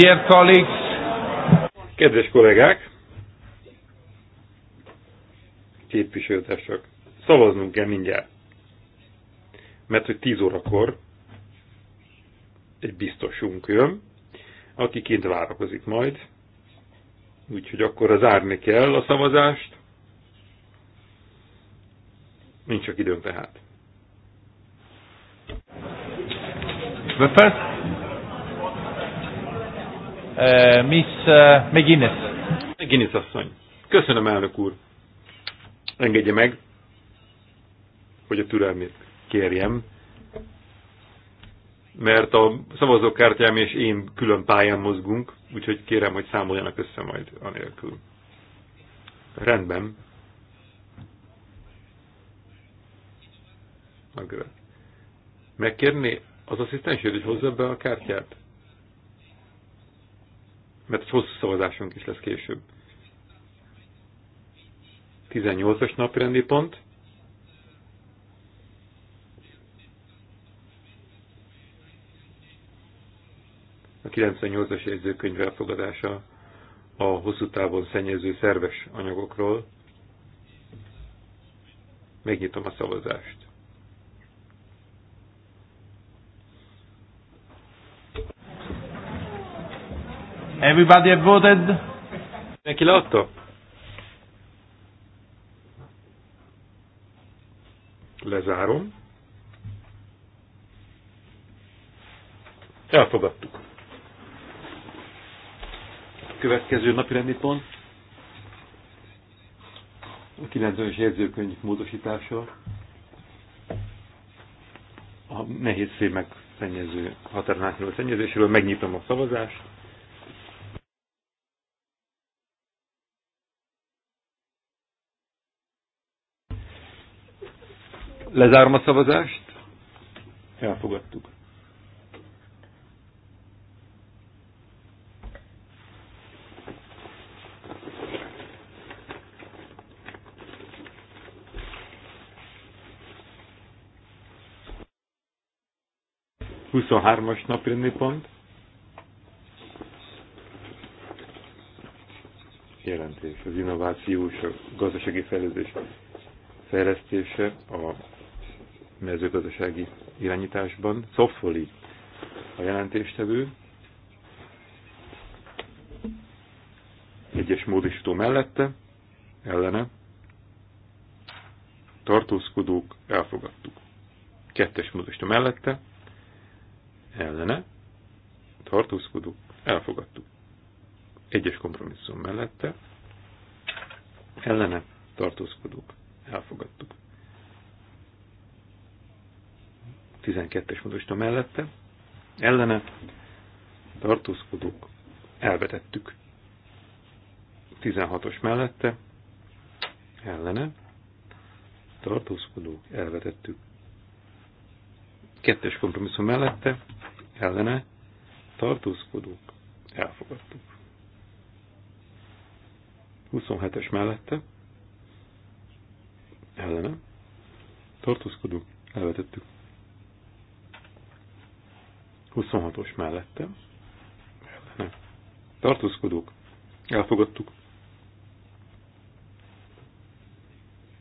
Dear colleagues, kedves kollégák, képviselőtársak, szavaznunk kell mindjárt, mert hogy 10 órakor egy biztosunk jön, aki kint várakozik majd, úgyhogy akkor az árni kell a szavazást, nincs csak időnk tehát. The first Uh, Miss uh, McGuinness. McGuinness asszony. Köszönöm, elnök úr. Engedje meg, hogy a türelmét kérjem, mert a szavazókártyám és én külön pályán mozgunk, úgyhogy kérem, hogy számoljanak össze majd anélkül. Rendben. Megkérni az asszisztensét, hogy hozza be a kártyát? mert egy hosszú szavazásunk is lesz később. 18-as naprendi pont. A 98-as jegyzőkönyv elfogadása a hosszú távon szennyező szerves anyagokról. Megnyitom a szavazást. Everybody have voted? Neki leadta? Lezárom. Elfogadtuk. A következő napi rendi pont. A 90-es jegyzőkönyv módosítása. A nehéz szémek szennyező, határnátnyoló szennyezésről megnyitom a szavazást. Lezárom a szavazást. Elfogadtuk. Huszonhármas napirendi pont. jelentés, az innovációs, a gazdasági fejlődés fejlesztése, a mezőgazdasági irányításban. Szoffoli a jelentéstevő. Egyes módosító mellette, ellene. Tartózkodók elfogadtuk. Kettes módosító mellette, ellene. Tartózkodók elfogadtuk. Egyes kompromisszum mellette, ellene tartózkodók elfogadtuk 12-es módosító mellette, ellene tartózkodók elvetettük. 16-os mellette, ellene tartózkodók elvetettük. Kettes kompromisszum mellette, ellene tartózkodók elfogadtuk. 27-es mellette, ellene tartózkodók elvetettük. 26-os mellette ellene tartózkodók elfogadtuk.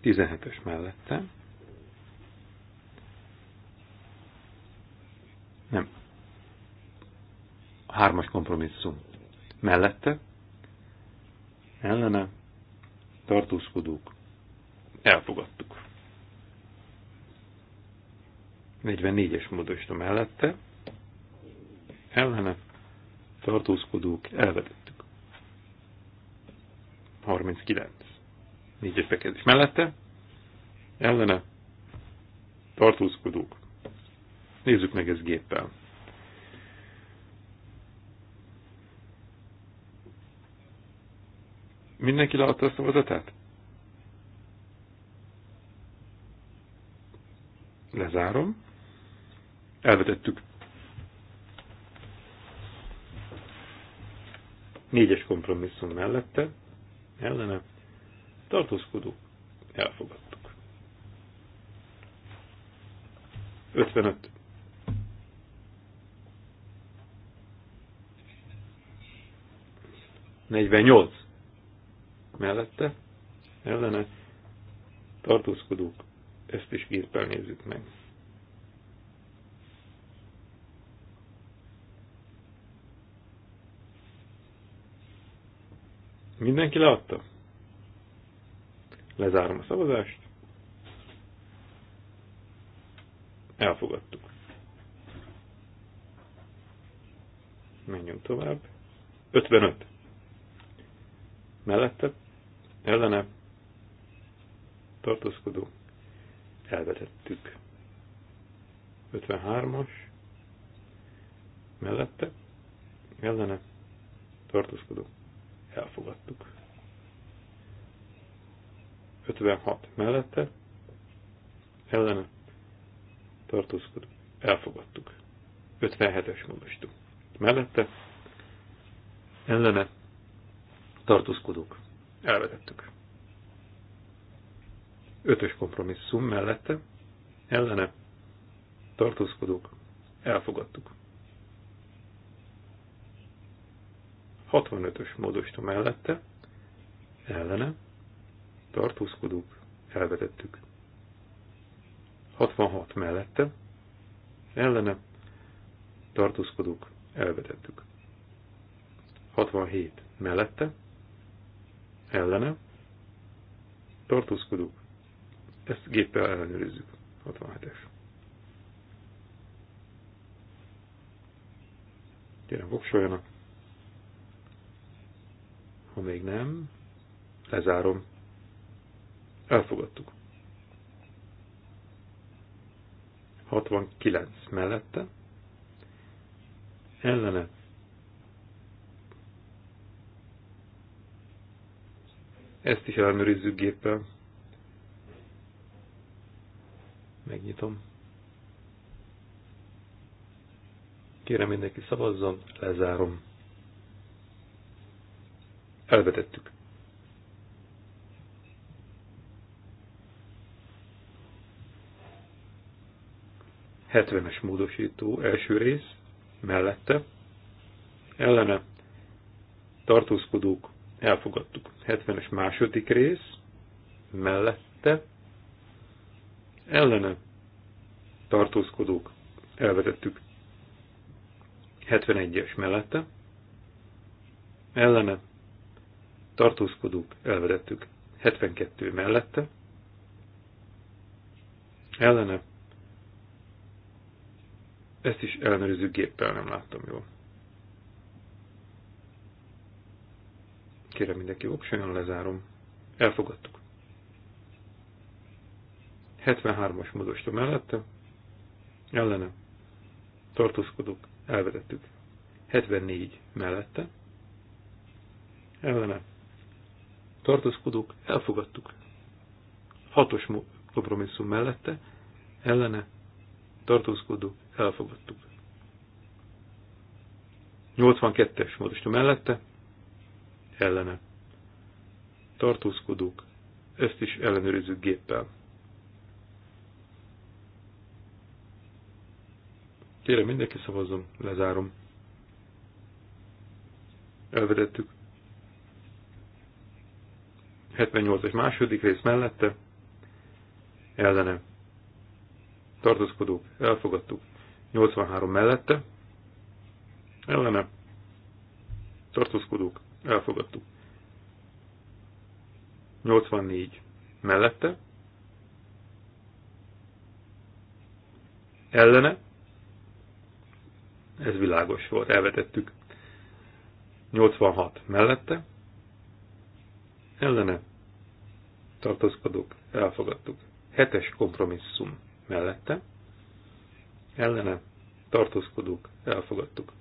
17-es mellette nem hármas kompromisszum mellette ellene tartózkodók elfogadtuk. 44-es módosító mellette ellene tartózkodók elvetettük. 39. Négy bekezdés mellette ellene tartózkodók. Nézzük meg ezt géppel. Mindenki leadta a szavazatát? Lezárom. Elvetettük Négyes kompromisszum mellette, ellene, tartózkodók, elfogadtuk. 55. Negyvennyolc. Mellette, ellene, tartózkodók, ezt is kézben nézzük meg. Mindenki leadta? Lezárom a szavazást. Elfogadtuk. Menjünk tovább. 55. Mellette, ellene, tartózkodó, elvetettük. 53-as, mellette, ellene, tartózkodó, elfogadtuk. 56 mellette, ellene tartózkodunk, elfogadtuk. 57-es módosító. Mellette, ellene tartózkodók, elvetettük. 5-ös kompromisszum mellette, ellene tartózkodók, elfogadtuk. 65-ös módosító mellette, ellene, tartózkodók, elvetettük. 66 mellette, ellene, tartózkodók, elvetettük. 67 mellette, ellene, tartózkodók, ezt géppel ellenőrizzük, 67-es. Kérem, voksoljanak. Ha még nem, lezárom. Elfogadtuk. 69 mellette. Ellene. Ezt is ellenőrizzük géppel. Megnyitom. Kérem mindenki szavazzon, lezárom elvetettük. Hetvenes módosító első rész mellette, ellene tartózkodók elfogadtuk. Hetvenes második rész mellette, ellene tartózkodók elvetettük. 71-es mellette, ellene tartózkodók elvedettük 72 mellette, ellene, ezt is ellenőrző géppel nem láttam jól. Kérem mindenki, optional lezárom. Elfogadtuk. 73-as módosító mellette, ellene, tartózkodók, elvedettük. 74 mellette, ellene, tartózkodók, elfogadtuk. Hatos kompromisszum mellette, ellene, tartózkodók, elfogadtuk. 82-es módosító mellette, ellene. Tartózkodók, ezt is ellenőrizzük géppel. Kérem, mindenki szavazzon, lezárom. Elvedettük 78-as második rész mellette, ellene, tartózkodók, elfogadtuk. 83 mellette, ellene, tartózkodók, elfogadtuk. 84 mellette, ellene, ez világos volt, elvetettük. 86 mellette, ellene tartózkodók elfogadtuk. Hetes kompromisszum mellette ellene tartózkodók elfogadtuk.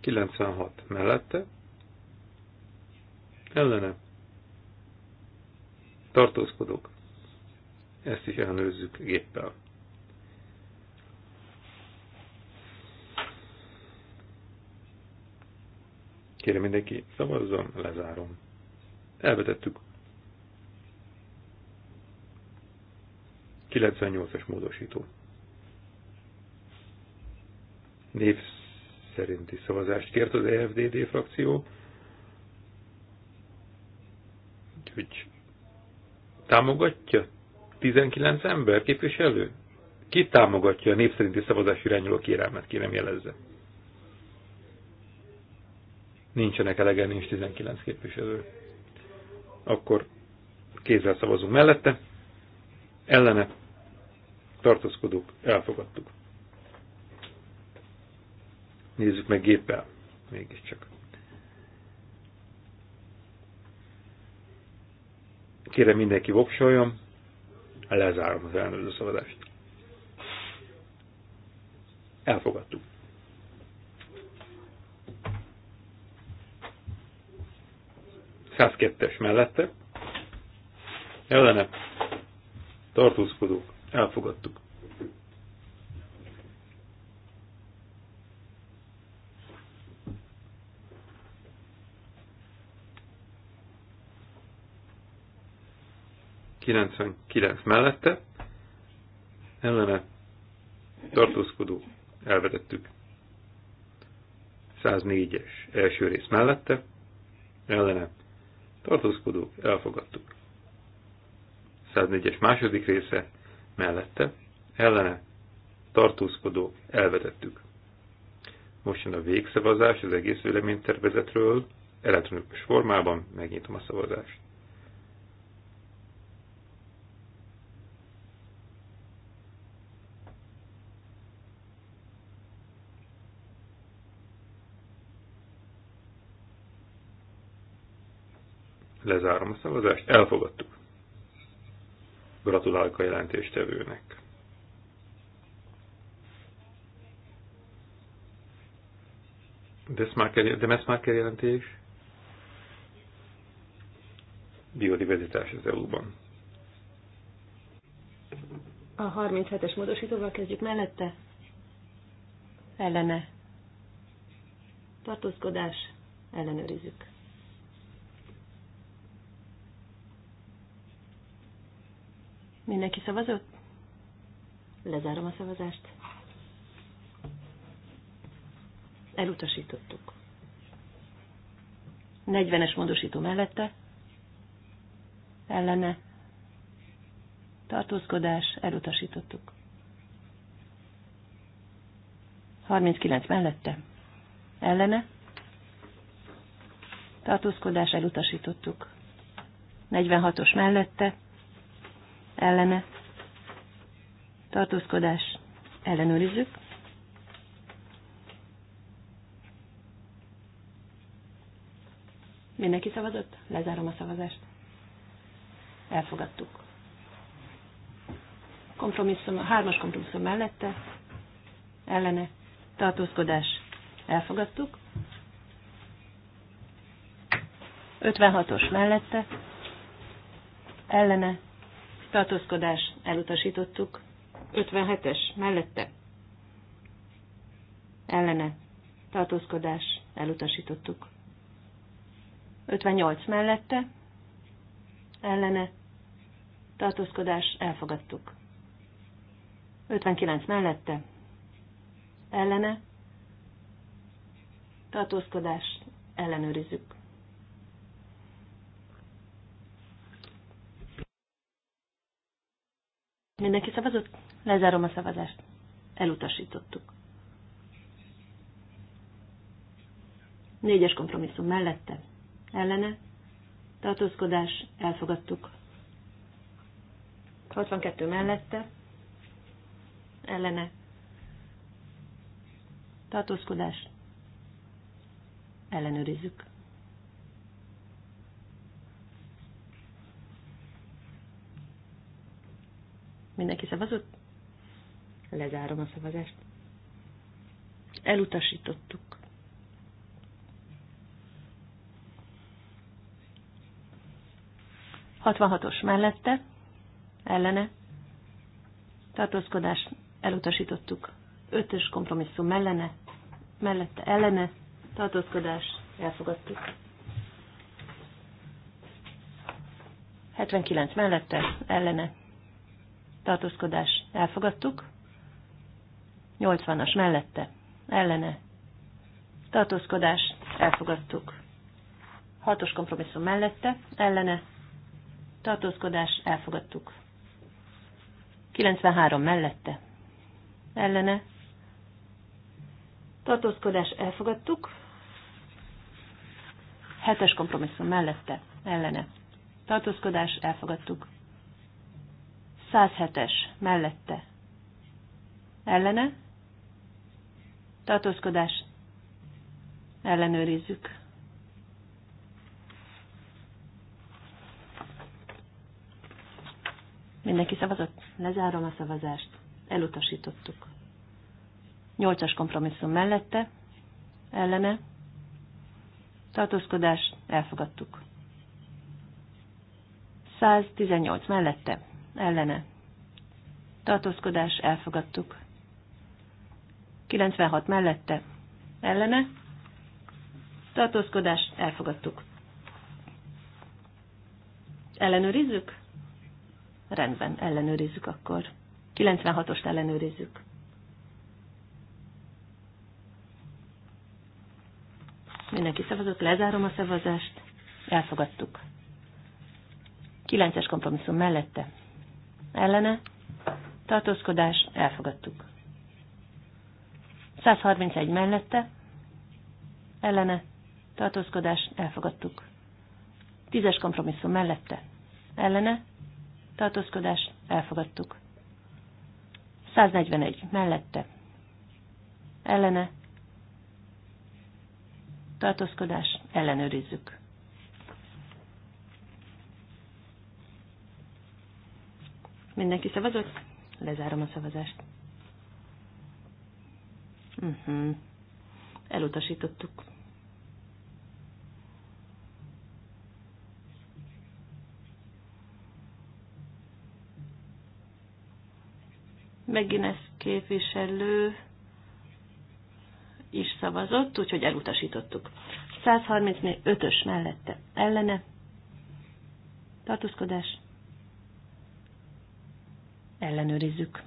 96 mellette ellene tartózkodók. Ezt is ellenőrzzük géppel. Kérem mindenki, szavazzon, lezárom. Elvetettük. 98-as módosító. Név szerinti szavazást kért az EFDD frakció. Úgyhogy támogatja 19 ember képviselő? Ki támogatja a népszerinti szavazás irányuló kérelmet, kérem jelezze. Nincsenek elegen, nincs 19 képviselő akkor kézzel szavazunk mellette, ellene tartózkodók, elfogadtuk. Nézzük meg géppel, mégiscsak. Kérem mindenki voksoljon, lezárom az elnöző szavazást. Elfogadtuk. 102-es mellette, ellene tartózkodók, elfogadtuk. kilenc mellette, ellene tartózkodó elvetettük. 104-es első rész mellette, ellene tartózkodók, elfogadtuk. 104-es második része mellette, ellene, tartózkodók, elvetettük. Most jön a végszavazás az egész véleménytervezetről, elektronikus formában megnyitom a szavazást. Lezárom a szavazást. Elfogadtuk. Gratulálok a jelentéstevőnek. Desmarker, Demesmarker jelentés. Biodiverzitás az EU-ban. A 37-es módosítóval kezdjük mellette. Ellene. Tartózkodás. Ellenőrizzük. Mindenki szavazott? Lezárom a szavazást. Elutasítottuk. 40-es módosító mellette, ellene, tartózkodás, elutasítottuk. 39 mellette, ellene, tartózkodás, elutasítottuk. 46-os mellette, ellene tartózkodás ellenőrizzük. Mindenki szavazott? Lezárom a szavazást. Elfogadtuk. Kompromisszum, hármas kompromisszum mellette, ellene, tartózkodás, elfogadtuk. 56-os mellette, ellene, tartózkodás elutasítottuk. 57-es mellette ellene tartózkodás elutasítottuk. 58 mellette ellene tartózkodás elfogadtuk. 59 mellette ellene tartózkodás ellenőrizzük. Mindenki szavazott? Lezárom a szavazást. Elutasítottuk. Négyes kompromisszum mellette. Ellene. Tartózkodás. Elfogadtuk. 62 mellette. Ellene. Tartózkodás. Ellenőrizzük. Mindenki szavazott? Lezárom a szavazást. Elutasítottuk. Hatvanhatos mellette, ellene, tartózkodás elutasítottuk. Ötös kompromisszum mellene, mellette ellene, tartózkodás elfogadtuk. 79 mellette, ellene, tartózkodás elfogadtuk. 80-as mellette, ellene, tartózkodás elfogadtuk. 6-os kompromisszum mellette, ellene, tartózkodás elfogadtuk. 93 mellette, ellene, tartózkodás elfogadtuk. 7-es kompromisszum mellette, ellene, tartózkodás elfogadtuk. 107-es mellette. Ellene? Tartózkodás. Ellenőrizzük. Mindenki szavazott? Lezárom a szavazást. Elutasítottuk. Nyolcas kompromisszum mellette, ellene, tartózkodás, elfogadtuk. 118 mellette, ellene. Tartózkodás elfogadtuk. 96 mellette, ellene. Tartózkodás elfogadtuk. Ellenőrizzük? Rendben, ellenőrizzük akkor. 96-ost ellenőrizzük. Mindenki szavazott, lezárom a szavazást, elfogadtuk. 9-es kompromisszum mellette, ellene, tartózkodás, elfogadtuk. 131 mellette, ellene, tartózkodás, elfogadtuk. Tízes kompromisszum mellette, ellene, tartózkodás, elfogadtuk. 141 mellette, ellene, tartózkodás, ellenőrizzük. Mindenki szavazott? Lezárom a szavazást. Uh-huh. Elutasítottuk. Megint ez képviselő is szavazott, úgyhogy elutasítottuk. 135-ös mellette ellene tartózkodás ellenőrizzük.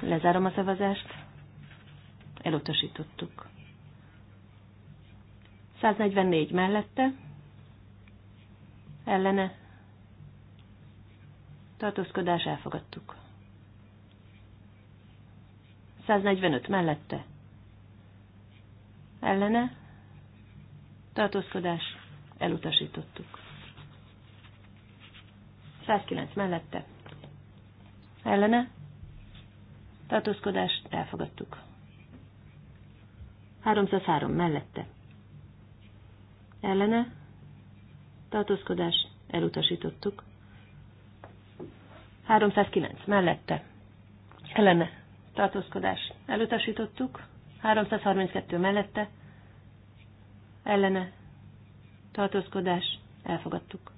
Lezárom a szavazást. Elutasítottuk. 144 mellette. Ellene. Tartózkodás elfogadtuk. 145 mellette. Ellene. Tartózkodás elutasítottuk. 109 mellette. Ellene? Tartózkodást elfogadtuk. 303 mellette. Ellene? Tartózkodást elutasítottuk. 309 mellette. Ellene? Tartózkodást elutasítottuk. 332 mellette. Ellene? tartózkodás, elfogadtuk.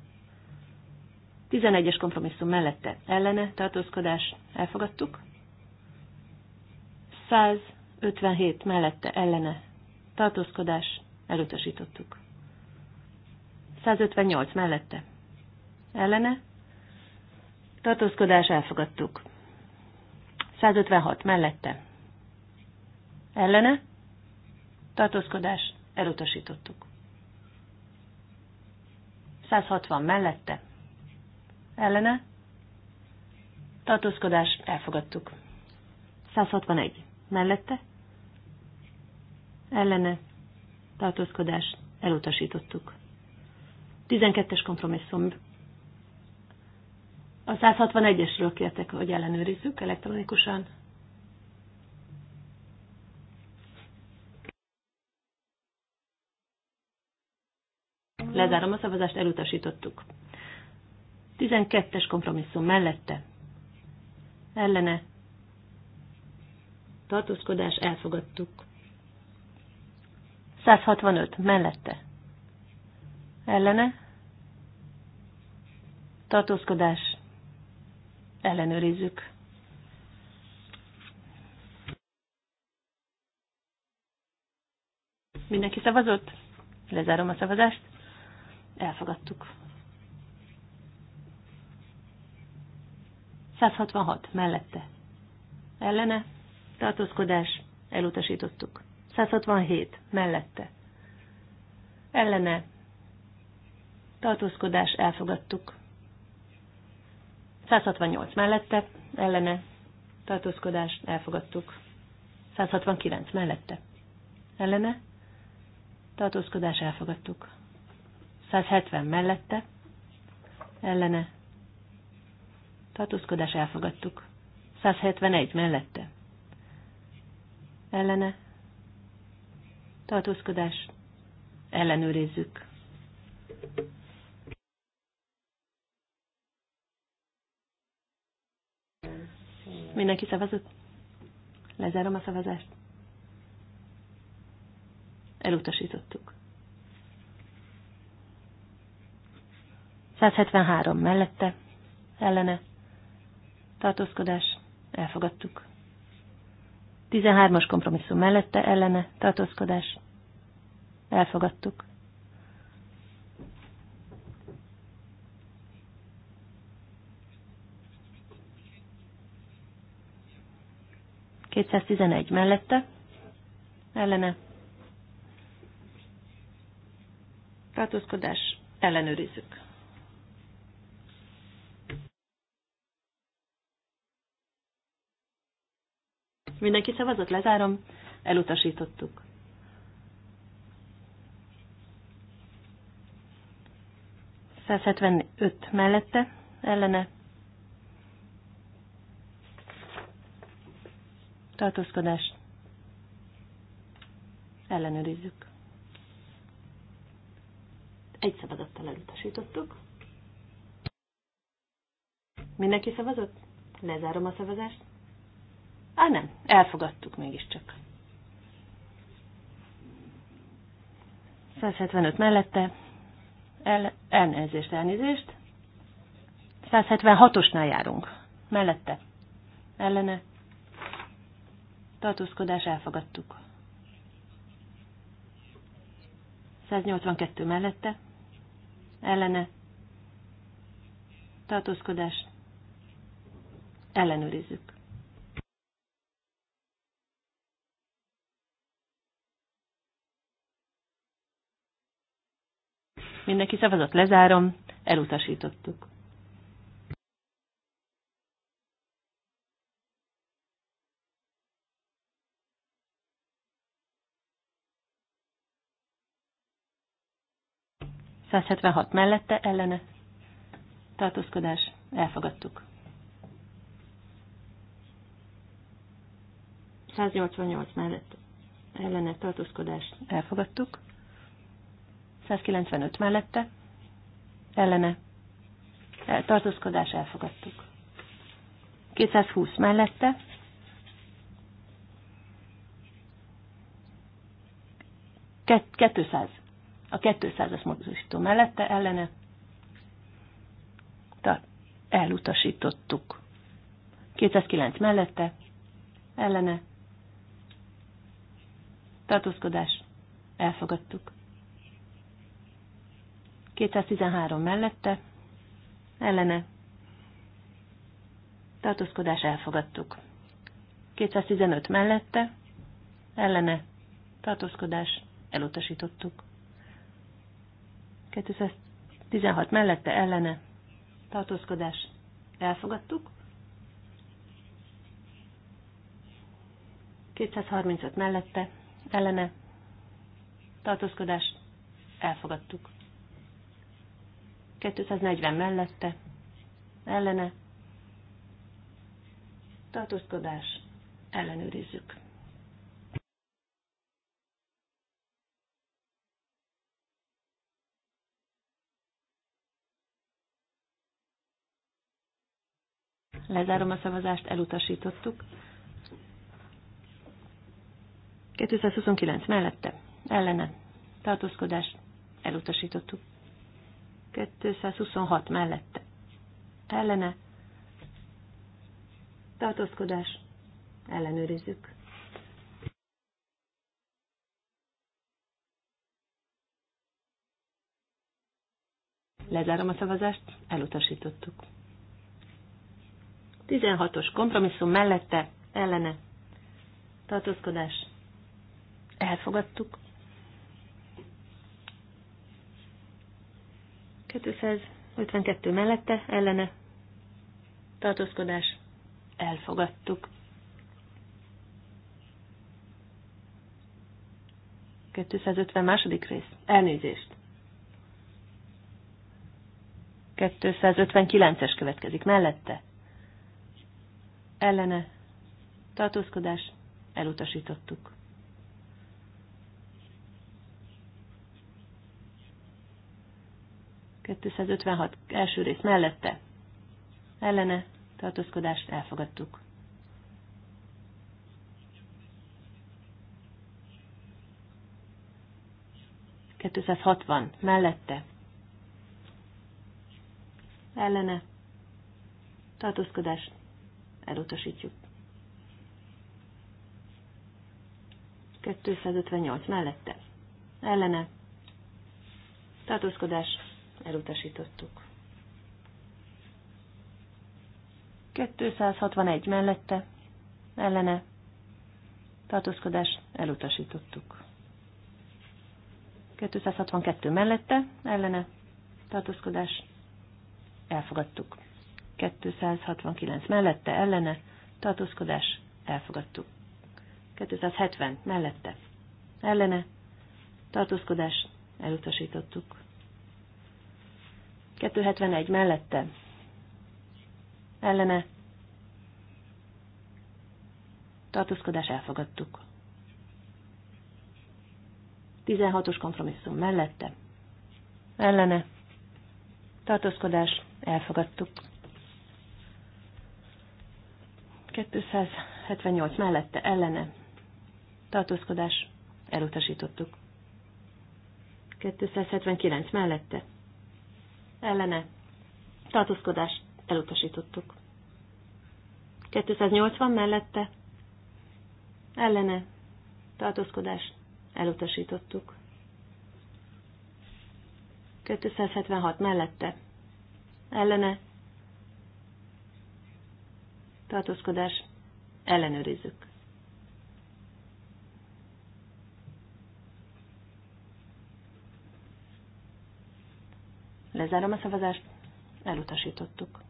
11-es kompromisszum mellette ellene tartózkodás, elfogadtuk. 157 mellette ellene tartózkodás, elutasítottuk. 158 mellette ellene tartózkodás, elfogadtuk. 156 mellette ellene tartózkodás, elutasítottuk. 160 mellette. Ellene. Tartózkodás. Elfogadtuk. 161 mellette. Ellene. Tartózkodás. Elutasítottuk. 12-es kompromisszum. A 161-esről kértek, hogy ellenőrizzük elektronikusan. Lezárom a szavazást, elutasítottuk. 12-es kompromisszum mellette. Ellene. Tartózkodás elfogadtuk. 165 mellette. Ellene. Tartózkodás. Ellenőrizzük. Mindenki szavazott? Lezárom a szavazást. Elfogadtuk. 166 mellette. Ellene. Tartózkodás. Elutasítottuk. 167 mellette. Ellene. Tartózkodás. Elfogadtuk. 168 mellette. Ellene. Tartózkodás. Elfogadtuk. 169 mellette. Ellene. Tartózkodás. Elfogadtuk. 170 mellette, ellene, tartózkodás elfogadtuk. 171 mellette, ellene, tartózkodás ellenőrizzük. Mindenki szavazott? Lezárom a szavazást. Elutasítottuk. 173 mellette, ellene, tartózkodás, elfogadtuk. 13-as kompromisszum mellette, ellene, tartózkodás, elfogadtuk. Kétszáztizenegy mellette, ellene, tartózkodás, ellenőrizzük. Mindenki szavazott, lezárom, elutasítottuk. öt mellette, ellene. Tartózkodás. Ellenőrizzük. Egy szavazattal elutasítottuk. Mindenki szavazott? Lezárom a szavazást. Á, nem, elfogadtuk mégiscsak. 175 mellette, el, elnézést, elnézést. 176-osnál járunk. Mellette. Ellene. Tartózkodás elfogadtuk. 182 mellette. Ellene. Tartózkodás. Ellenőrizzük. Mindenki szavazott, lezárom, elutasítottuk. hat mellette ellene tartózkodás elfogadtuk. 188 mellett ellene tartózkodást elfogadtuk. 195 mellette, ellene, tartózkodás elfogadtuk. 220 mellette, Ket, 200. A 200-as módosító mellette ellene tart, elutasítottuk. 209 mellette ellene tartózkodás elfogadtuk. 213 mellette, ellene, tartózkodás elfogadtuk. 215 mellette, ellene, tartózkodás elutasítottuk. 216 mellette, ellene, tartózkodás elfogadtuk. 235 mellette, ellene, tartózkodás elfogadtuk. 240 mellette, ellene, tartózkodás, ellenőrizzük. Lezárom a szavazást, elutasítottuk. 229 mellette, ellene, tartózkodás, elutasítottuk. 226 mellette. Ellene. Tartózkodás. Ellenőrizzük. Lezárom a szavazást, elutasítottuk. 16-os kompromisszum mellette, ellene, tartózkodás, elfogadtuk. 252 mellette ellene tartózkodás elfogadtuk. 250 második rész. Elnézést. 259-es következik mellette. Ellene. Tartózkodás. Elutasítottuk. 256 első rész mellette ellene tartózkodást elfogadtuk. van mellette ellene tartózkodást elutasítjuk. 258 mellette ellene tartózkodást elutasítottuk. 261 mellette, ellene, tartózkodás, elutasítottuk. 262 mellette, ellene, tartózkodás, elfogadtuk. 269 mellette, ellene, tartózkodás, elfogadtuk. 270 mellette, ellene, tartózkodás, elutasítottuk. 271 mellette. Ellene. Tartózkodás elfogadtuk. 16-os kompromisszum mellette. Ellene. Tartózkodás elfogadtuk. 278 mellette ellene. Tartózkodás elutasítottuk. 279 mellette ellene tartózkodást elutasítottuk. 280 mellette ellene tartózkodást elutasítottuk. 276 mellette ellene tartózkodást ellenőrizzük. Lezárom a szavazást. Elutasítottuk.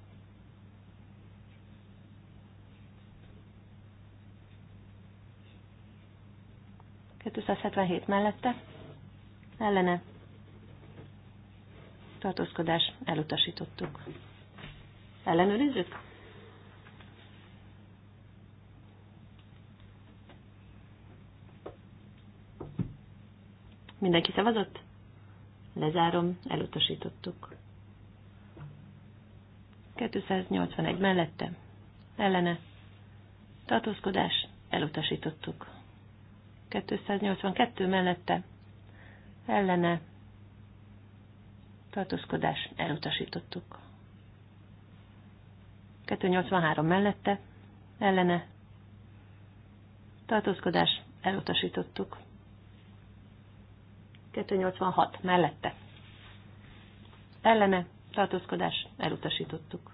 Kettőszázhetvenhét mellette. Ellene. Tartózkodás. Elutasítottuk. Ellenőrizzük? Mindenki szavazott? Lezárom, elutasítottuk. 281 mellette, ellene, tartózkodás, elutasítottuk. 282 mellette, ellene, tartózkodás, elutasítottuk. 283 mellette, ellene, tartózkodás, elutasítottuk. 286 mellette. Ellene tartózkodás elutasítottuk.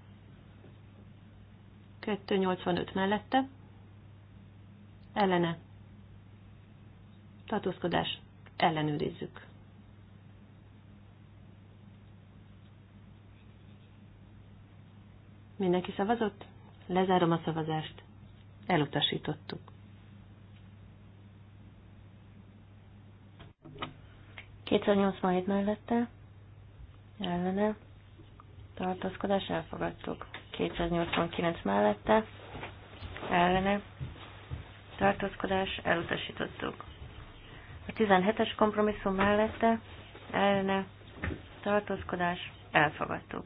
285 mellette. Ellene tartózkodás ellenőrizzük. Mindenki szavazott? Lezárom a szavazást. Elutasítottuk. 287 mellette ellene tartózkodás elfogadtuk. 289 mellette ellene tartózkodás elutasítottuk. A 17-es kompromisszum mellette ellene tartózkodás elfogadtuk.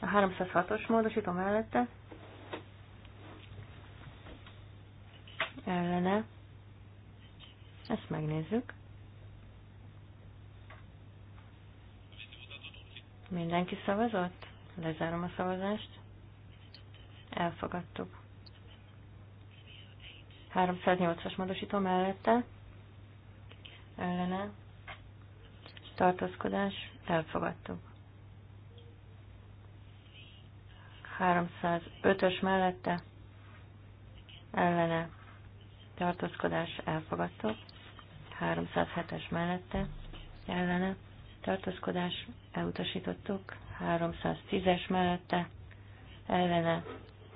A 306-os módosító mellette ellene ezt megnézzük. Mindenki szavazott? Lezárom a szavazást. Elfogadtuk. 308-as módosító mellette. Ellene. Tartózkodás. Elfogadtuk. 305-ös mellette. Ellene. Tartózkodás. Elfogadtuk. 307-es mellette. Ellene tartózkodás, elutasítottuk, 310-es mellette, ellene,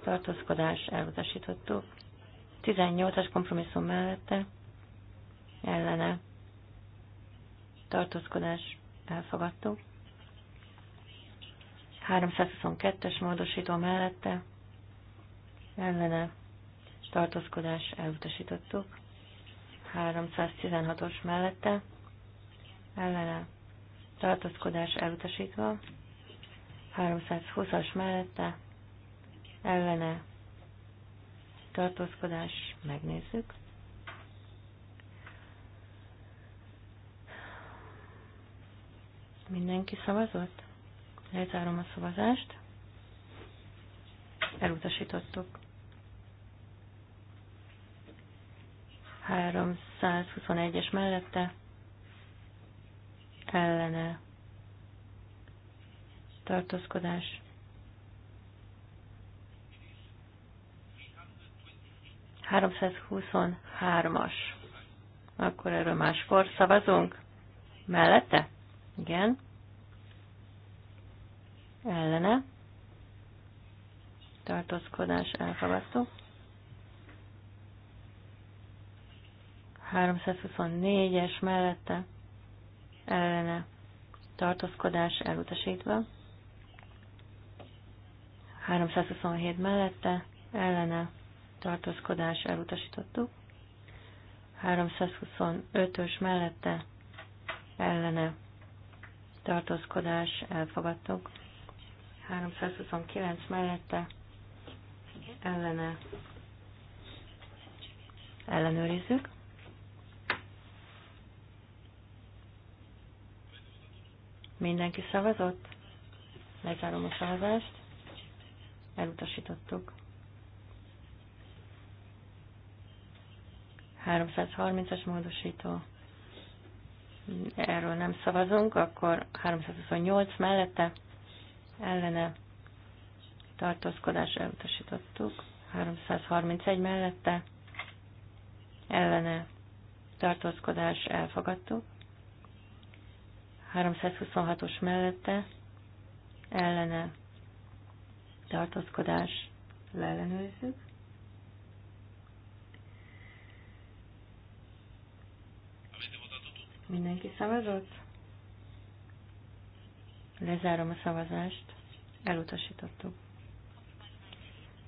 tartózkodás, elutasítottuk, 18-as kompromisszum mellette, ellene, tartózkodás, elfogadtuk, 322-es módosító mellette, ellene, tartózkodás, elutasítottuk, 316-os mellette, ellene, tartózkodás elutasítva, 320-as mellette, ellene, tartózkodás, megnézzük. Mindenki szavazott? Lezárom a szavazást. Elutasítottuk. 321-es mellette ellene tartózkodás. Háromszázhuszonhármas. Akkor erről máskor szavazunk. Mellette? Igen. Ellene. Tartózkodás elfogadtuk. 324-es mellette ellene tartózkodás elutasítva, 327 mellette ellene tartózkodás elutasítottuk, 325-ös mellette ellene tartózkodás elfogadtuk, 329 mellette ellene ellenőrizzük. Mindenki szavazott? Lezárom a szavazást. Elutasítottuk. 330-as módosító. Erről nem szavazunk, akkor 328 mellette ellene tartózkodás elutasítottuk. 331 mellette ellene tartózkodás elfogadtuk. 326-os mellette ellene tartózkodás leellenőrizzük. Mindenki szavazott? Lezárom a szavazást. Elutasítottuk.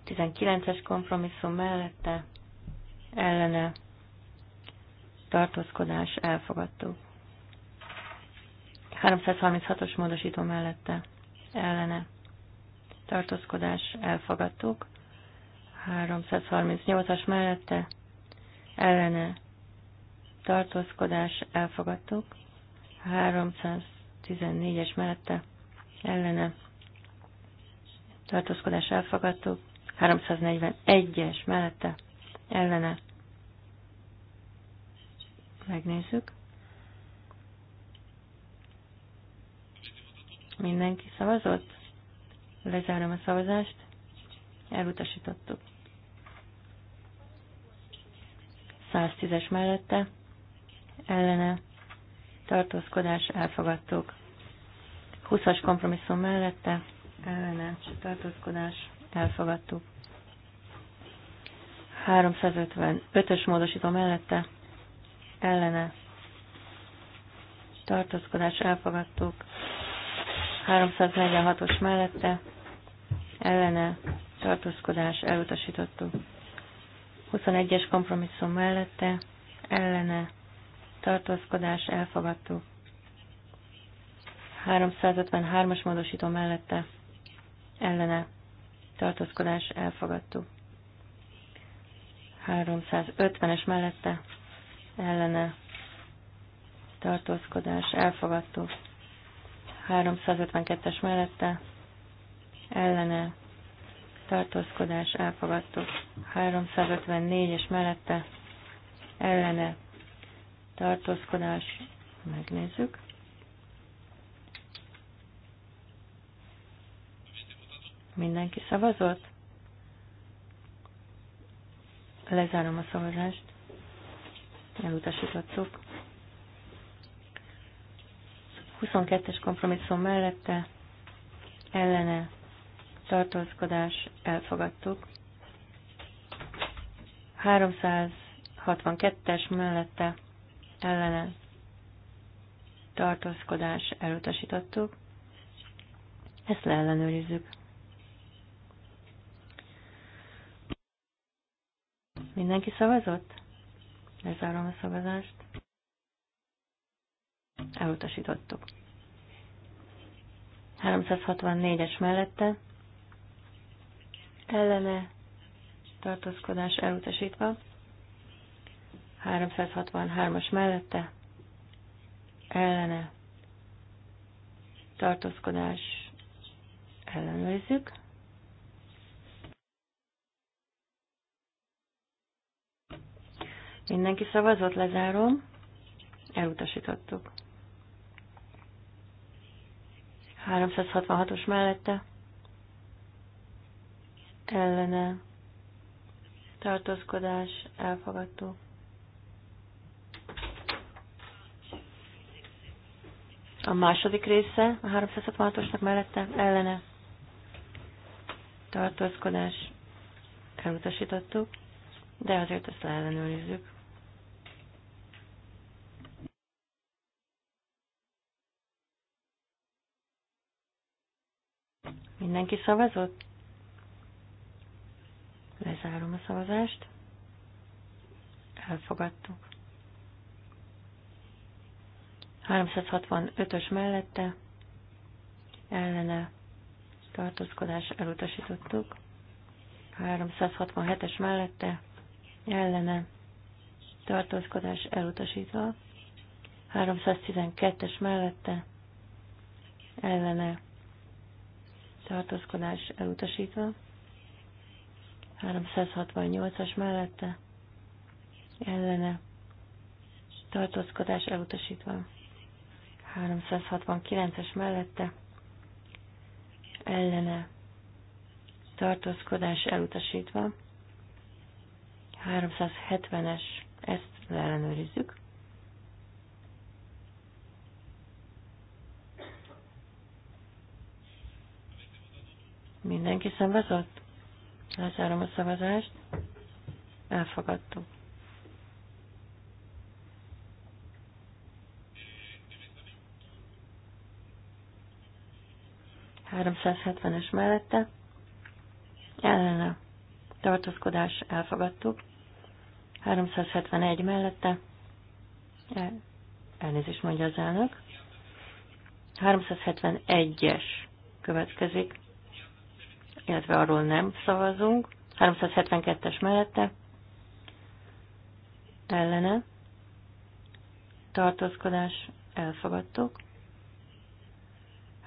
19-es kompromisszum mellette ellene tartózkodás elfogadtuk. 336-os módosító mellette ellene tartózkodás elfogadtuk. 338-as mellette ellene tartózkodás elfogadtuk. 314-es mellette ellene tartózkodás elfogadtuk. 341-es mellette ellene megnézzük. Mindenki szavazott? Lezárom a szavazást. Elutasítottuk. 110-es mellette. Ellene. Tartózkodás. Elfogadtuk. 20-as kompromisszum mellette. Ellene. Tartózkodás. Elfogadtuk. 355-ös módosító mellette. Ellene. Tartózkodás. Elfogadtuk. 346-os mellette ellene tartózkodás elutasítottuk. 21-es kompromisszum mellette ellene tartózkodás elfogadtuk. 353-as módosító mellette ellene tartózkodás elfogadtuk. 350-es mellette ellene tartózkodás elfogadtuk. 352-es mellette ellene tartózkodás elfogadtuk. 354-es mellette ellene tartózkodás megnézzük. Mindenki szavazott? Lezárom a szavazást. Elutasítottuk. 22-es kompromisszum mellette ellene tartózkodás elfogadtuk. 362-es mellette ellene tartózkodás elutasítottuk. Ezt leellenőrizzük. Mindenki szavazott? Lezárom a szavazást elutasítottuk. 364-es mellette ellene tartózkodás elutasítva, 363-as mellette ellene tartózkodás ellenőrizzük. Mindenki szavazott, lezárom. Elutasítottuk. 366-os mellette ellene tartózkodás elfogadó. A második része a 366-osnak mellette ellene tartózkodás elutasítottuk, de azért ezt leellenőrizzük. Mindenki szavazott? Lezárom a szavazást. Elfogadtuk. 365-ös mellette ellene tartózkodás elutasítottuk. 367-es mellette ellene tartózkodás elutasítva. 312-es mellette ellene tartózkodás elutasítva, 368-as mellette, ellene, tartózkodás elutasítva, 369-es mellette, ellene, tartózkodás elutasítva, 370-es, ezt leellenőrizzük. Mindenki szavazott? Lezárom a szavazást. Elfogadtuk. es mellette. Ellene. Tartózkodás elfogadtuk. 371 mellette. El, elnézést mondja az elnök. 371-es következik illetve arról nem szavazunk. 372-es mellette ellene tartózkodás elfogadtuk.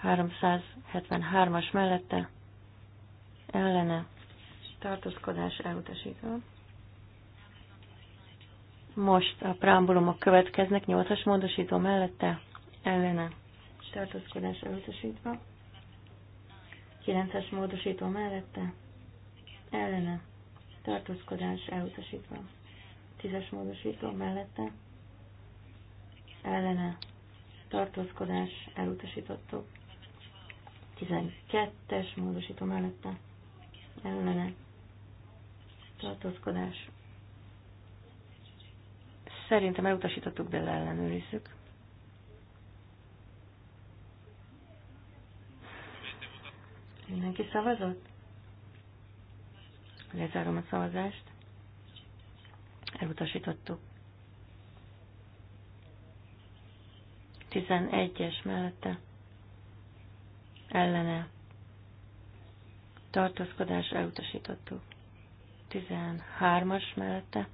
373-as mellette ellene tartózkodás elutasítva. Most a preambulumok következnek, 8-as módosító mellette ellene tartózkodás elutasítva. 9-es módosító mellette, ellene, tartózkodás elutasítva. 10-es módosító mellette, ellene, tartózkodás elutasítottuk. 12-es módosító mellette, ellene, tartózkodás. Szerintem elutasítottuk, de ellenőrizzük. Mindenki szavazott? Lezárom a szavazást. Elutasítottuk. 11-es mellette ellene tartózkodás elutasítottuk. 13-as mellette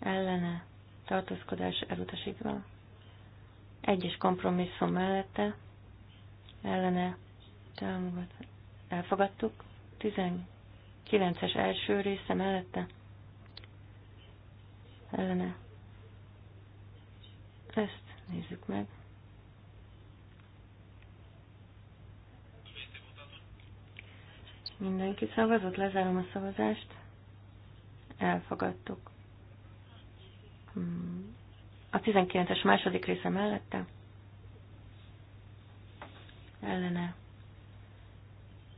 ellene tartózkodás elutasítva. Egyes kompromisszum mellette ellene támogat. Elfogadtuk. 19-es első része mellette ellene. Ezt nézzük meg. Mindenki szavazott, lezárom a szavazást. Elfogadtuk. Hmm. A 19-es második része mellette. Ellene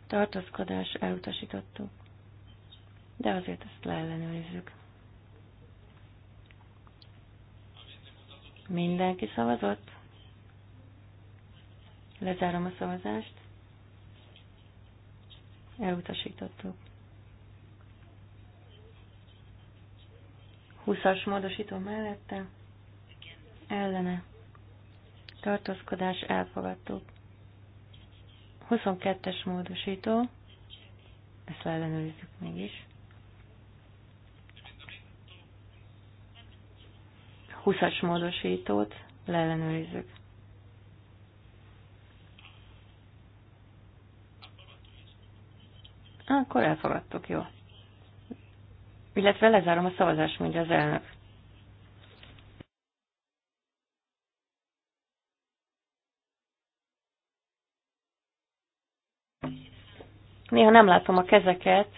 tartózkodás elutasítottuk, de azért ezt leellenőrizzük. Mindenki szavazott? Lezárom a szavazást. Elutasítottuk. 20-as módosító mellette, ellene, tartózkodás elfogadtuk. 22-es módosító, ezt ellenőrizzük mégis. 20-as módosítót leellenőrizzük. Akkor elfogadtuk, jó. Illetve lezárom a szavazást, mondja az elnök. Néha nem látom a kezeket.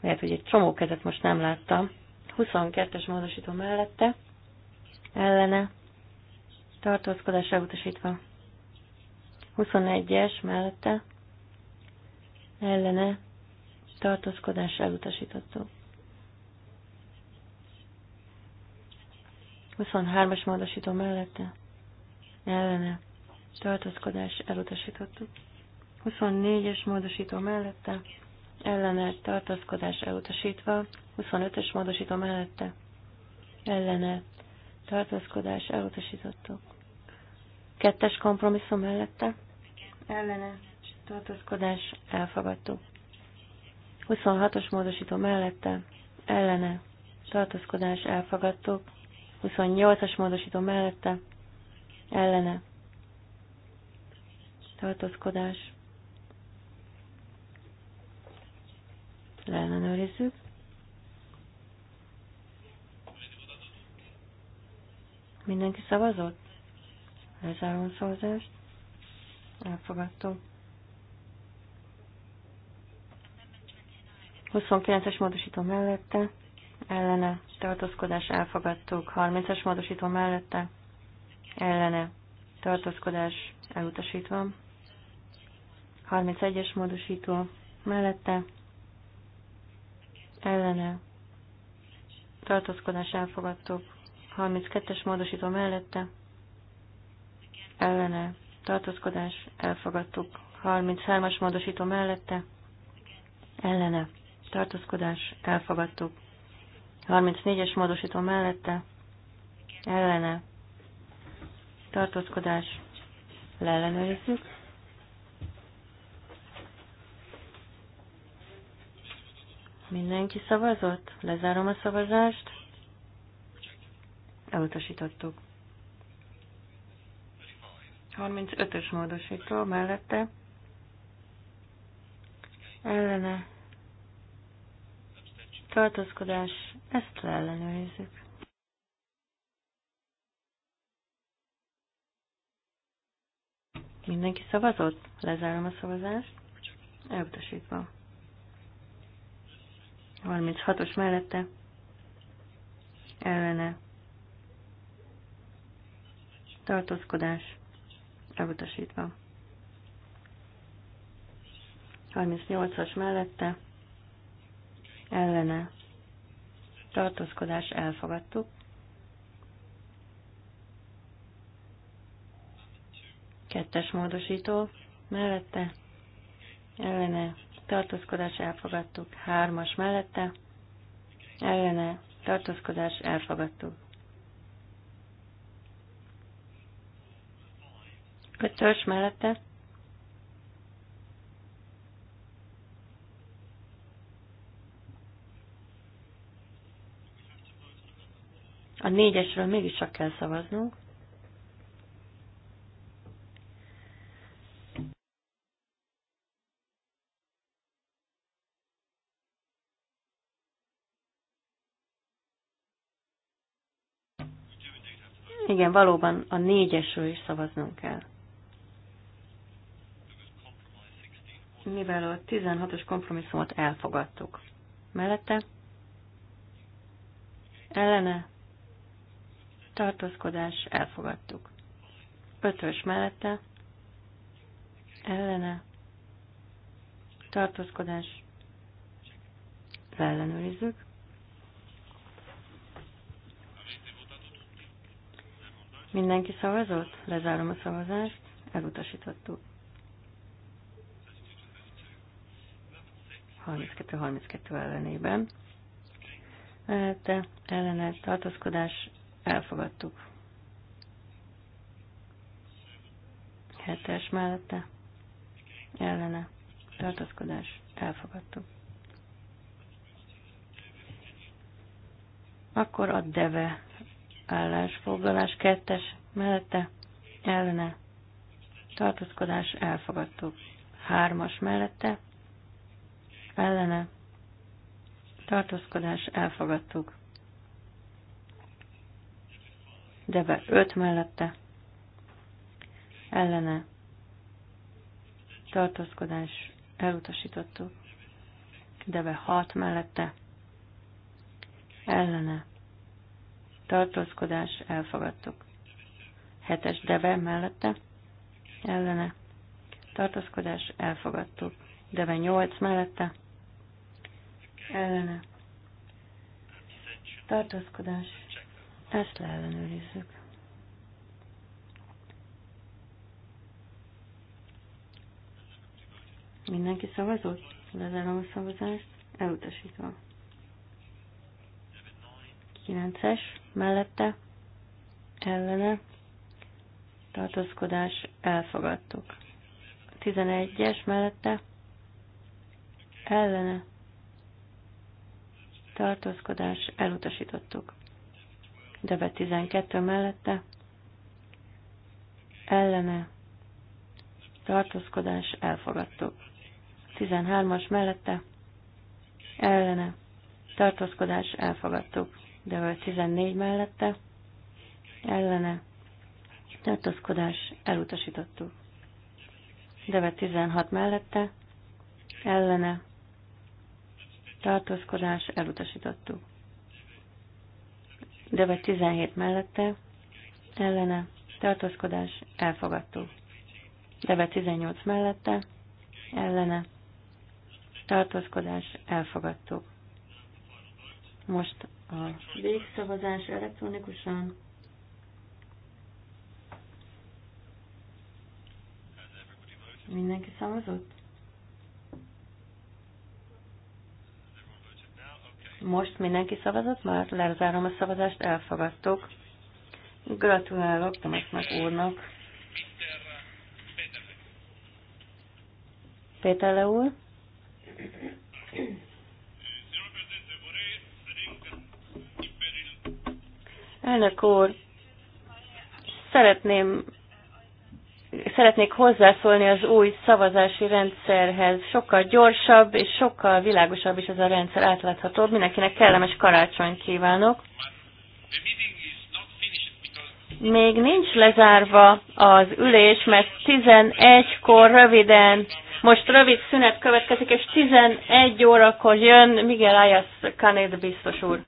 Lehet, hogy egy csomó kezet most nem láttam. 22-es módosító mellette. Ellene. Tartózkodás elutasítva. 21-es mellette. Ellene. Tartózkodás elutasítottuk. 23-as módosító mellette. Ellene. Tartózkodás elutasítottuk. 24-es módosító mellette, ellene tartózkodás elutasítva, 25-ös módosító mellette, ellene tartózkodás elutasítottuk. Kettes kompromisszum mellette, ellene tartózkodás elfogadtuk. 26-os módosító mellette, ellene tartózkodás elfogadtuk. 28-as módosító mellette, ellene tartózkodás leellenőrizzük. Mindenki szavazott? Lezárom a szavazást. Elfogadtuk. 29-es módosító mellette, ellene, tartózkodás elfogadtuk. 30-es módosító mellette, ellene, tartózkodás elutasítva. 31-es módosító mellette, ellene tartózkodás elfogadtuk. 32-es módosító mellette ellene tartózkodás elfogadtuk. 33-as módosító mellette ellene tartózkodás elfogadtuk. 34-es módosító mellette ellene tartózkodás leellenőrizzük. Mindenki szavazott? Lezárom a szavazást. Elutasítottuk. 35-ös módosító mellette. Ellene. Tartózkodás. Ezt leellenőrizzük. Mindenki szavazott? Lezárom a szavazást. Elutasítva. 36-os mellette ellene tartózkodás elutasítva. 38-as mellette ellene tartózkodás elfogadtuk. 2-es módosító mellette ellene tartózkodás elfogadtuk. Hármas mellette, ellene, tartózkodás elfogadtuk. Ötös mellette, A négyesről mégis csak kell szavaznunk. Igen, valóban a négyesről is szavaznunk kell. Mivel a 16-os kompromisszumot elfogadtuk. Mellette? Ellene? Tartózkodás, elfogadtuk. Ötös mellette? Ellene? Tartózkodás, ellenőrizzük. Mindenki szavazott? Lezárom a szavazást. Elutasítottuk. 32-32 ellenében. Mellette ellene tartózkodás elfogadtuk. 7-es mellette ellene tartózkodás elfogadtuk. Akkor a deve állásfoglalás kettes mellette ellene tartózkodás elfogadtuk. Hármas mellette ellene tartózkodás elfogadtuk. Debe öt mellette ellene tartózkodás elutasítottuk. Debe hat mellette ellene tartózkodás, elfogadtuk. Hetes deve mellette, ellene, tartózkodás, elfogadtuk. Deve nyolc mellette, ellene, tartózkodás, ezt leellenőrizzük. Mindenki szavazott? Lezárom a szavazást, elutasítva. 9-es mellette ellene tartózkodás elfogadtuk. 11-es mellette ellene tartózkodás elutasítottuk. Debe 12 mellette ellene tartózkodás elfogadtuk. 13-as mellette ellene tartózkodás elfogadtuk de 14 mellette ellene tartózkodás elutasítottuk. Deve 16 mellette ellene tartózkodás elutasítottuk. Deve 17 mellette ellene tartózkodás elfogadtuk. Deve 18 mellette ellene tartózkodás elfogadtuk. Most a végszavazás elektronikusan. Mindenki szavazott? Most mindenki szavazott már? Lezárom a szavazást, elfogadtok. Gratulálok Tomásnak úrnak. Péter úr. Elnök úr, szeretném szeretnék hozzászólni az új szavazási rendszerhez. Sokkal gyorsabb és sokkal világosabb is ez a rendszer, átláthatóbb. Mindenkinek kellemes karácsonyt kívánok. Még nincs lezárva az ülés, mert 11-kor röviden, most rövid szünet következik, és 11 órakor jön Miguel Ayas Canet biztos úr.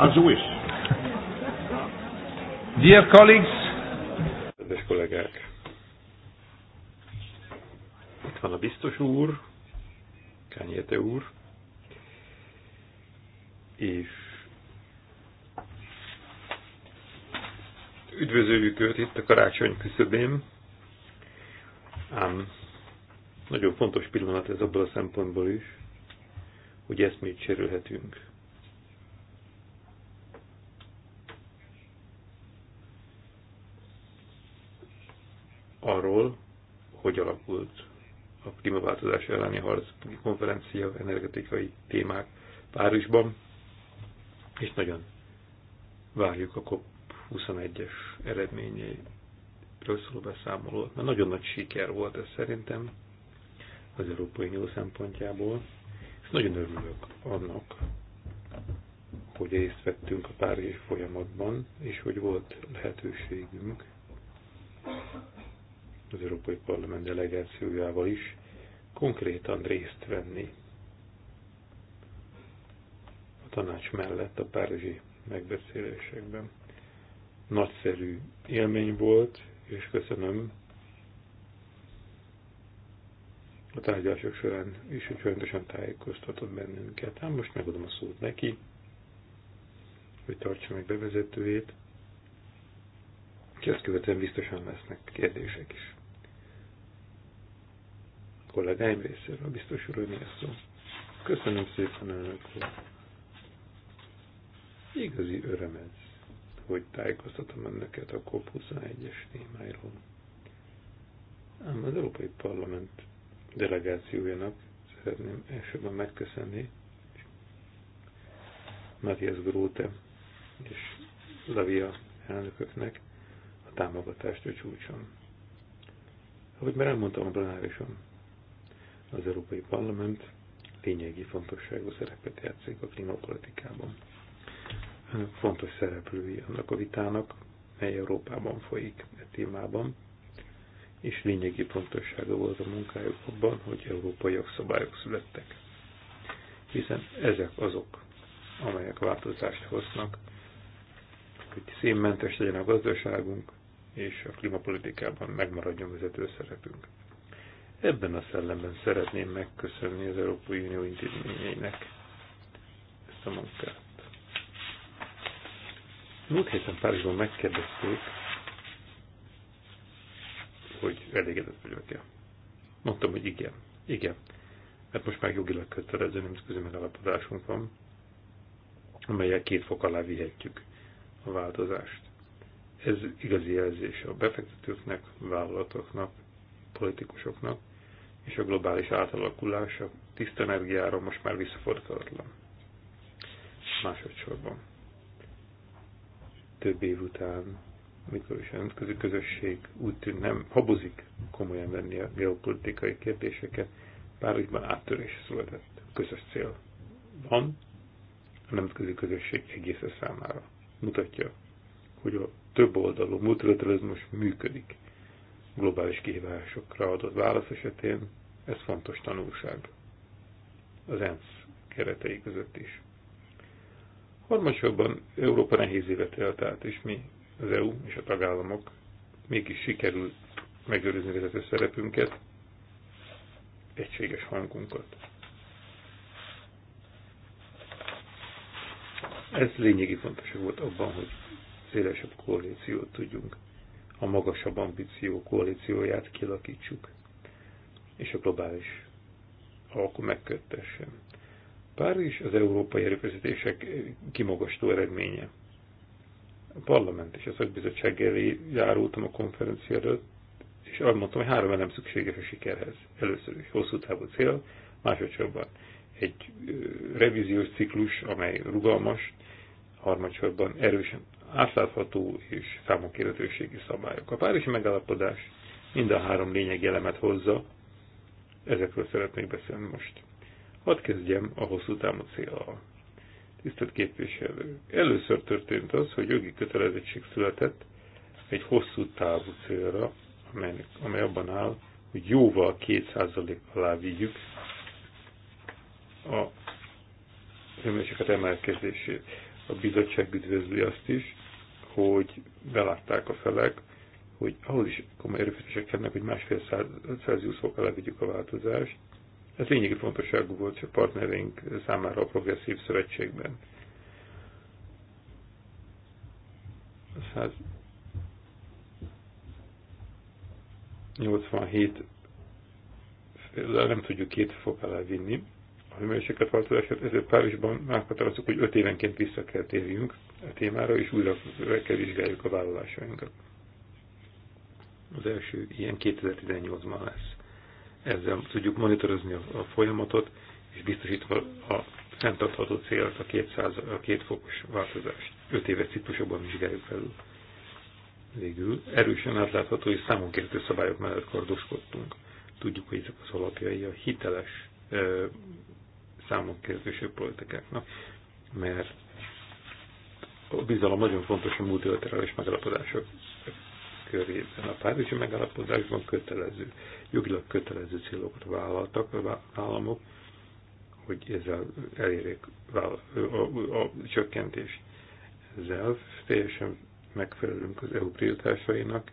As you wish. Dear colleagues. Kedves kollégák. Itt van a biztos úr, Kányéte úr, és üdvözöljük őt itt a karácsony küszöbén, ám nagyon fontos pillanat ez abból a szempontból is, hogy eszmét sérülhetünk. klímaváltozás elleni harc konferencia, energetikai témák Párizsban, és nagyon várjuk a COP21-es eredményeiről szóló beszámolót, mert nagyon nagy siker volt ez szerintem az Európai Unió szempontjából, és nagyon örülök annak, hogy részt vettünk a Párizs folyamatban, és hogy volt lehetőségünk az Európai Parlament delegációjával is konkrétan részt venni a tanács mellett a párizsi megbeszélésekben. Nagyszerű élmény volt, és köszönöm a tárgyalások során is, hogy folyamatosan tájékoztatott bennünket. Hát most megadom a szót neki, hogy tartsa meg bevezetőjét, és ezt követően biztosan lesznek kérdések is kollégáim részéről. Biztos úr, hogy szó. Köszönöm szépen, önök. úr. Igazi öröm ez, hogy tájékoztatom önöket a COP21-es témáiról. Ám az Európai Parlament delegációjának szeretném elsőben megköszönni Matthias Gróte és Lavia elnököknek a támogatást a csúcson. Ahogy már elmondtam a plenárison, az Európai Parlament lényegi fontosságú szerepet játszik a klímapolitikában. Fontos szereplői annak a vitának, mely Európában folyik e témában, és lényegi fontossága volt a munkájuk abban, hogy európai jogszabályok születtek. Hiszen ezek azok, amelyek változást hoznak, hogy szénmentes legyen a gazdaságunk, és a klímapolitikában megmaradjon vezető szerepünk. Ebben a szellemben szeretném megköszönni az Európai Unió intézményeinek ezt a munkát. Múlt héten Párizsban megkérdezték, hogy elégedett vagyok-e. Mondtam, hogy igen. Igen. Mert most már jogilag kötelező nemzetközi megállapodásunk van, amelyel két fok alá vihetjük a változást. Ez igazi jelzése a befektetőknek, vállalatoknak, politikusoknak, és a globális átalakulás a tiszta energiáról most már visszafordulatlan. Másodszorban. Több év után, mikor is a közösség úgy tűnt nem habozik komolyan venni a geopolitikai kérdéseket, Párizsban áttörés született. Közös cél van a nemzetközi közösség egész számára. Mutatja, hogy a több oldalú multilateralizmus működik globális kihívásokra adott válasz esetén ez fontos tanulság az ENSZ keretei között is. Harmadsorban Európa nehéz évet élt át, és mi, az EU és a tagállamok mégis sikerül megőrizni vezető szerepünket, egységes hangunkat. Ez lényegi fontos volt abban, hogy szélesebb koalíciót tudjunk a magasabb ambíció koalícióját kilakítsuk, és a globális alkú megköttessen. Párizs az európai erőfeszítések kimagasztó eredménye. A parlament és a szakbizottság elé járultam a konferencia előtt, és azt mondtam, hogy három elem szükséges a sikerhez. Először is hosszú távú cél, másodszorban egy revíziós ciklus, amely rugalmas, harmadsorban erősen átlátható és számonkérhetőségi szabályok. A párizsi megállapodás mind a három lényegi elemet hozza, ezekről szeretnék beszélni most. Hadd kezdjem a hosszú távú célral. Tisztelt képviselő, először történt az, hogy jogi kötelezettség született egy hosszú távú célra, amely, amely abban áll, hogy jóval 2% alá vigyük a hőmérséklet emelkedését. A bizottság üdvözli azt is, hogy belátták a felek, hogy ahhoz is komoly erőfeszítések kellnek, hogy másfél Celsius fokkal levigyük a változást. Ez lényegi fontosságú volt a partnereink számára a progresszív szövetségben. 187 nem tudjuk két fok alá vinni a hőmérséklet változását, ezért Párizsban meghatároztuk, hogy öt évenként vissza kell térjünk a témára, és újra kell vizsgáljuk a vállalásainkat. Az első ilyen 2018-ban lesz. Ezzel tudjuk monitorozni a folyamatot, és biztosítva a fenntartható célt, a, 200, a két fokos változást. 5 éves ciklusokban vizsgáljuk felül. Végül erősen átlátható hogy számonkértő szabályok mellett kardoskodtunk. Tudjuk, hogy ezek az alapjai a hiteles e, számonkértőső politikáknak, mert a bizalom nagyon fontos a multilaterális megállapodások körében. A Párizsi megalapodásban kötelező, jogilag kötelező célokat vállaltak a államok, hogy ezzel elérjék a, a, a, a csökkentést. Ezzel teljesen megfelelünk az EU prioritásainak,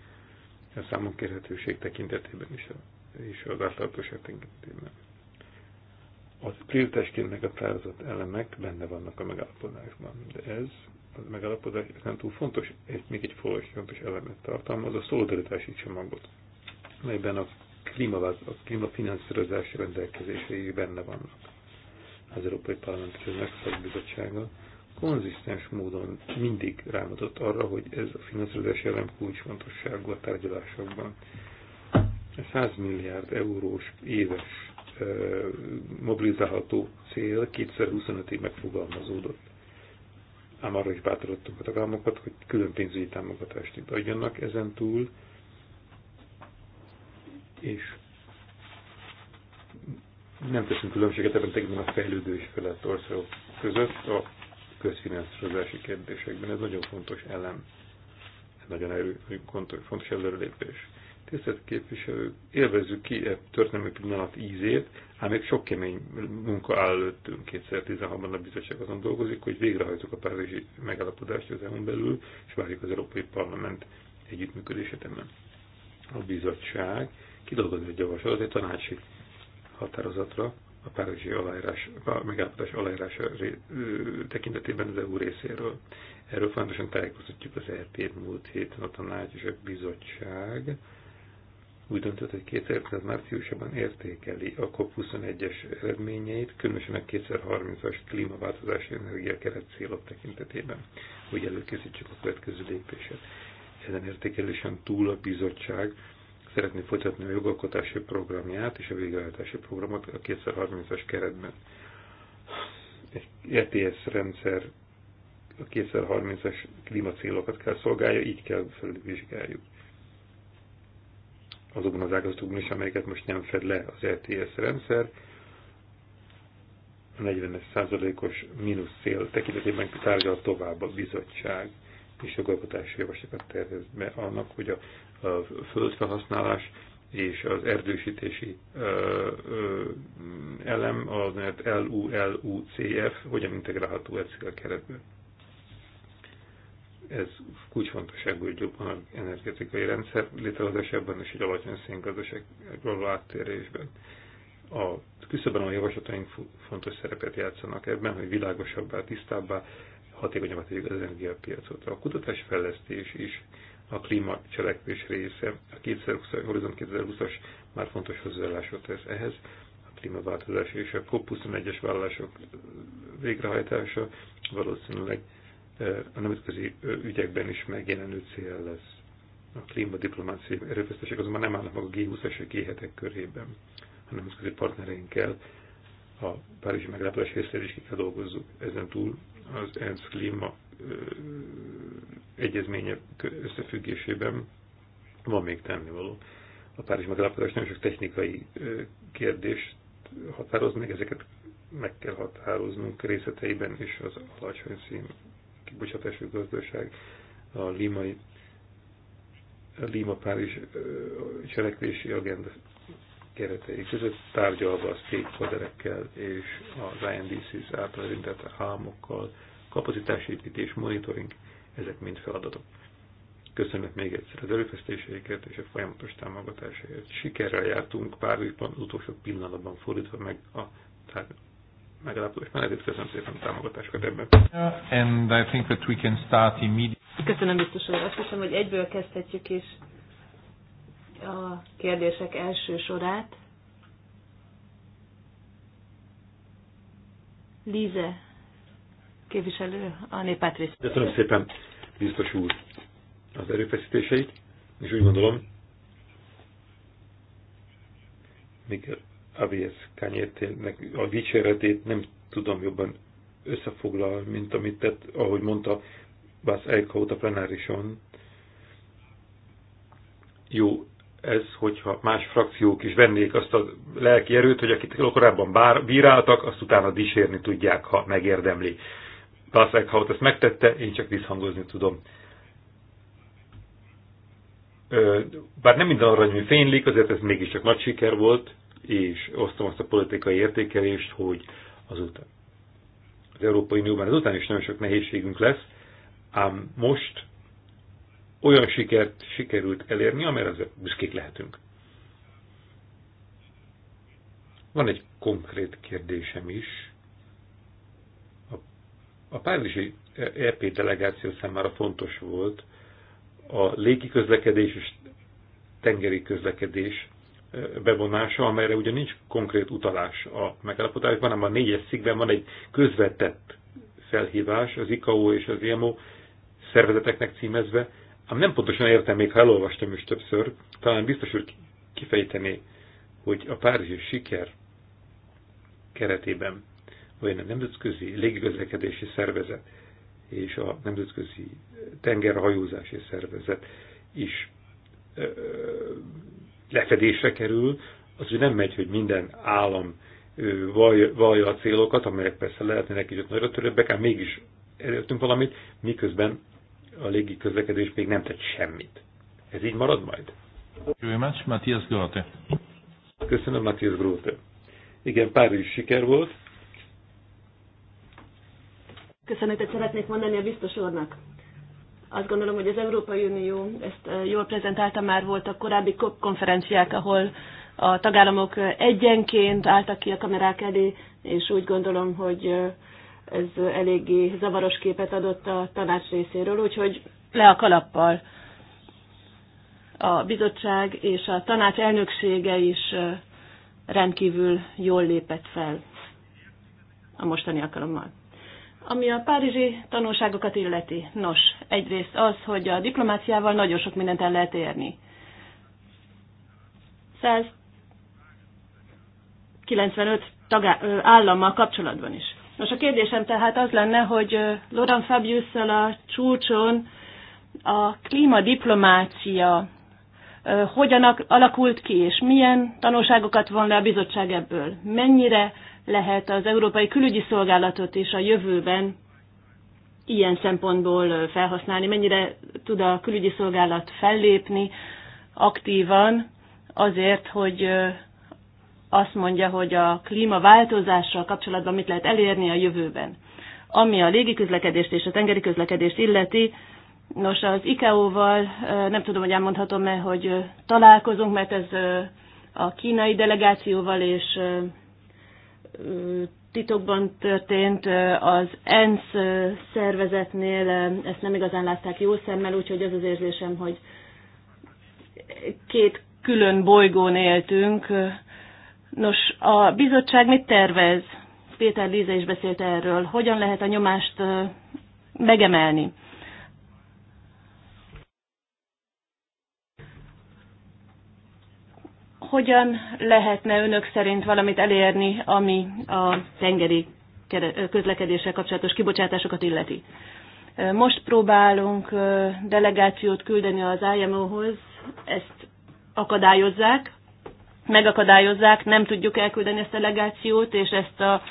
a számon kérhetőség tekintetében is, és az átláthatóság tekintetében. A prioritásként meghatározott elemek benne vannak a megállapodásban, de ez az ez nem túl fontos, ez még egy fontos elemet tartalmaz, a szolidaritási csomagot, melyben a, klímaváz, a klímafinanszírozás rendelkezései benne vannak. Az Európai Parlament és az Bizottsága konzisztens módon mindig rámutott arra, hogy ez a finanszírozás elem kulcsfontosságú a tárgyalásokban. 100 milliárd eurós éves mobilizálható cél 2025-ig megfogalmazódott ám arra is bátorítottuk a tagállamokat, hogy külön pénzügyi támogatást adjanak ezen túl, és nem teszünk különbséget ebben tekintetben a fejlődő és felett országok között a közfinanszírozási kérdésekben. Ez nagyon fontos elem, ez nagyon erő, fontos előrelépés. Tisztelt képviselő, élvezzük ki e történelmi pillanat ízét, ám még sok kemény munka áll előttünk. 2016-ban a bizottság azon dolgozik, hogy végrehajtjuk a párizsi megállapodást az EU-n belül, és várjuk az Európai Parlament együttműködését ebben. A bizottság kidolgozott egy javaslatot egy tanácsi határozatra a párizsi aláírás, a megállapodás aláírása ré, ö, tekintetében az EU részéről. Erről fontosan tájékoztatjuk az EP-t múlt héten a tanács és a bizottság úgy döntött, hogy 2005 márciusában értékeli a COP21-es eredményeit, különösen a 2030-as klímaváltozási energiakeret célok tekintetében, hogy előkészítsük a következő lépéset. Ezen értékelésen túl a bizottság szeretné folytatni a jogalkotási programját és a végrehajtási programot a 2030-as keretben. Egy ETS rendszer a 2030-as klímacélokat kell szolgálja, így kell felülvizsgáljuk azokban az ágazatokban is, amelyeket most nem fed le az ETS rendszer. A 41%-os mínusz cél tekintetében tárgyal tovább a bizottság és jogalkotási javaslatokat tervez be annak, hogy a, földfelhasználás és az erdősítési ö, ö, elem, az LULUCF hogyan integrálható egy célkeretbe. Ez kulcsfontosságú egy jobban az energetikai rendszer létrehozásában és egy alacsony széngazdaságról áttérésben. A küszöbben a javaslataink fontos szerepet játszanak ebben, hogy világosabbá, tisztábbá, hatékonyabbá tegyük az energiapiacot. A kutatásfejlesztés is a klímacselekvés része. A 2020, Horizon 2020-as már fontos hozzáállásot tesz ehhez. A klímaváltozás és a COP21-es vállalások végrehajtása valószínűleg a nemzetközi ügyekben is megjelenő cél lesz. A klímadiplomáciai erőfeszítések azonban nem állnak meg a G20-es g 7 körében, a nemzetközi partnereinkkel a Párizsi megállapodás részét is ki kell dolgozzuk. Ezen túl az ENSZ klíma egyezménye összefüggésében van még tennivaló. A Párizsi meglepetés nem csak technikai kérdést határoz meg, ezeket meg kell határoznunk részleteiben és az alacsony szín kibocsátású gazdaság, a limai a Lima-Párizs cselekvési agenda keretei között tárgyalva a stakeholderekkel és az INDC-s által érintett álmokkal, kapacitásépítés, monitoring, ezek mind feladatok. Köszönöm még egyszer az előfesztéseiket és a folyamatos támogatásért. Sikerrel jártunk Párizsban, utolsó pillanatban fordítva meg a, megállapodás mellett. Köszönöm szépen a támogatásokat ebben. And I think that we can start immediately. Köszönöm biztos úr. Azt hiszem, hogy egyből kezdhetjük is a kérdések első sorát. Líze képviselő, a Népátrész. Köszönöm szépen, biztos úr, az erőfeszítéseit, és úgy gondolom, még Avies Kányértének a dicséretét nem tudom jobban összefoglalni, mint amit tett, ahogy mondta Bas Eichhout a plenárison. Jó ez, hogyha más frakciók is vennék azt a lelki erőt, hogy akit korábban bár, bíráltak, azt utána dísérni tudják, ha megérdemli. Bas Eichhout ezt megtette, én csak visszhangozni tudom bár nem minden aranyú fénylik, azért ez mégiscsak nagy siker volt, és osztom azt a politikai értékelést, hogy azután. Az Európai Unióban azután is nagyon sok nehézségünk lesz, ám most olyan sikert sikerült elérni, amire az büszkék lehetünk. Van egy konkrét kérdésem is. A, a párizsi EP delegáció számára fontos volt a légi közlekedés és tengeri közlekedés bevonása, amelyre ugye nincs konkrét utalás a megállapodásban, hanem a négyes szikben van egy közvetett felhívás az ICAO és az IMO szervezeteknek címezve, ám nem pontosan értem, még ha elolvastam is többször, talán biztos, hogy kifejteni, hogy a párizsi siker keretében olyan a Nemzetközi Légigazdasági Szervezet és a Nemzetközi Tengerhajózási Szervezet is lefedésre kerül, az ugye nem megy, hogy minden állam vallja a célokat, amelyek persze lehetnének ott nagyra törőbbek, ám mégis előttünk valamit, miközben a légi közlekedés még nem tett semmit. Ez így marad majd? Köszönöm, Matthias Grote. Igen, Párizs siker volt. Köszönetet szeretnék mondani a biztos úrnak. Azt gondolom, hogy az Európai Unió ezt eh, jól prezentálta, már voltak korábbi COP konferenciák, ahol a tagállamok egyenként álltak ki a kamerák elé, és úgy gondolom, hogy eh, ez eléggé zavaros képet adott a tanács részéről, úgyhogy le a kalappal. A bizottság és a tanács elnöksége is eh, rendkívül jól lépett fel a mostani alkalommal. Ami a párizsi tanulságokat illeti. Nos, egyrészt az, hogy a diplomáciával nagyon sok mindent el lehet érni. 195 tagá- állammal kapcsolatban is. Nos, a kérdésem tehát az lenne, hogy Laurent fabius a csúcson a klímadiplomácia hogyan alakult ki, és milyen tanulságokat von le a bizottság ebből? Mennyire lehet az Európai Külügyi Szolgálatot is a jövőben ilyen szempontból felhasználni, mennyire tud a külügyi szolgálat fellépni aktívan azért, hogy azt mondja, hogy a klímaváltozással kapcsolatban mit lehet elérni a jövőben. Ami a légiközlekedést és a tengeri közlekedést illeti, nos, az ICAO-val nem tudom, hogy elmondhatom-e, hogy találkozunk, mert ez a kínai delegációval és titokban történt, az ENSZ szervezetnél ezt nem igazán látták jó szemmel, úgyhogy az az érzésem, hogy két külön bolygón éltünk. Nos, a bizottság mit tervez? Péter Líze is beszélt erről. Hogyan lehet a nyomást megemelni? hogyan lehetne önök szerint valamit elérni, ami a tengeri közlekedéssel kapcsolatos kibocsátásokat illeti. Most próbálunk delegációt küldeni az IMO-hoz, ezt akadályozzák, megakadályozzák, nem tudjuk elküldeni ezt a delegációt, és ezt a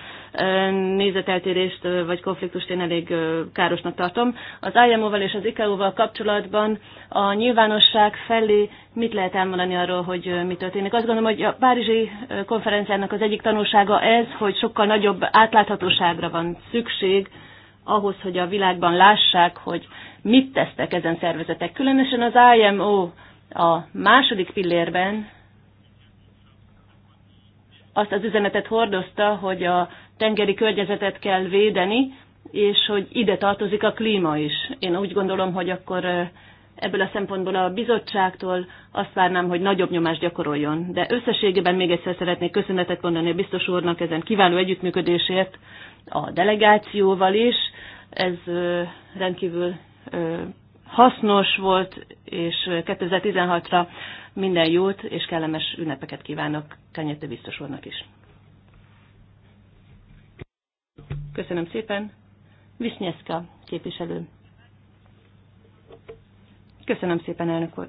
nézeteltérést vagy konfliktust én elég károsnak tartom. Az IMO-val és az ICAO-val e kapcsolatban a nyilvánosság felé mit lehet elmondani arról, hogy mi történik? Azt gondolom, hogy a Párizsi konferenciának az egyik tanulsága ez, hogy sokkal nagyobb átláthatóságra van szükség ahhoz, hogy a világban lássák, hogy mit tesztek ezen szervezetek. Különösen az IMO a második pillérben azt az üzenetet hordozta, hogy a tengeri környezetet kell védeni, és hogy ide tartozik a klíma is. Én úgy gondolom, hogy akkor ebből a szempontból a bizottságtól azt várnám, hogy nagyobb nyomást gyakoroljon. De összességében még egyszer szeretnék köszönetet mondani a biztos úrnak ezen kiváló együttműködésért a delegációval is. Ez rendkívül hasznos volt, és 2016-ra minden jót és kellemes ünnepeket kívánok Kanyete biztos úrnak is. Köszönöm szépen. Visnyeszka képviselő. Köszönöm szépen, elnök úr.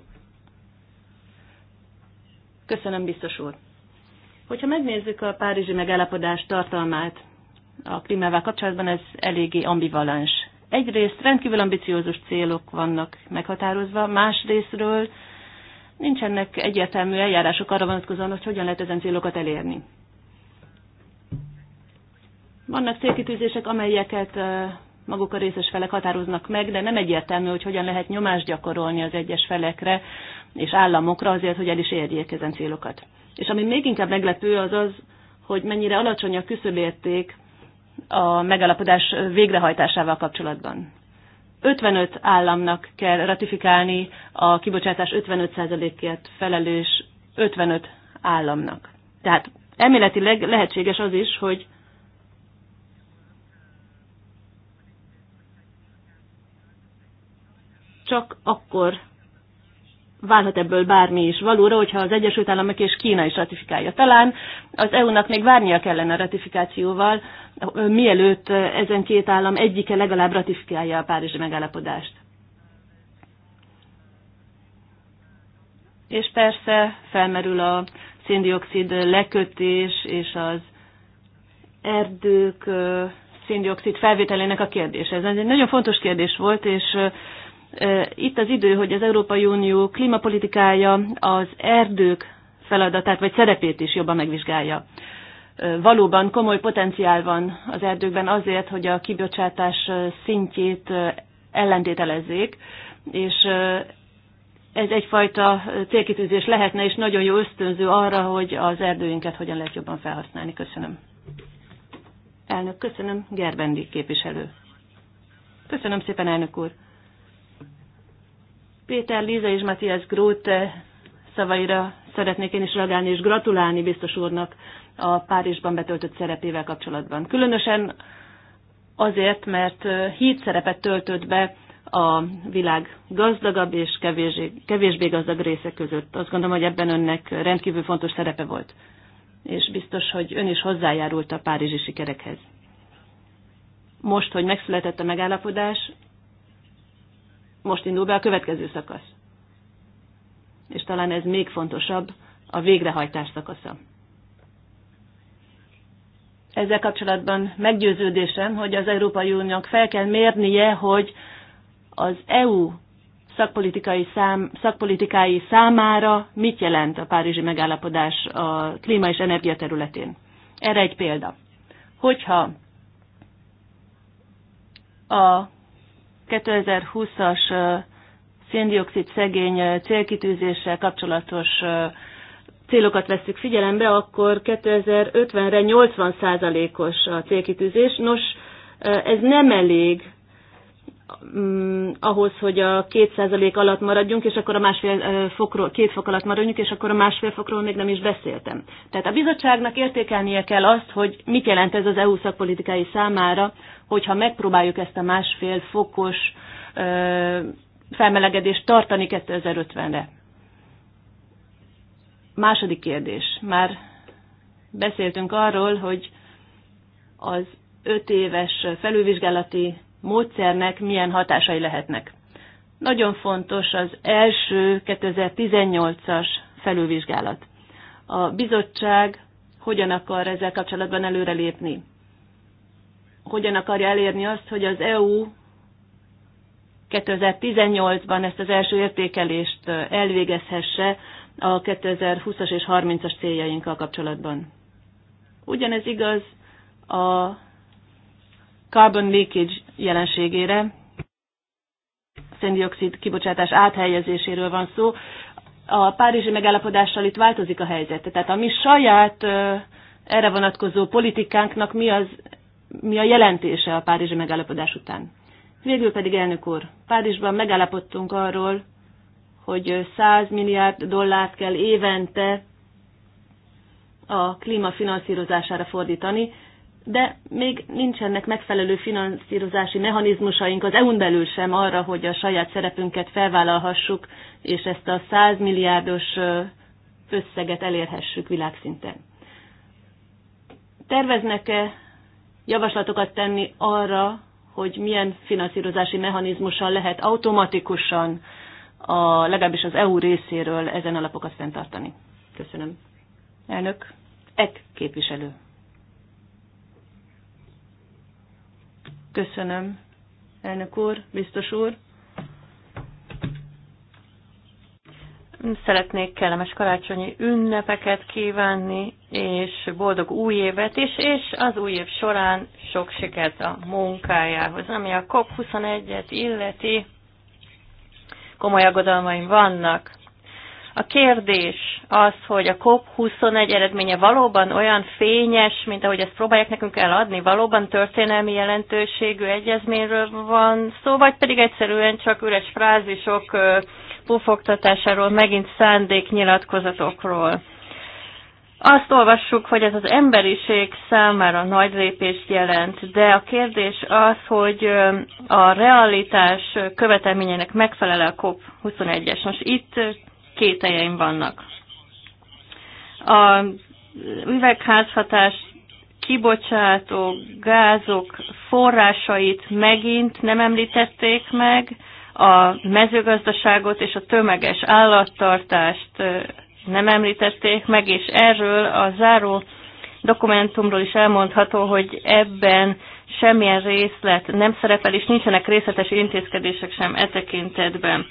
Köszönöm, biztos úr. Hogyha megnézzük a párizsi megállapodás tartalmát a klímával kapcsolatban, ez eléggé ambivalens. Egyrészt rendkívül ambiciózus célok vannak meghatározva, másrésztről nincsenek egyértelmű eljárások arra vonatkozóan, hogy hogyan lehet ezen célokat elérni. Vannak célkitűzések, amelyeket maguk a részes felek határoznak meg, de nem egyértelmű, hogy hogyan lehet nyomást gyakorolni az egyes felekre és államokra azért, hogy el is érjék ezen célokat. És ami még inkább meglepő az az, hogy mennyire alacsony a küszöbérték a megállapodás végrehajtásával kapcsolatban. 55 államnak kell ratifikálni a kibocsátás 55%-ért felelős 55 államnak. Tehát elméletileg lehetséges az is, hogy csak akkor válhat ebből bármi is valóra, hogyha az Egyesült Államok és Kína is ratifikálja. Talán az EU-nak még várnia kellene a ratifikációval, mielőtt ezen két állam egyike legalább ratifikálja a Párizsi megállapodást. És persze felmerül a széndiokszid lekötés és az erdők széndiokszid felvételének a kérdése. Ez egy nagyon fontos kérdés volt, és itt az idő, hogy az Európai Unió klímapolitikája az erdők feladatát vagy szerepét is jobban megvizsgálja. Valóban komoly potenciál van az erdőkben azért, hogy a kibocsátás szintjét ellentételezzék, és ez egyfajta célkitűzés lehetne, és nagyon jó ösztönző arra, hogy az erdőinket hogyan lehet jobban felhasználni. Köszönöm. Elnök, köszönöm. Gerbendi képviselő. Köszönöm szépen, elnök úr. Péter, Líza és Matthias Gróte szavaira szeretnék én is reagálni és gratulálni biztos úrnak a Párizsban betöltött szerepével kapcsolatban. Különösen azért, mert híd szerepet töltött be a világ gazdagabb és kevésbé, kevésbé gazdag része között. Azt gondolom, hogy ebben önnek rendkívül fontos szerepe volt, és biztos, hogy ön is hozzájárult a párizsi sikerekhez. Most, hogy megszületett a megállapodás, most indul be a következő szakasz. És talán ez még fontosabb, a végrehajtás szakasza. Ezzel kapcsolatban meggyőződésem, hogy az Európai Uniónak fel kell mérnie, hogy az EU szakpolitikai, szám, szakpolitikái számára mit jelent a Párizsi megállapodás a klíma és energia területén. Erre egy példa. Hogyha a 2020-as széndiokszid szegény célkitűzéssel kapcsolatos célokat vesszük figyelembe, akkor 2050-re 80%-os a célkitűzés. Nos, ez nem elég Mm, ahhoz, hogy a két százalék alatt maradjunk, és akkor a másfél fokról, két fok alatt maradjunk, és akkor a másfél fokról még nem is beszéltem. Tehát a bizottságnak értékelnie kell azt, hogy mit jelent ez az EU szakpolitikai számára, hogyha megpróbáljuk ezt a másfél fokos ö, felmelegedést tartani 2050-re. Második kérdés. Már beszéltünk arról, hogy az öt éves felülvizsgálati módszernek milyen hatásai lehetnek. Nagyon fontos az első 2018-as felülvizsgálat. A bizottság hogyan akar ezzel kapcsolatban előrelépni? Hogyan akarja elérni azt, hogy az EU 2018-ban ezt az első értékelést elvégezhesse a 2020-as és 30-as céljainkkal kapcsolatban? Ugyanez igaz a carbon leakage jelenségére, széndiokszid kibocsátás áthelyezéséről van szó. A párizsi megállapodással itt változik a helyzet. Tehát a mi saját erre vonatkozó politikánknak mi, az, mi a jelentése a párizsi megállapodás után. Végül pedig, elnök úr, Párizsban megállapodtunk arról, hogy 100 milliárd dollárt kell évente a klíma finanszírozására fordítani, de még nincsenek megfelelő finanszírozási mechanizmusaink az EU-n belül sem arra, hogy a saját szerepünket felvállalhassuk, és ezt a 100 milliárdos összeget elérhessük világszinten. Terveznek-e javaslatokat tenni arra, hogy milyen finanszírozási mechanizmussal lehet automatikusan, a, legalábbis az EU részéről ezen alapokat fenntartani? Köszönöm. Elnök, egy képviselő. Köszönöm, elnök úr, biztos úr. Szeretnék kellemes karácsonyi ünnepeket kívánni, és boldog új évet is, és az új év során sok sikert a munkájához. Ami a COP21-et illeti, komoly aggodalmaim vannak, a kérdés az, hogy a COP21 eredménye valóban olyan fényes, mint ahogy ezt próbálják nekünk eladni, valóban történelmi jelentőségű egyezményről van szó, vagy pedig egyszerűen csak üres frázisok pufogtatásáról, megint szándéknyilatkozatokról. Azt olvassuk, hogy ez az emberiség számára nagy lépést jelent, de a kérdés az, hogy a realitás követelményének megfelel a COP21-es. Most itt kételjeim vannak. A üvegházhatás kibocsátó gázok forrásait megint nem említették meg, a mezőgazdaságot és a tömeges állattartást nem említették meg, és erről a záró dokumentumról is elmondható, hogy ebben semmilyen részlet nem szerepel, és nincsenek részletes intézkedések sem e tekintetben.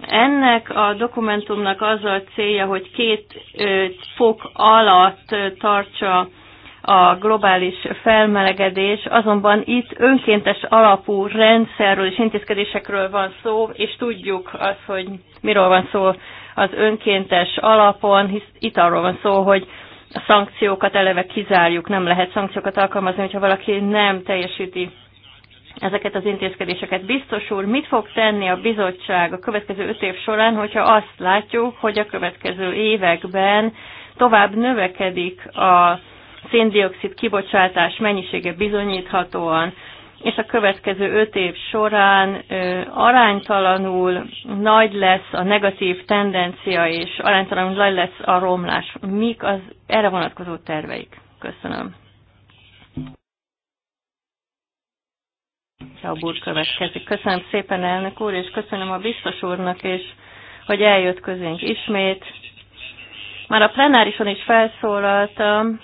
Ennek a dokumentumnak az a célja, hogy két fok alatt tartsa a globális felmelegedés, azonban itt önkéntes alapú rendszerről és intézkedésekről van szó, és tudjuk azt, hogy miről van szó az önkéntes alapon, hisz itt arról van szó, hogy a szankciókat eleve kizárjuk, nem lehet szankciókat alkalmazni, hogyha valaki nem teljesíti ezeket az intézkedéseket. Biztos úr, mit fog tenni a bizottság a következő öt év során, hogyha azt látjuk, hogy a következő években tovább növekedik a széndiokszid kibocsátás mennyisége bizonyíthatóan, és a következő öt év során ö, aránytalanul nagy lesz a negatív tendencia, és aránytalanul nagy lesz a romlás. Mik az erre vonatkozó terveik? Köszönöm. Csabúr következik. Köszönöm szépen, elnök úr, és köszönöm a biztos úrnak is, hogy eljött közénk ismét. Már a plenárison is felszólaltam,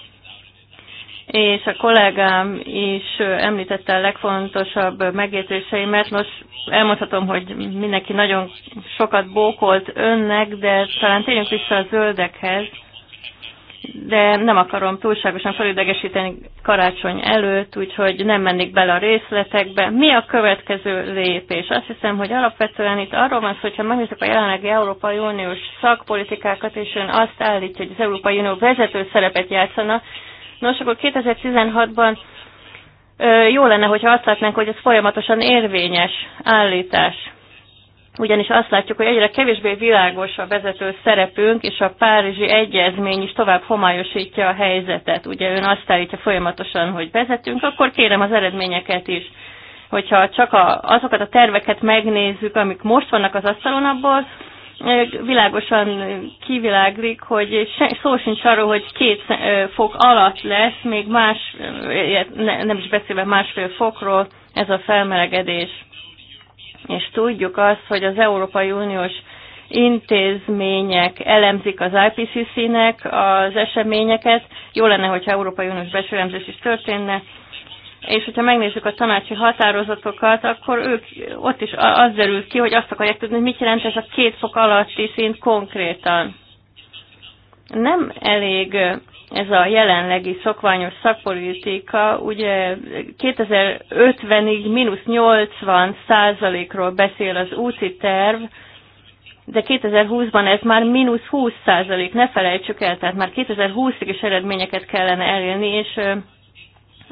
és a kollégám is említette a legfontosabb megjegyzéseimet. most elmondhatom, hogy mindenki nagyon sokat bókolt önnek, de talán tényleg vissza a zöldekhez de nem akarom túlságosan felidegesíteni karácsony előtt, úgyhogy nem mennék bele a részletekbe. Mi a következő lépés? Azt hiszem, hogy alapvetően itt arról van szó, hogyha megnézzük a jelenlegi Európai Uniós szakpolitikákat, és ön azt állítja, hogy az Európai Unió vezető szerepet játszana, nos, akkor 2016-ban jó lenne, hogyha azt látnánk, hogy ez folyamatosan érvényes állítás ugyanis azt látjuk, hogy egyre kevésbé világos a vezető szerepünk, és a Párizsi Egyezmény is tovább homályosítja a helyzetet. Ugye ön azt állítja folyamatosan, hogy vezetünk, akkor kérem az eredményeket is. Hogyha csak a, azokat a terveket megnézzük, amik most vannak az asztalon, abból világosan kiviláglik, hogy se, szó sincs arról, hogy két fok alatt lesz, még más, ne, nem is beszélve másfél fokról ez a felmelegedés és tudjuk azt, hogy az Európai Uniós intézmények elemzik az IPCC-nek az eseményeket. Jó lenne, hogyha Európai Uniós besőlemzés is történne, és hogyha megnézzük a tanácsi határozatokat, akkor ők ott is az derült ki, hogy azt akarják tudni, hogy mit jelent ez a két fok alatti szint konkrétan. Nem elég ez a jelenlegi szokványos szakpolitika, ugye 2050-ig mínusz 80 százalékról beszél az úci terv, de 2020-ban ez már mínusz 20 százalék, ne felejtsük el, tehát már 2020-ig is eredményeket kellene elérni, és,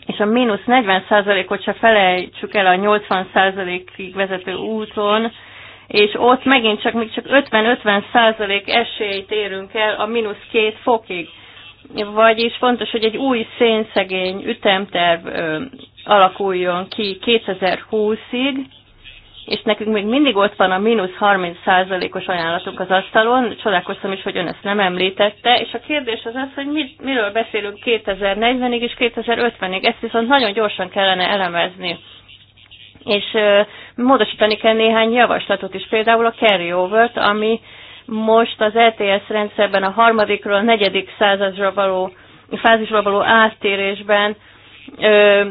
és a mínusz 40 százalékot se felejtsük el a 80 százalékig vezető úton, és ott megint csak még csak 50-50 százalék esélyt érünk el a mínusz két fokig vagyis fontos, hogy egy új szénszegény ütemterv ö, alakuljon ki 2020-ig, és nekünk még mindig ott van a mínusz 30 százalékos ajánlatunk az asztalon, csodálkoztam is, hogy ön ezt nem említette, és a kérdés az az, hogy mit, miről beszélünk 2040-ig és 2050-ig, ezt viszont nagyon gyorsan kellene elemezni. És ö, módosítani kell néhány javaslatot is, például a carryover-t, ami ö, most az ETS rendszerben a harmadikról a negyedik századra való, fázisra való áttérésben ö,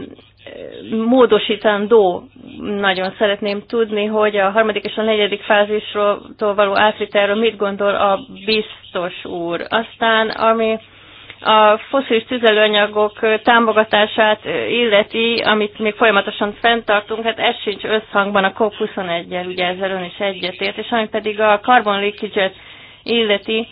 módosítandó. Nagyon szeretném tudni, hogy a harmadik és a negyedik fázisról való átvitelről mit gondol a biztos úr. Aztán, ami a foszilis tüzelőanyagok támogatását illeti, amit még folyamatosan fenntartunk, hát ez sincs összhangban a COP21-el, ugye ezzel ön is egyetért, és ami pedig a carbon leakage illeti,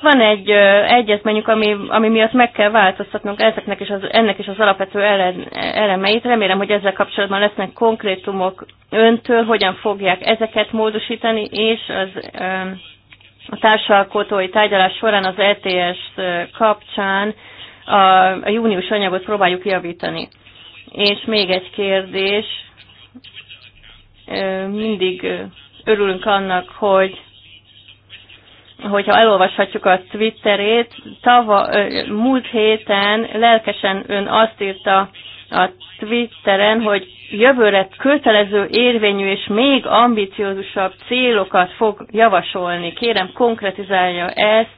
van egy ö, egyezményük, ami, ami miatt meg kell változtatnunk ezeknek is az, ennek is az alapvető ele, elemeit. Remélem, hogy ezzel kapcsolatban lesznek konkrétumok öntől, hogyan fogják ezeket módosítani, és az ö, a társalkotói tárgyalás során az ETS kapcsán a, a június anyagot próbáljuk javítani. És még egy kérdés, mindig örülünk annak, hogy hogyha elolvashatjuk a Twitterét, tava, múlt héten lelkesen ön azt írta a Twitteren, hogy jövőre kötelező érvényű és még ambiciózusabb célokat fog javasolni. Kérem, konkretizálja ezt.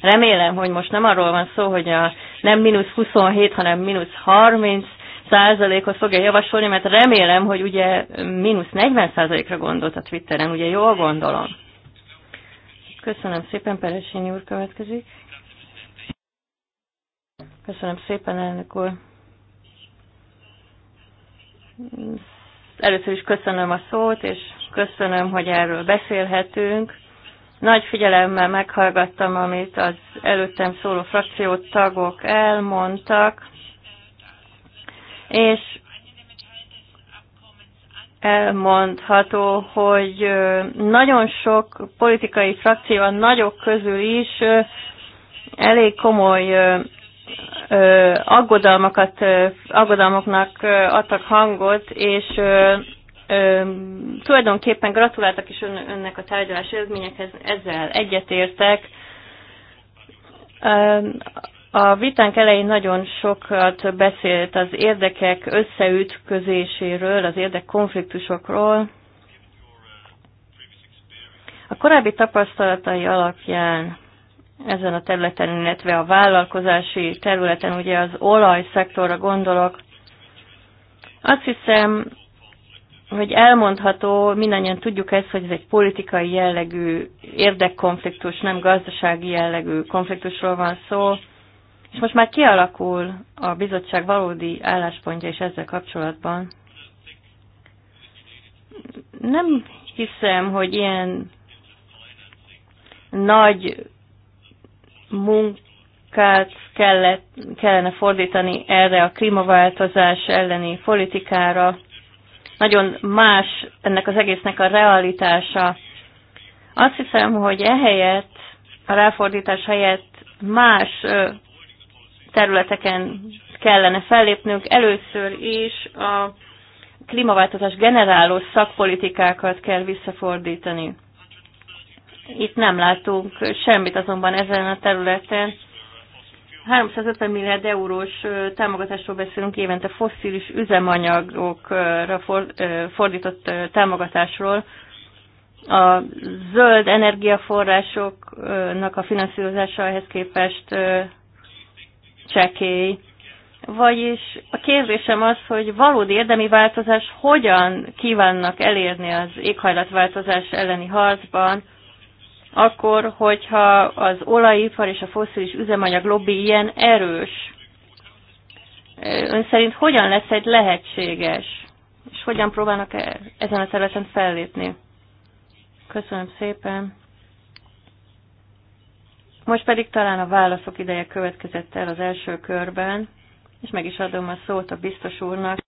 Remélem, hogy most nem arról van szó, hogy a nem mínusz 27, hanem mínusz 30 százalékot fogja javasolni, mert remélem, hogy ugye mínusz 40 százalékra gondolt a Twitteren, ugye jól gondolom. Köszönöm szépen, Peresényi úr következik. Köszönöm szépen, elnök úr. Először is köszönöm a szót, és köszönöm, hogy erről beszélhetünk. Nagy figyelemmel meghallgattam, amit az előttem szóló frakciót tagok elmondtak, és elmondható, hogy nagyon sok politikai frakció, a nagyok közül is elég komoly aggodalmakat, aggodalmaknak adtak hangot, és tulajdonképpen gratuláltak is önnek a tárgyalás eredményekhez, ezzel egyetértek. A vitánk elején nagyon sokat beszélt az érdekek összeütközéséről, az érdekkonfliktusokról. A korábbi tapasztalatai alapján ezen a területen, illetve a vállalkozási területen, ugye az olajszektorra gondolok. Azt hiszem, hogy elmondható, mindannyian tudjuk ezt, hogy ez egy politikai jellegű érdekkonfliktus, nem gazdasági jellegű konfliktusról van szó, és most már kialakul a bizottság valódi álláspontja is ezzel kapcsolatban. Nem hiszem, hogy ilyen nagy munkát kellett, kellene fordítani erre a klímaváltozás elleni politikára. Nagyon más ennek az egésznek a realitása. Azt hiszem, hogy ehelyett, a ráfordítás helyett más területeken kellene fellépnünk. Először is a klímaváltozás generáló szakpolitikákat kell visszafordítani. Itt nem látunk semmit azonban ezen a területen. 350 milliárd eurós támogatásról beszélünk évente fosszilis üzemanyagokra fordított támogatásról. A zöld energiaforrásoknak a finanszírozása ehhez képest csekély. Vagyis a kérdésem az, hogy valódi érdemi változás hogyan kívánnak elérni az éghajlatváltozás elleni harcban, akkor, hogyha az olajipar és a foszilis üzemanyag lobby ilyen erős, ön szerint hogyan lesz egy lehetséges, és hogyan próbálnak -e ezen a területen fellépni? Köszönöm szépen. Most pedig talán a válaszok ideje következett el az első körben, és meg is adom a szót a biztos úrnak.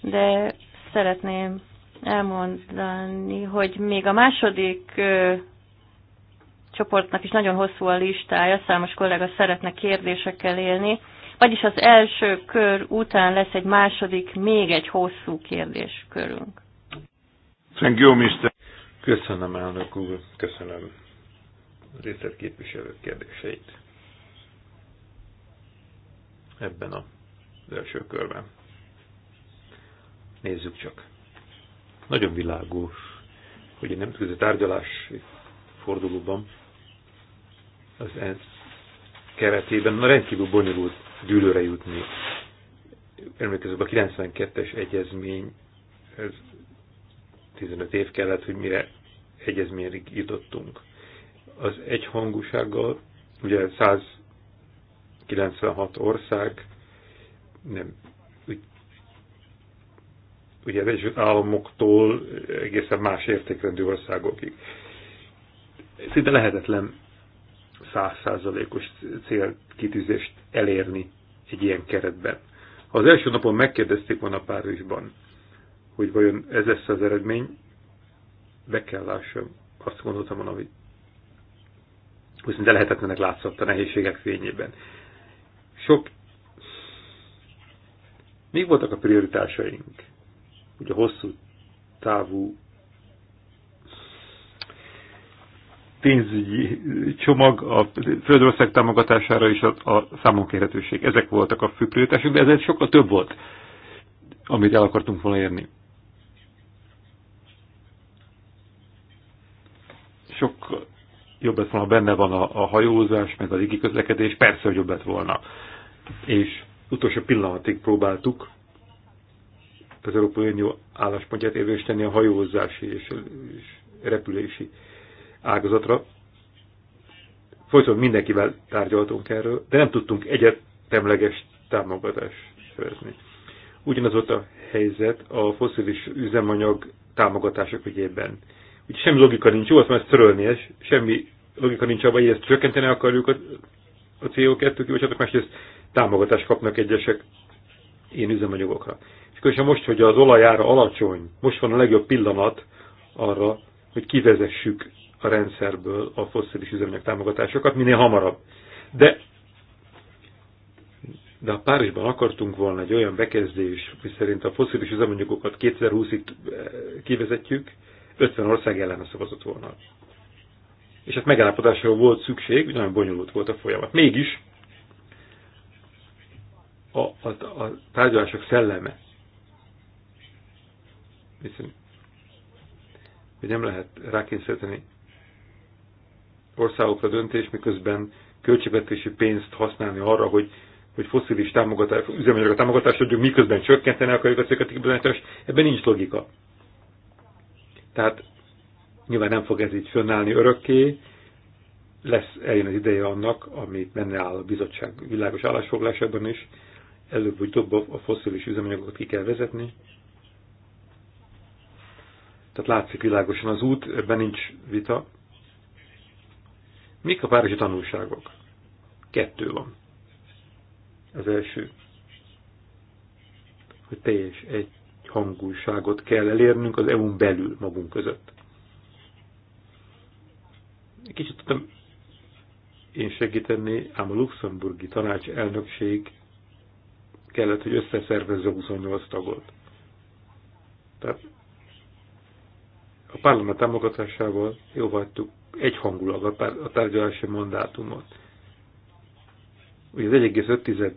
De szeretném elmondani, hogy még a második ö, csoportnak is nagyon hosszú a listája, számos kollega szeretne kérdésekkel élni, vagyis az első kör után lesz egy második, még egy hosszú kérdéskörünk. Thank you, Mr. Köszönöm, elnök úr, köszönöm részletképviselők kérdéseit ebben az első körben. Nézzük csak. Nagyon világos, hogy a nemzetközi tárgyalás fordulóban az ENSZ keretében na rendkívül bonyolult dűlőre jutni. Emlékezzük, a 92-es egyezmény, ez 15 év kellett, hogy mire egyezményig jutottunk. Az egyhangúsággal, ugye 196 ország nem ugye az Egyesült Államoktól egészen más értékrendű országokig. Szinte lehetetlen százszázalékos célkitűzést elérni egy ilyen keretben. Ha az első napon megkérdezték volna Párizsban, hogy vajon ez lesz az eredmény, be kell lássam, azt gondoltam volna, hogy viszont lehetetlenek látszott a nehézségek fényében. Sok Mik voltak a prioritásaink? ugye hosszú távú pénzügyi csomag, a Földország támogatására is a, a számonkérhetőség. Ezek voltak a fő prioritások, de ez sokkal több volt, amit el akartunk volna érni. Sok jobb lett volna, benne van a, a hajózás, meg a légi közlekedés, persze, hogy jobb lett volna. És utolsó pillanatig próbáltuk az Európai Unió álláspontját érvényesíteni a hajózási és repülési ágazatra. Folyton mindenkivel tárgyaltunk erről, de nem tudtunk egyetemleges támogatást szerezni. Ugyanaz volt a helyzet a foszilis üzemanyag támogatások ügyében. Úgy semmi logika nincs, jó, azt már ezt törölni, és semmi logika nincs abban, hogy ezt csökkenteni akarjuk a, a CO2 kibocsátók, másrészt támogatást kapnak egyesek én üzemanyagokra. Különösen most, hogy az olajára alacsony, most van a legjobb pillanat arra, hogy kivezessük a rendszerből a fosszilis üzemanyag támogatásokat minél hamarabb. De, de a Párizsban akartunk volna egy olyan bekezdés, miszerint a fosszilis üzemanyagokat 2020-ig eh, kivezetjük, 50 ország ellene szavazott volna. És hát megállapodásra volt szükség, nagyon bonyolult volt a folyamat. Mégis a, a, a tárgyalások szelleme hiszen hogy nem lehet rákényszeríteni országokra döntés, miközben költségvetési pénzt használni arra, hogy, hogy foszilis támogatás, a támogatást adjuk, miközben csökkenteni akarjuk a kibányítást, ebben nincs logika. Tehát nyilván nem fog ez így fönnállni örökké, lesz eljön az ideje annak, amit benne áll a bizottság világos állásfoglásában is, előbb-utóbb a foszilis üzemanyagokat ki kell vezetni, tehát látszik világosan az út, ebben nincs vita. Mik a párizsi tanulságok? Kettő van. Az első, hogy teljes egy hangulságot kell elérnünk az EU-n belül magunk között. Kicsit tudom én segíteni, ám a luxemburgi tanács elnökség kellett, hogy összeszervezze 28 tagot. Tehát a parlament támogatásával jóhagytuk egyhangulag a tárgyalási mandátumot. Ugye az 1,5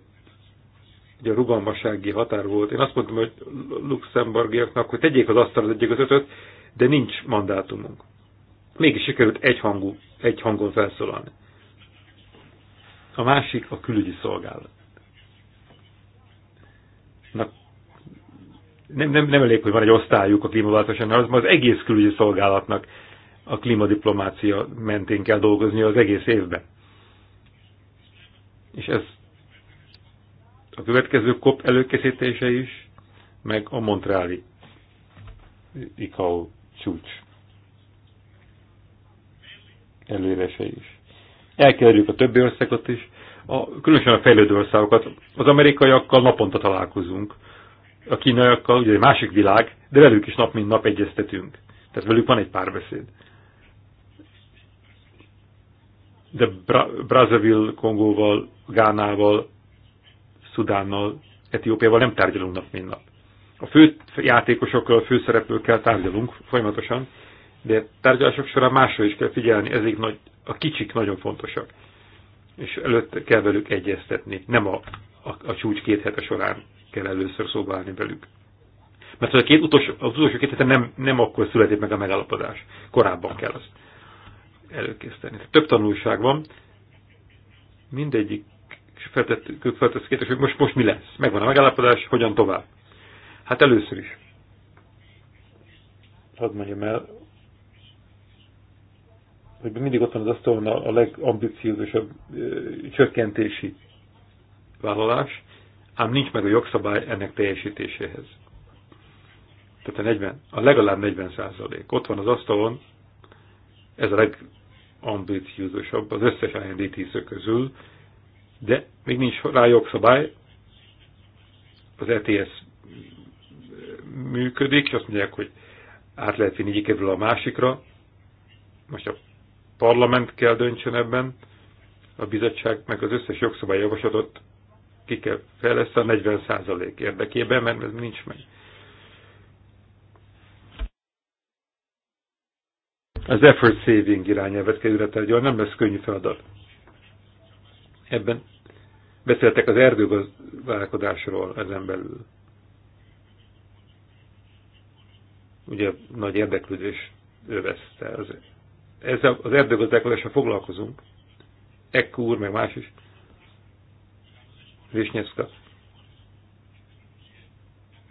ugye a rugalmassági határ volt. Én azt mondtam, hogy luxemburgiaknak, hogy tegyék az asztal az 1,5-öt, de nincs mandátumunk. Mégis sikerült egy, hangú, egy hangon felszólalni. A másik a külügyi szolgálat. Na, nem, nem, nem elég, hogy van egy osztályuk a klímaváltozásán, az, az egész külügyi szolgálatnak a klímadiplomácia mentén kell dolgozni az egész évben. És ez a következő COP előkészítése is, meg a Montreali ICAO csúcs előévese is. Elkerüljük a többi országot is, a, különösen a fejlődő országokat. Az amerikaiakkal naponta találkozunk a kínaiakkal, ugye egy másik világ, de velük is nap mint nap egyeztetünk. Tehát velük van egy párbeszéd. De Bra- Brazzaville, Kongóval, Gánával, Szudánnal, Etiópiával nem tárgyalunk nap mint nap. A fő játékosokkal, a főszereplőkkel tárgyalunk folyamatosan, de tárgyalások során másra is kell figyelni, ezek nagy, a kicsik nagyon fontosak. És előtt kell velük egyeztetni, nem a, a, a csúcs két hete során kell először szóba állni velük. Mert az, a két utolsó, az utolsó két nem, nem akkor születik meg a megállapodás. Korábban kell azt előkészíteni. Több tanulság van. Mindegyik feltett, feltett kérdés, hogy most, most mi lesz? Megvan a megállapodás, hogyan tovább? Hát először is. Hadd mondjam el, hogy mindig ott van az asztalon a, a legambiciózusabb ö, csökkentési vállalás, ám nincs meg a jogszabály ennek teljesítéséhez. Tehát a, 40, a legalább 40 százalék. Ott van az asztalon, ez a legambiciózusabb az összes tízök közül, de még nincs rá jogszabály, az ETS működik, és azt mondják, hogy át lehet vinni egyik a másikra. Most a parlament kell döntsön ebben, a bizottság meg az összes jogszabály javaslatot ki kell fejleszteni a 40 százalék érdekében, mert ez nincs meg. Az effort saving irányelvet kell ületelni, nem lesz könnyű feladat. Ebben beszéltek az erdőgazdálkodásról ezen belül. Ugye nagy érdeklődés övezte. Az, ezzel az erdőgazdálkodással foglalkozunk, Ekkor, meg más is, Visnyevska,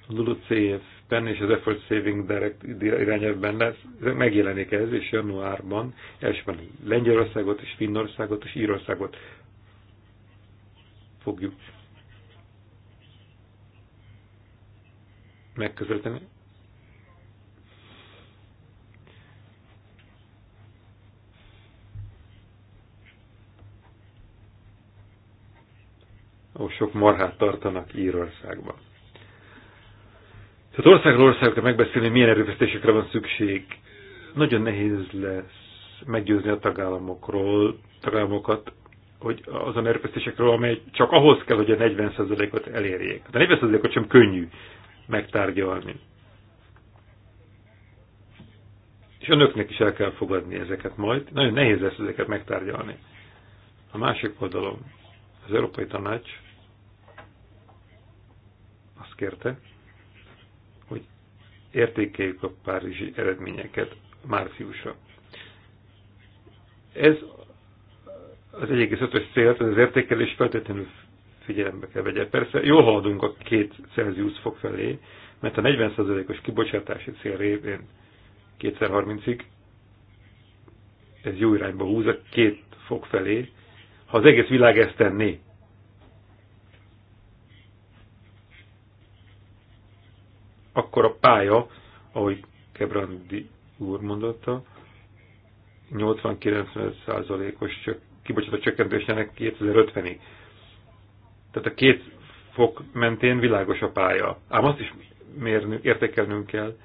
LULUCF-ben és az Effort Saving Direct irányelvben lesz, megjelenik ez, és januárban elsőben Lengyelországot, és Finnországot, és Írországot fogjuk megközelíteni. ahol sok marhát tartanak Írországban. Tehát országról országra kell megbeszélni, milyen erőfeszítésekre van szükség. Nagyon nehéz lesz meggyőzni a tagállamokról, tagállamokat, hogy azon erőfeszítésekről, amely csak ahhoz kell, hogy a 40%-ot elérjék. A 40%-ot sem könnyű megtárgyalni. És önöknek is el kell fogadni ezeket majd. Nagyon nehéz lesz ezeket megtárgyalni. A másik oldalon az Európai Tanács azt kérte, hogy értékeljük a párizsi eredményeket márciusra. Ez az 1,5-ös célt, az értékelés feltétlenül figyelembe kell vegye. Persze jól haladunk a két Celsius fok felé, mert a 40%-os kibocsátási cél révén 2030 ig ez jó irányba húz a két fok felé. Ha az egész világ ezt tenné, akkor a pálya, ahogy Kebrandi úr mondotta, 80 90 os csök, kibocsátó csökkentésének 2050-ig. Tehát a két fok mentén világos a pálya. Ám azt is mérnünk, értékelnünk kell,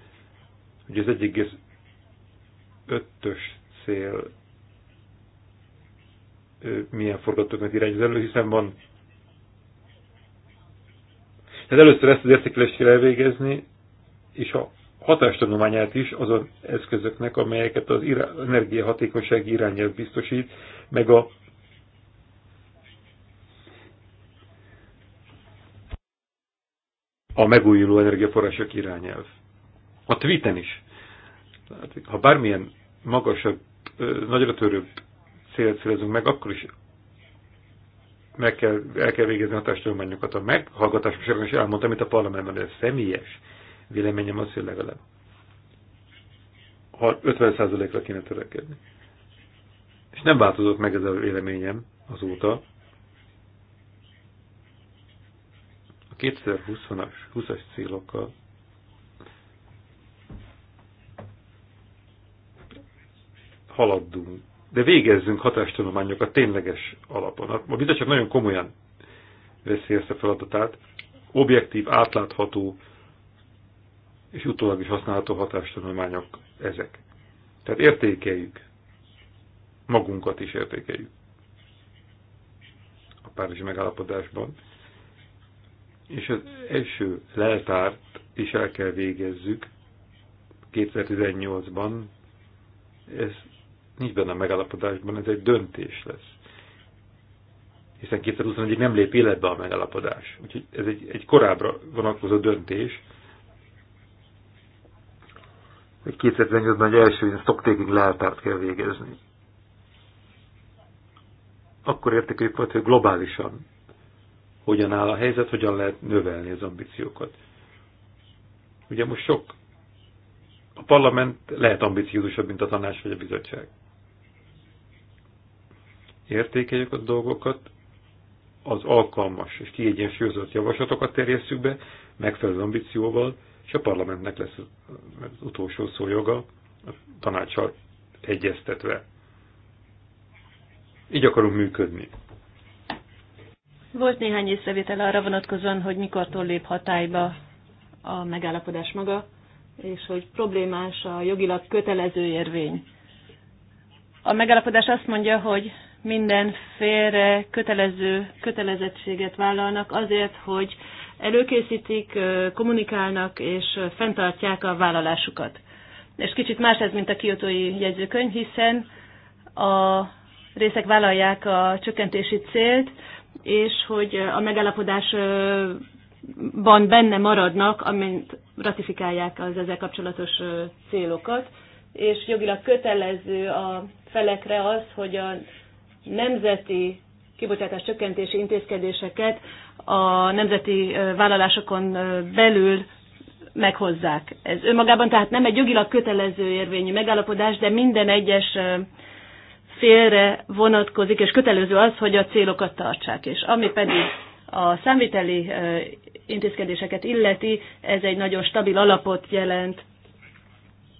hogy az 1,5-ös cél milyen forgatókönyvet irányoz elő, hiszen van. Tehát először ezt az értékelést kell elvégezni, és a hatástanulmányát is azon eszközöknek, amelyeket az energiahatékonysági irányelv biztosít, meg a a megújuló energiaforrások irányelv. A tweeten is. Ha bármilyen magasabb, nagyra törőbb célt célzunk meg, akkor is meg kell, el kell végezni hatástudományokat. A meghallgatások is elmondtam, amit a parlamentben, ez személyes Véleményem az, hogy legalább 50%-ra kéne törekedni. És nem változott meg ez a véleményem azóta. A 2020-as 20 célokkal haladunk. De végezzünk hatástanulmányokat tényleges alapon. A bizottság nagyon komolyan veszi ezt a feladatát. Objektív, átlátható és utólag is használható hatástanulmányok ezek. Tehát értékeljük, magunkat is értékeljük a Párizsi megállapodásban, és az első leltárt is el kell végezzük 2018-ban, ez nincs benne a megállapodásban, ez egy döntés lesz. Hiszen 2021-ig nem lép életbe a megállapodás. Úgyhogy ez egy, egy korábbra vonatkozó döntés, 2018-ban egy első stocktaking leltárt kell végezni. Akkor értékeljük volt, hogy globálisan hogyan áll a helyzet, hogyan lehet növelni az ambíciókat. Ugye most sok a parlament lehet ambiciózusabb, mint a tanács vagy a bizottság. Értékeljük a dolgokat, az alkalmas és kiegyensúlyozott javaslatokat terjesszük be, megfelelő ambícióval, és a parlamentnek lesz az utolsó szó joga, a tanácssal egyeztetve. Így akarunk működni. Volt néhány észrevétel arra vonatkozóan, hogy mikortól lép hatályba a megállapodás maga, és hogy problémás a jogilag kötelező érvény. A megállapodás azt mondja, hogy minden félre kötelező kötelezettséget vállalnak azért, hogy előkészítik, kommunikálnak és fenntartják a vállalásukat. És kicsit más ez, mint a kiotói jegyzőkönyv, hiszen a részek vállalják a csökkentési célt, és hogy a megállapodásban benne maradnak, amint ratifikálják az ezzel kapcsolatos célokat, és jogilag kötelező a felekre az, hogy a nemzeti kibocsátás csökkentési intézkedéseket a nemzeti vállalásokon belül meghozzák. Ez önmagában tehát nem egy jogilag kötelező érvényű megállapodás, de minden egyes félre vonatkozik, és kötelező az, hogy a célokat tartsák. És ami pedig a számviteli intézkedéseket illeti, ez egy nagyon stabil alapot jelent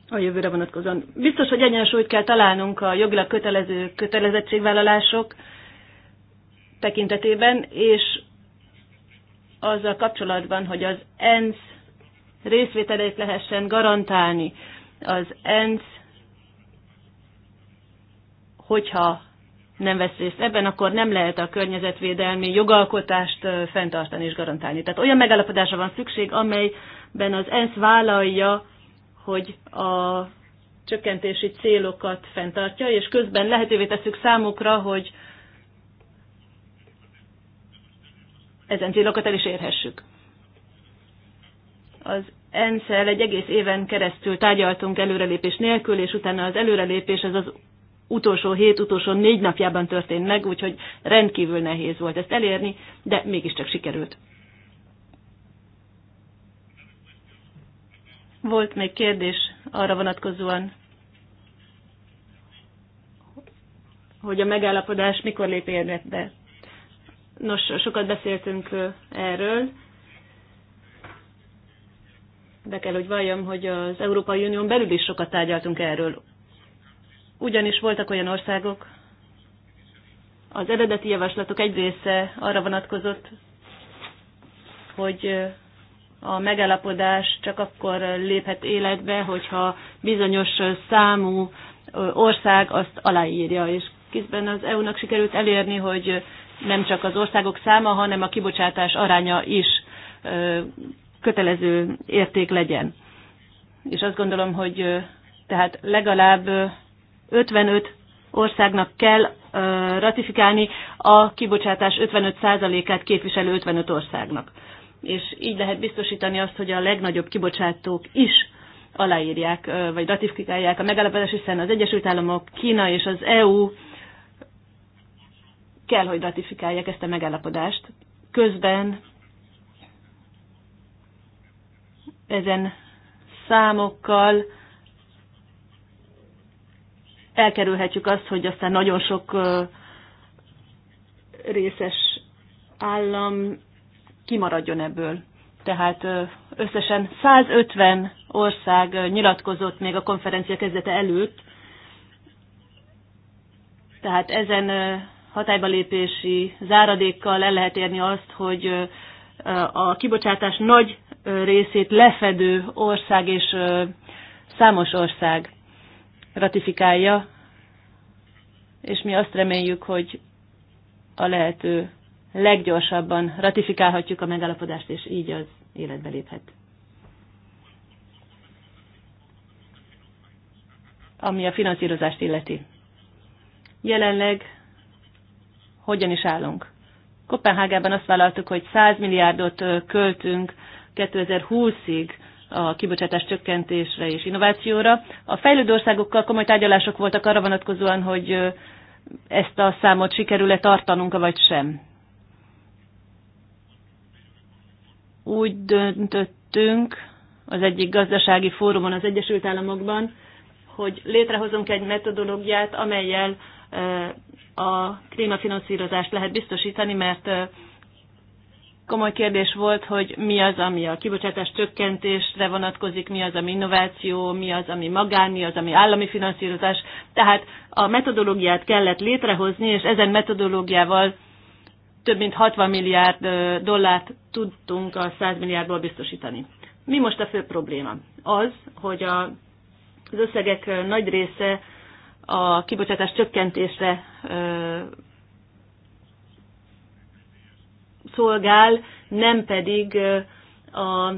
a jövőre vonatkozóan. Biztos, hogy egyensúlyt kell találnunk a jogilag kötelező kötelezettségvállalások tekintetében, és azzal kapcsolatban, hogy az ENSZ részvételét lehessen garantálni. Az ENSZ, hogyha nem vesz részt ebben, akkor nem lehet a környezetvédelmi jogalkotást fenntartani és garantálni. Tehát olyan megállapodásra van szükség, amelyben az ENSZ vállalja, hogy a csökkentési célokat fenntartja, és közben lehetővé tesszük számukra, hogy ezen célokat el is érhessük. Az ensz egy egész éven keresztül tárgyaltunk előrelépés nélkül, és utána az előrelépés az az utolsó hét, utolsó négy napjában történt meg, úgyhogy rendkívül nehéz volt ezt elérni, de mégiscsak sikerült. Volt még kérdés arra vonatkozóan, hogy a megállapodás mikor lép érvénybe. Nos, sokat beszéltünk erről. Be kell, hogy valljam, hogy az Európai Unión belül is sokat tárgyaltunk erről. Ugyanis voltak olyan országok, az eredeti javaslatok egy része arra vonatkozott, hogy a megállapodás csak akkor léphet életbe, hogyha bizonyos számú ország azt aláírja, és közben az EU-nak sikerült elérni, hogy nem csak az országok száma, hanem a kibocsátás aránya is kötelező érték legyen. És azt gondolom, hogy tehát legalább 55 országnak kell ratifikálni a kibocsátás 55%-át képviselő 55 országnak. És így lehet biztosítani azt, hogy a legnagyobb kibocsátók is aláírják, vagy ratifikálják a megállapodást, hiszen az Egyesült Államok, Kína és az EU kell, hogy ratifikálják ezt a megállapodást. Közben ezen számokkal elkerülhetjük azt, hogy aztán nagyon sok részes állam kimaradjon ebből. Tehát összesen 150 ország nyilatkozott még a konferencia kezdete előtt, tehát ezen hatályba lépési záradékkal el lehet érni azt, hogy a kibocsátás nagy részét lefedő ország és számos ország ratifikálja, és mi azt reméljük, hogy a lehető leggyorsabban ratifikálhatjuk a megállapodást, és így az életbe léphet. Ami a finanszírozást illeti. Jelenleg hogyan is állunk. Kopenhágában azt vállaltuk, hogy 100 milliárdot költünk 2020-ig a kibocsátás csökkentésre és innovációra. A fejlődő országokkal komoly tárgyalások voltak arra vonatkozóan, hogy ezt a számot sikerül-e tartanunk, vagy sem. Úgy döntöttünk az egyik gazdasági fórumon az Egyesült Államokban, hogy létrehozunk egy metodológiát, amelyel a klímafinanszírozást lehet biztosítani, mert komoly kérdés volt, hogy mi az, ami a kibocsátás csökkentésre vonatkozik, mi az, ami innováció, mi az, ami magán, mi az, ami állami finanszírozás. Tehát a metodológiát kellett létrehozni, és ezen metodológiával több mint 60 milliárd dollárt tudtunk a 100 milliárdból biztosítani. Mi most a fő probléma? Az, hogy a, az összegek nagy része a kibocsátás csökkentésre szolgál, nem pedig a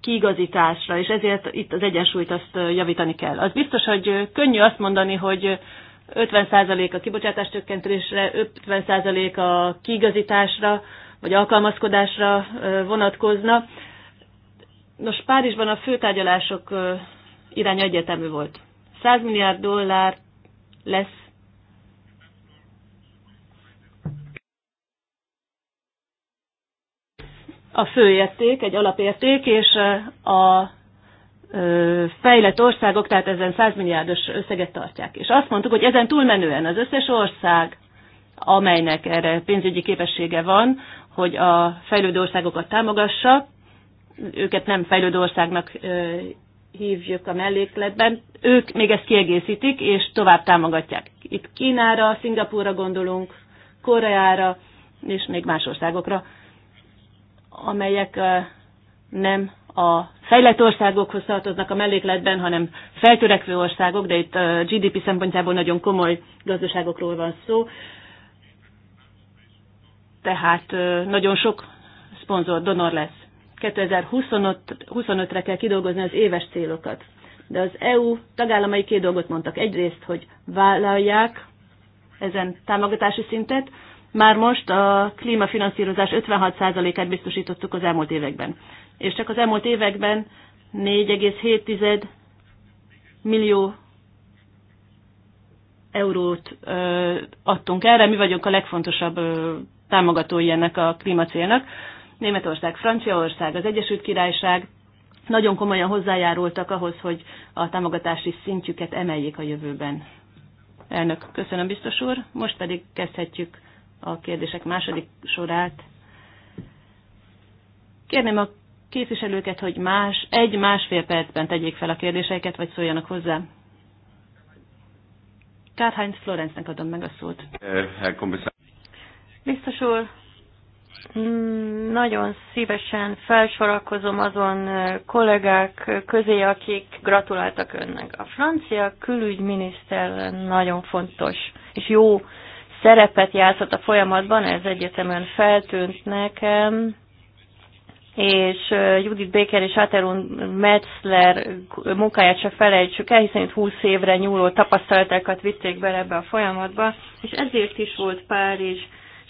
kiigazításra, és ezért itt az egyensúlyt azt javítani kell. Az biztos, hogy könnyű azt mondani, hogy 50% a kibocsátás csökkentésre, 50% a kiigazításra, vagy alkalmazkodásra vonatkozna. Nos, Párizsban a főtárgyalások irány egyetemű volt. 100 milliárd dollár lesz a főérték, egy alapérték, és a fejlett országok, tehát ezen 100 milliárdos összeget tartják. És azt mondtuk, hogy ezen túlmenően az összes ország, amelynek erre pénzügyi képessége van, hogy a fejlődő országokat támogassa, őket nem fejlődő országnak hívjuk a mellékletben, ők még ezt kiegészítik, és tovább támogatják. Itt Kínára, Szingapúra gondolunk, Koreára, és még más országokra, amelyek nem a fejlett országokhoz tartoznak a mellékletben, hanem feltörekvő országok, de itt GDP szempontjából nagyon komoly gazdaságokról van szó. Tehát nagyon sok szponzor, donor lesz. 2025-re kell kidolgozni az éves célokat. De az EU tagállamai két dolgot mondtak. Egyrészt, hogy vállalják ezen támogatási szintet, már most a klímafinanszírozás 56%-át biztosítottuk az elmúlt években. És csak az elmúlt években 4,7 millió eurót ö, adtunk erre. Mi vagyunk a legfontosabb ö, támogatói ennek a klímacélnak. Németország, Franciaország, az Egyesült Királyság nagyon komolyan hozzájárultak ahhoz, hogy a támogatási szintjüket emeljék a jövőben. Elnök, köszönöm biztos úr. Most pedig kezdhetjük a kérdések második sorát. Kérném a képviselőket, hogy más, egy-másfél percben tegyék fel a kérdéseiket, vagy szóljanak hozzá. Kárhánc Florencnek adom meg a szót. Biztos úr, nagyon szívesen felsorakozom azon kollégák közé, akik gratuláltak önnek. A francia külügyminiszter nagyon fontos és jó szerepet játszott a folyamatban, ez egyetemen feltűnt nekem, és Judith Baker és Aterun Metzler munkáját se felejtsük el, hiszen itt 20 évre nyúló tapasztalatákat vitték bele ebbe a folyamatba, és ezért is volt Párizs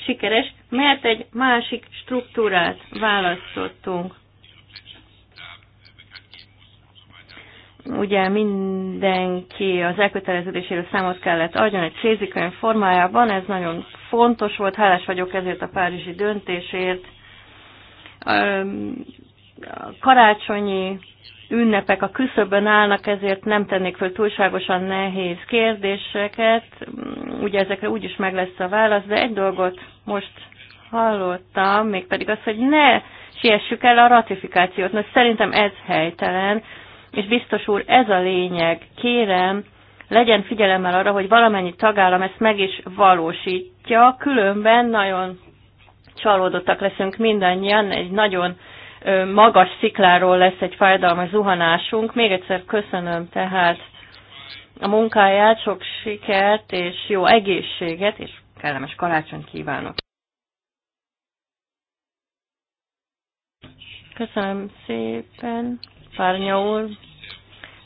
sikeres, mert egy másik struktúrát választottunk. Ugye mindenki az elköteleződéséről számot kellett adjon egy cézikönyv formájában, ez nagyon fontos volt, hálás vagyok ezért a párizsi döntésért. Karácsonyi ünnepek a küszöbön állnak, ezért nem tennék föl túlságosan nehéz kérdéseket. Ugye ezekre úgyis meg lesz a válasz, de egy dolgot most hallottam, mégpedig az, hogy ne siessük el a ratifikációt. Na, szerintem ez helytelen, és biztos úr, ez a lényeg. Kérem, legyen figyelemmel arra, hogy valamennyi tagállam ezt meg is valósítja, különben nagyon csalódottak leszünk mindannyian, egy nagyon magas szikláról lesz egy fájdalmas zuhanásunk. Még egyszer köszönöm tehát a munkáját, sok sikert és jó egészséget, és kellemes karácsonyt kívánok. Köszönöm szépen, Párnya úr.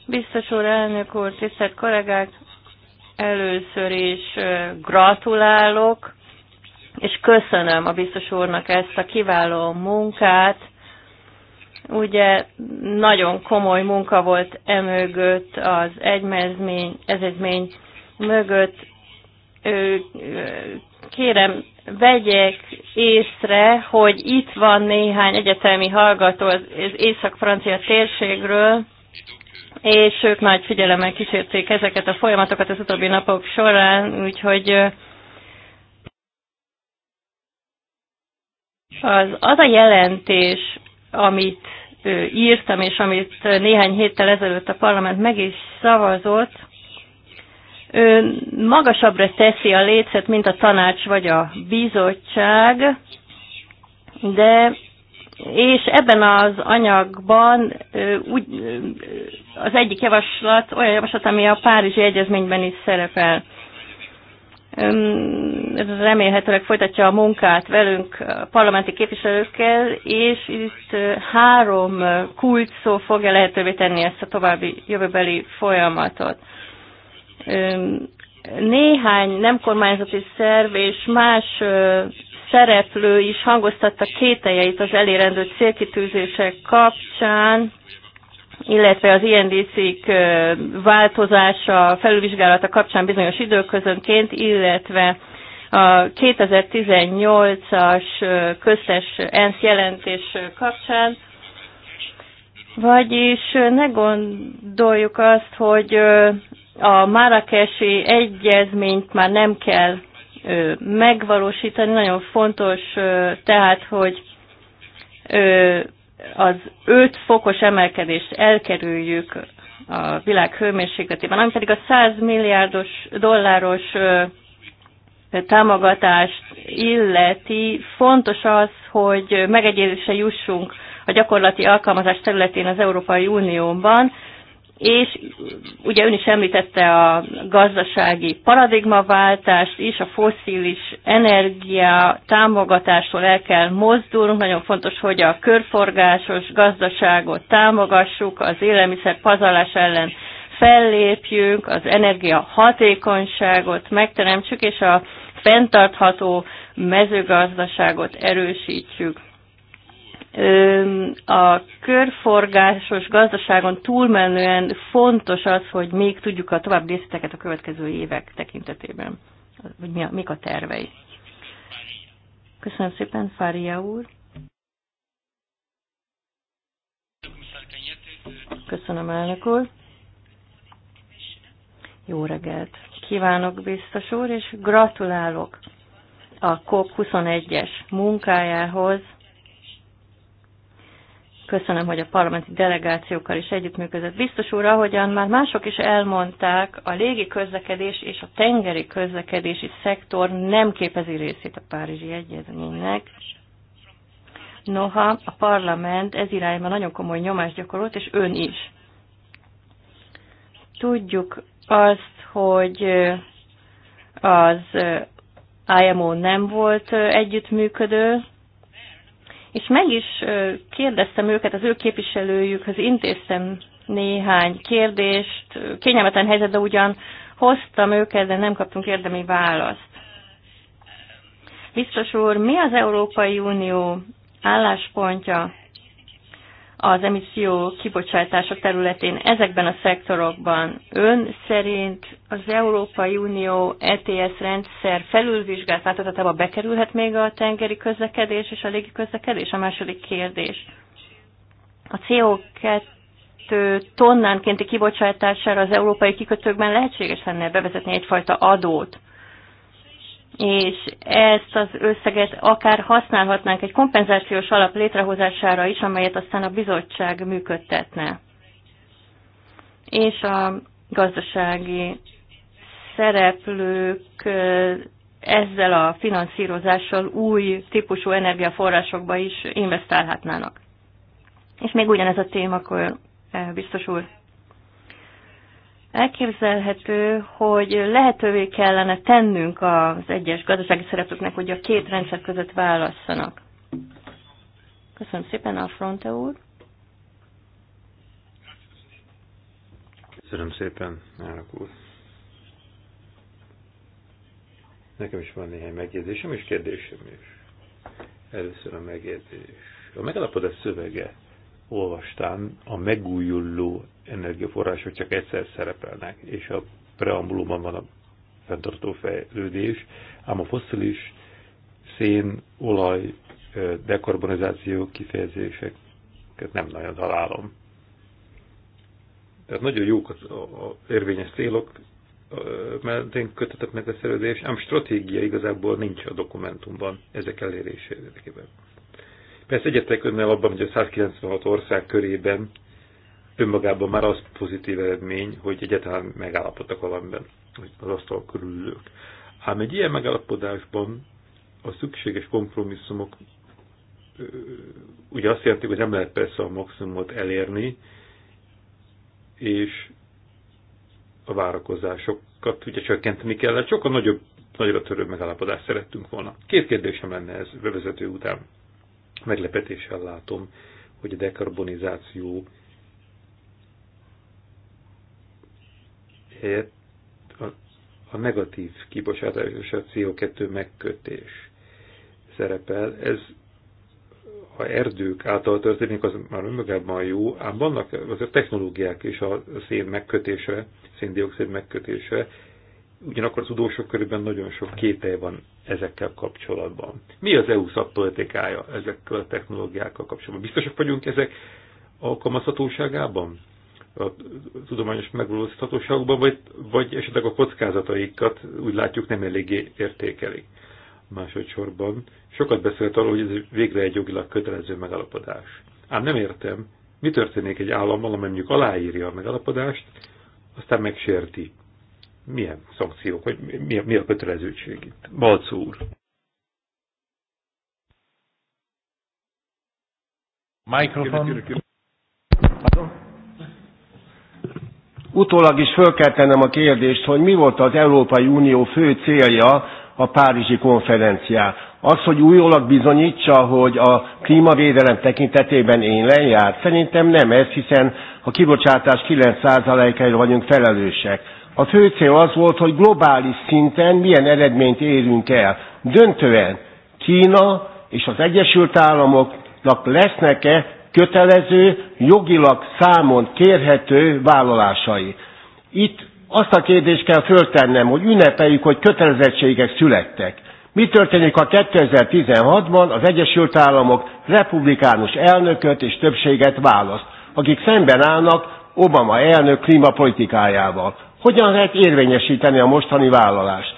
Biztos úr, elnök úr, tisztelt kollégák, először is gratulálok, és köszönöm a biztos úrnak ezt a kiváló munkát, Ugye nagyon komoly munka volt emögött az egymezmény, ezedmény mögött. Kérem, vegyek észre, hogy itt van néhány egyetemi hallgató az észak-francia térségről, és ők nagy figyelemmel kísérték ezeket a folyamatokat az utóbbi napok során, úgyhogy az, az a jelentés, amit írtam, és amit néhány héttel ezelőtt a parlament meg is szavazott, magasabbra teszi a lécet, mint a tanács vagy a bizottság, de és ebben az anyagban úgy, az egyik javaslat, olyan javaslat, ami a Párizsi Egyezményben is szerepel remélhetőleg folytatja a munkát velünk parlamenti képviselőkkel, és itt három kult szó fogja lehetővé tenni ezt a további jövőbeli folyamatot. Néhány nem kormányzati szerv és más szereplő is hangoztatta kételjeit az elérendő célkitűzések kapcsán, illetve az INDC-k változása, felülvizsgálata kapcsán bizonyos időközönként, illetve a 2018-as köztes ENSZ jelentés kapcsán, vagyis ne gondoljuk azt, hogy a Márakesi egyezményt már nem kell megvalósítani. Nagyon fontos tehát, hogy az 5 fokos emelkedést elkerüljük a világ hőmérsékletében, ami pedig a 100 milliárdos dolláros támogatást illeti, fontos az, hogy megegyezésre jussunk a gyakorlati alkalmazás területén az Európai Unióban, és ugye ön is említette a gazdasági paradigmaváltást is, a foszilis energia támogatástól el kell mozdulnunk. Nagyon fontos, hogy a körforgásos gazdaságot támogassuk, az élelmiszer pazarlás ellen fellépjünk, az energia hatékonyságot megteremtsük, és a fenntartható mezőgazdaságot erősítsük a körforgásos gazdaságon túlmenően fontos az, hogy még tudjuk a további részleteket a következő évek tekintetében, hogy mi a, mik a tervei. Köszönöm szépen, Fária úr. Köszönöm, elnök úr. Jó reggelt. Kívánok, biztos úr, és gratulálok a COP21-es munkájához Köszönöm, hogy a parlamenti delegációkkal is együttműködött. Biztos úr, ahogyan már mások is elmondták, a légi közlekedés és a tengeri közlekedési szektor nem képezi részét a Párizsi Egyezménynek. Noha a parlament ez irányban nagyon komoly nyomást gyakorolt, és ön is. Tudjuk azt, hogy az IMO nem volt együttműködő, és meg is kérdeztem őket, az ő képviselőjükhöz intéztem néhány kérdést, kényelmetlen helyzetben ugyan hoztam őket, de nem kaptunk érdemi választ. Biztos úr, mi az Európai Unió álláspontja az emisszió kibocsátások területén ezekben a szektorokban ön szerint az Európai Unió ETS rendszer felülvizsgált változatába bekerülhet még a tengeri közlekedés és a légi közlekedés? A második kérdés. A CO2 tonnánkénti kibocsátására az európai kikötőkben lehetséges lenne bevezetni egyfajta adót és ezt az összeget akár használhatnánk egy kompenzációs alap létrehozására is, amelyet aztán a bizottság működtetne. És a gazdasági szereplők ezzel a finanszírozással új típusú energiaforrásokba is investálhatnának. És még ugyanez a témakör biztos úr Elképzelhető, hogy lehetővé kellene tennünk az egyes gazdasági szereplőknek, hogy a két rendszer között válasszanak. Köszönöm szépen, a Fronte úr. Köszönöm szépen, Árak úr. Nekem is van néhány megjegyzésem és kérdésem is. Először a megjegyzés. A megalapodás szövege olvastán a megújuló energiaforrások csak egyszer szerepelnek, és a preambulumban van a fenntartó fejlődés, ám a foszilis szén, olaj, dekarbonizáció kifejezéseket nem nagyon találom. Tehát nagyon jók az a, a érvényes célok, mentén kötetett meg a szerződés, ám stratégia igazából nincs a dokumentumban ezek elérésére érdekében. Persze egyetek önnel abban, hogy a 196 ország körében önmagában már az pozitív eredmény, hogy egyáltalán megállapodtak valamiben, hogy az asztal körülülők. Ám egy ilyen megállapodásban a szükséges kompromisszumok ugye azt jelenti, hogy nem lehet persze a maximumot elérni, és a várakozásokat ugye csökkenteni csak sokkal nagyobb, a törő megállapodást szerettünk volna. Két kérdésem lenne ez bevezető után. Meglepetéssel látom, hogy a dekarbonizáció helyett a, a negatív kibocsátás és a CO2 megkötés szerepel. Ez a erdők által történik, az már önmagában jó, ám vannak azért technológiák is a szén megkötésre, széndiokszid megkötésre, Ugyanakkor az tudósok körében nagyon sok kétel van ezekkel kapcsolatban. Mi az EU szakpolitikája ezekkel a technológiákkal kapcsolatban? Biztosak vagyunk ezek alkalmazhatóságában? a tudományos megvalósíthatóságban, vagy, vagy esetleg a kockázataikat úgy látjuk nem eléggé értékelik. Másodszorban sokat beszélt arról, hogy ez végre egy jogilag kötelező megalapodás. Ám nem értem, mi történik egy állammal, amely mondjuk aláírja a megalapodást, aztán megsérti milyen szankciók, vagy mi, mi a kötelezőség itt? Balc úr. Mikrofon. Utólag is föl kell tennem a kérdést, hogy mi volt az Európai Unió fő célja a Párizsi konferenciá? Az, hogy újólag bizonyítsa, hogy a klímavédelem tekintetében én lejárt. szerintem nem ez, hiszen a kibocsátás 9%-áért vagyunk felelősek a fő cél az volt, hogy globális szinten milyen eredményt érünk el. Döntően Kína és az Egyesült Államoknak lesznek-e kötelező, jogilag számon kérhető vállalásai. Itt azt a kérdést kell föltennem, hogy ünnepeljük, hogy kötelezettségek születtek. Mi történik, ha 2016-ban az Egyesült Államok republikánus elnököt és többséget választ, akik szemben állnak Obama elnök klímapolitikájával? Hogyan lehet érvényesíteni a mostani vállalást?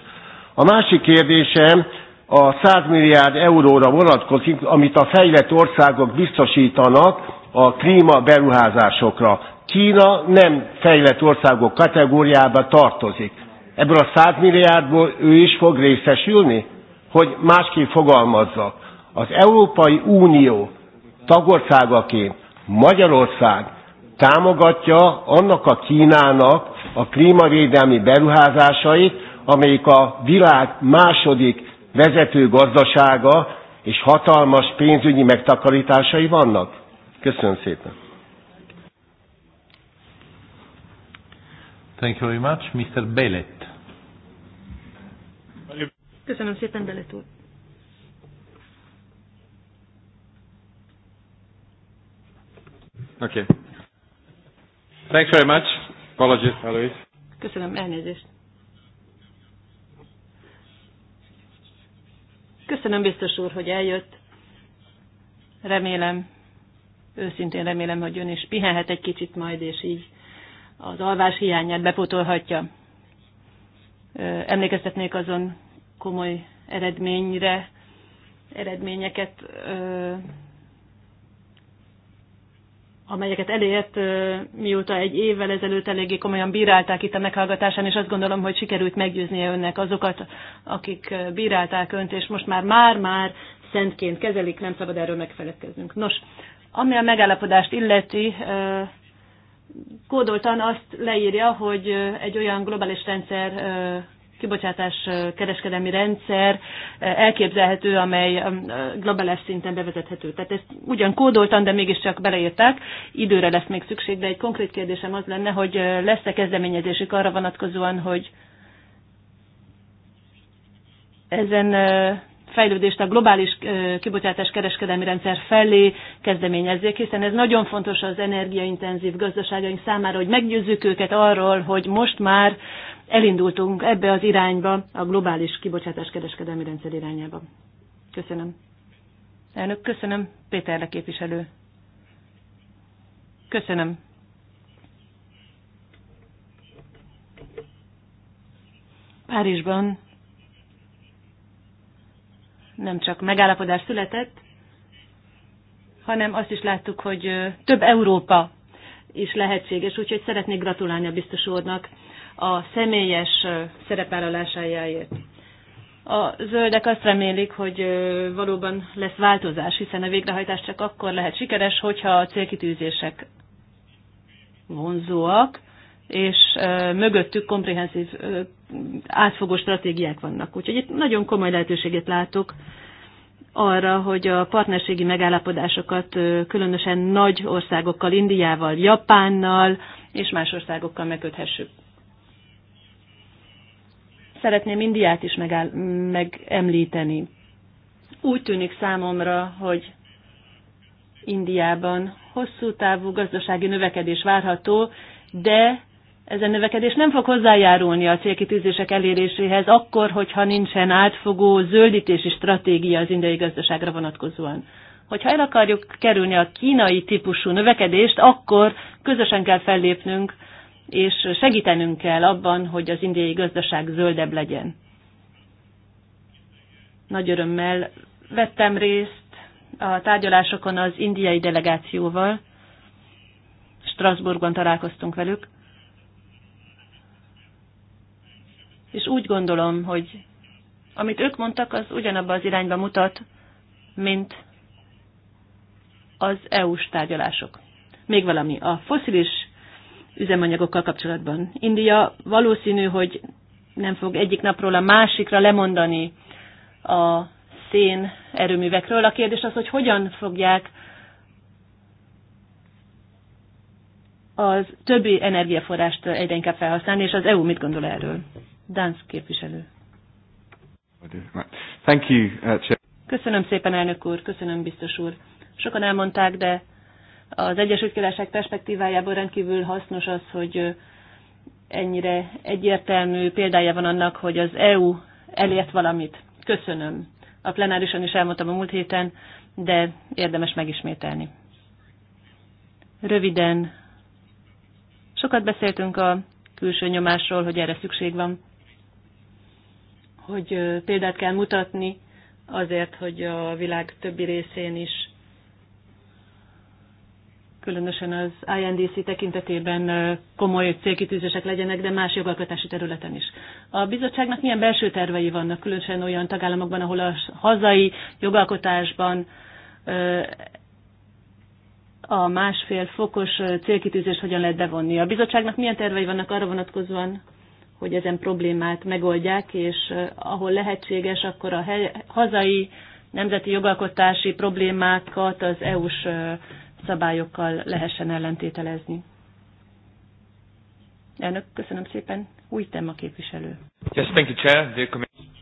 A másik kérdésem a 100 milliárd euróra vonatkozik, amit a fejlett országok biztosítanak a klíma beruházásokra. Kína nem fejlett országok kategóriába tartozik. Ebből a 100 milliárdból ő is fog részesülni? Hogy másképp fogalmazza. Az Európai Unió tagországaként Magyarország támogatja annak a Kínának a klímavédelmi beruházásait, amelyik a világ második vezető gazdasága és hatalmas pénzügyi megtakarításai vannak? Köszönöm szépen. Thank you very much, Mr. Bellet. Köszönöm szépen, Bellet úr. Okay. Thanks very much. Apologies, Alois. Köszönöm, elnézést. Köszönöm biztos úr, hogy eljött. Remélem, őszintén remélem, hogy ön is pihenhet egy kicsit majd, és így az alvás hiányát bepotolhatja. Emlékeztetnék azon komoly eredményre, eredményeket, amelyeket elért, mióta egy évvel ezelőtt eléggé komolyan bírálták itt a meghallgatásán, és azt gondolom, hogy sikerült meggyőznie önnek azokat, akik bírálták önt, és most már már-már szentként kezelik, nem szabad erről megfelelkeznünk. Nos, ami a megállapodást illeti, kódoltan azt leírja, hogy egy olyan globális rendszer kibocsátás kereskedelmi rendszer elképzelhető, amely globális szinten bevezethető. Tehát ezt ugyan kódoltan, de mégiscsak beleírták. Időre lesz még szükség, de egy konkrét kérdésem az lenne, hogy lesz-e kezdeményezésük arra vonatkozóan, hogy ezen fejlődést a globális kibocsátás kereskedelmi rendszer felé kezdeményezzék, hiszen ez nagyon fontos az energiaintenzív gazdaságaink számára, hogy meggyőzzük őket arról, hogy most már elindultunk ebbe az irányba, a globális kibocsátás kereskedelmi rendszer irányába. Köszönöm. Elnök, köszönöm. Péter képviselő. Köszönöm. Párizsban nem csak megállapodás született, hanem azt is láttuk, hogy több Európa is lehetséges, úgyhogy szeretnék gratulálni a biztos úrnak a személyes szerepállalásájáért. A zöldek azt remélik, hogy valóban lesz változás, hiszen a végrehajtás csak akkor lehet sikeres, hogyha a célkitűzések vonzóak, és mögöttük komprehenszív átfogó stratégiák vannak. Úgyhogy itt nagyon komoly lehetőséget látok arra, hogy a partnerségi megállapodásokat különösen nagy országokkal, Indiával, Japánnal és más országokkal megköthessük szeretném Indiát is megáll, megemlíteni. Úgy tűnik számomra, hogy Indiában hosszú távú gazdasági növekedés várható, de ez a növekedés nem fog hozzájárulni a célkitűzések eléréséhez akkor, hogyha nincsen átfogó zöldítési stratégia az indiai gazdaságra vonatkozóan. Hogyha el akarjuk kerülni a kínai típusú növekedést, akkor közösen kell fellépnünk és segítenünk kell abban, hogy az indiai gazdaság zöldebb legyen. Nagy örömmel vettem részt a tárgyalásokon az indiai delegációval, Strasbourgban találkoztunk velük, és úgy gondolom, hogy amit ők mondtak, az ugyanabba az irányba mutat, mint az EU-s tárgyalások. Még valami, a foszilis üzemanyagokkal kapcsolatban. India valószínű, hogy nem fog egyik napról a másikra lemondani a szén erőművekről. A kérdés az, hogy hogyan fogják az többi energiaforrást egyre inkább felhasználni, és az EU mit gondol erről? Dánsz képviselő. Thank you, uh, Köszönöm szépen, elnök úr, köszönöm, biztos úr. Sokan elmondták, de az Egyesült Királyság perspektívájából rendkívül hasznos az, hogy ennyire egyértelmű példája van annak, hogy az EU elért valamit. Köszönöm. A plenárison is elmondtam a múlt héten, de érdemes megismételni. Röviden, sokat beszéltünk a külső nyomásról, hogy erre szükség van, hogy példát kell mutatni azért, hogy a világ többi részén is különösen az INDC tekintetében komoly célkitűzések legyenek, de más jogalkotási területen is. A bizottságnak milyen belső tervei vannak, különösen olyan tagállamokban, ahol a hazai jogalkotásban a másfél fokos célkitűzés hogyan lehet bevonni. A bizottságnak milyen tervei vannak arra vonatkozóan, hogy ezen problémát megoldják, és ahol lehetséges, akkor a hazai nemzeti jogalkotási problémákat az EU-s szabályokkal lehessen ellentételezni. Elnök, köszönöm szépen. Új téma képviselő. Yes, thank you, Chair.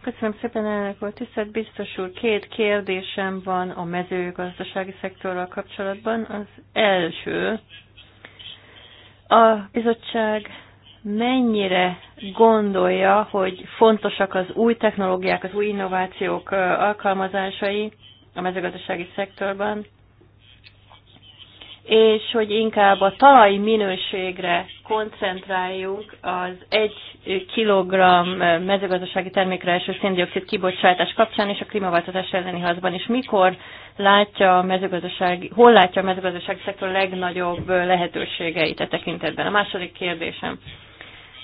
Köszönöm szépen, elnök volt Tisztelt biztos úr, két kérdésem van a mezőgazdasági szektorral kapcsolatban. Az első, a bizottság mennyire gondolja, hogy fontosak az új technológiák, az új innovációk alkalmazásai a mezőgazdasági szektorban, és hogy inkább a talaj minőségre koncentráljunk az egy kilogramm mezőgazdasági termékre eső széndiokszid kibocsátás kapcsán és a klímaváltozás elleni hazban is. Mikor látja a mezőgazdasági, hol látja a mezőgazdasági szektor legnagyobb lehetőségeit e tekintetben? A második kérdésem.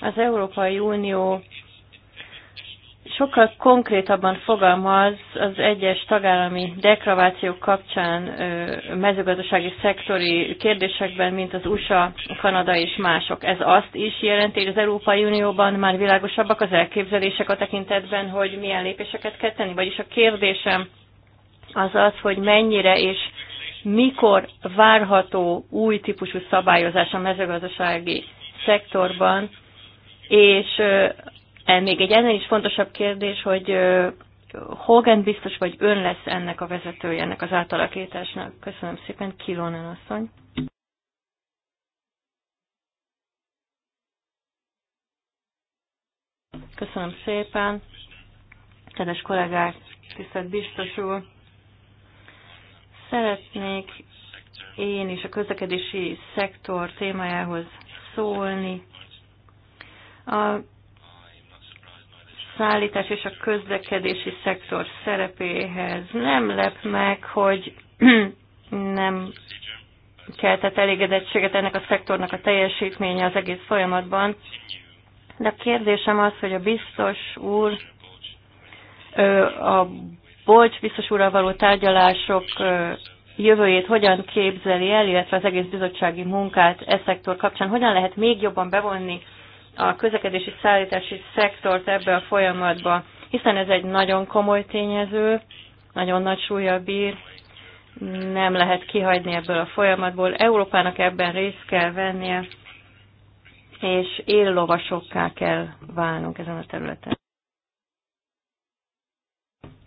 Az Európai Unió sokkal konkrétabban fogalmaz az egyes tagállami deklarációk kapcsán mezőgazdasági szektori kérdésekben, mint az USA, Kanada és mások. Ez azt is jelenti, hogy az Európai Unióban már világosabbak az elképzelések a tekintetben, hogy milyen lépéseket kell tenni, vagyis a kérdésem az az, hogy mennyire és mikor várható új típusú szabályozás a mezőgazdasági szektorban, és Eh, még egy ennél is fontosabb kérdés, hogy Hogan biztos, vagy ön lesz ennek a vezetője, ennek az átalakításnak. Köszönöm szépen, Kilonen asszony. Köszönöm szépen. Kedves kollégák, tisztelt biztos úr. Szeretnék én is a közlekedési szektor témájához szólni. A szállítás és a közlekedési szektor szerepéhez. Nem lep meg, hogy nem keltett elégedettséget ennek a szektornak a teljesítménye az egész folyamatban. De a kérdésem az, hogy a biztos úr a Bolcs biztos úrral való tárgyalások jövőjét hogyan képzeli el, illetve az egész bizottsági munkát e szektor kapcsán, hogyan lehet még jobban bevonni a közlekedési szállítási szektort ebbe a folyamatba, hiszen ez egy nagyon komoly tényező, nagyon nagy súlya bír, nem lehet kihagyni ebből a folyamatból. Európának ebben részt kell vennie, és éllovasokká kell válnunk ezen a területen.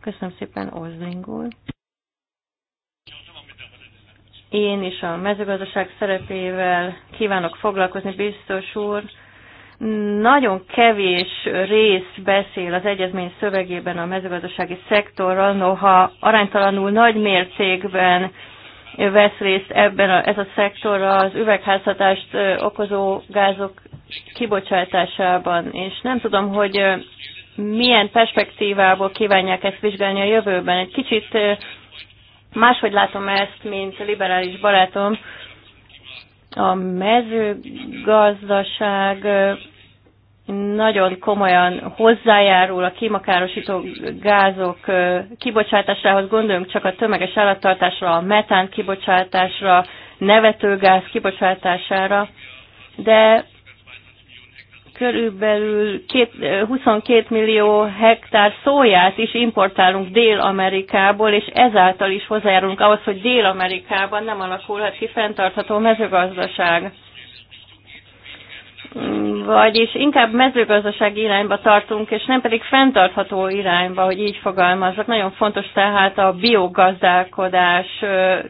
Köszönöm szépen, Ozling úr. Én is a mezőgazdaság szerepével kívánok foglalkozni, biztos úr nagyon kevés rész beszél az egyezmény szövegében a mezőgazdasági szektorral, noha aránytalanul nagy mértékben vesz részt ebben a, ez a szektor az üvegházhatást okozó gázok kibocsátásában, és nem tudom, hogy milyen perspektívából kívánják ezt vizsgálni a jövőben. Egy kicsit máshogy látom ezt, mint liberális barátom, a mezőgazdaság nagyon komolyan hozzájárul a klímakárosító gázok kibocsátásához, gondoljunk csak a tömeges állattartásra, a metán kibocsátásra, nevetőgáz kibocsátására, de körülbelül két, 22 millió hektár szóját is importálunk Dél-Amerikából, és ezáltal is hozzájárulunk ahhoz, hogy Dél-Amerikában nem alakulhat ki fenntartható mezőgazdaság. Vagyis inkább mezőgazdaság irányba tartunk, és nem pedig fenntartható irányba, hogy így fogalmazzak. Nagyon fontos tehát a biogazdálkodás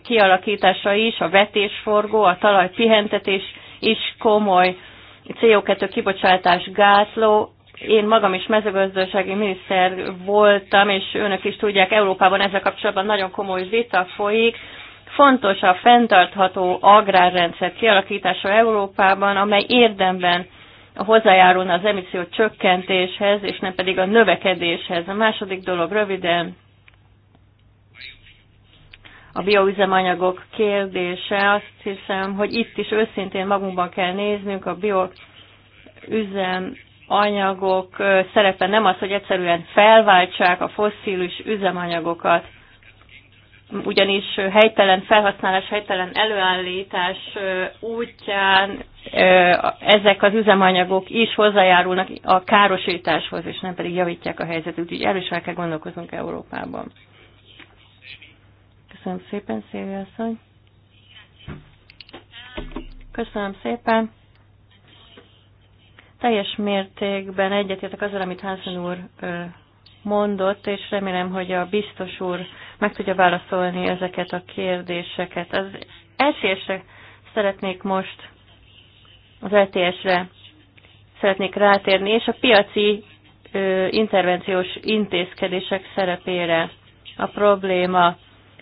kialakítása is, a vetésforgó, a talajpihentetés is komoly CO2 kibocsátás gátló. Én magam is mezőgazdasági miniszter voltam, és önök is tudják, Európában ezzel kapcsolatban nagyon komoly vita folyik. Fontos a fenntartható agrárrendszer kialakítása Európában, amely érdemben hozzájárulna az emisszió csökkentéshez, és nem pedig a növekedéshez. A második dolog röviden, a bioüzemanyagok kérdése, azt hiszem, hogy itt is őszintén magunkban kell néznünk, a bioüzemanyagok szerepe nem az, hogy egyszerűen felváltsák a fosszilis üzemanyagokat, ugyanis helytelen felhasználás, helytelen előállítás útján ezek az üzemanyagok is hozzájárulnak a károsításhoz, és nem pedig javítják a helyzetet. Úgyhogy erősen kell gondolkoznunk Európában. Köszönöm szépen, Szévi asszony. Köszönöm szépen. Teljes mértékben egyetértek azzal, amit Hansen úr mondott, és remélem, hogy a biztos úr meg tudja válaszolni ezeket a kérdéseket. Az LTS-re szeretnék most, az LTS-re szeretnék rátérni, és a piaci ö, intervenciós intézkedések szerepére a probléma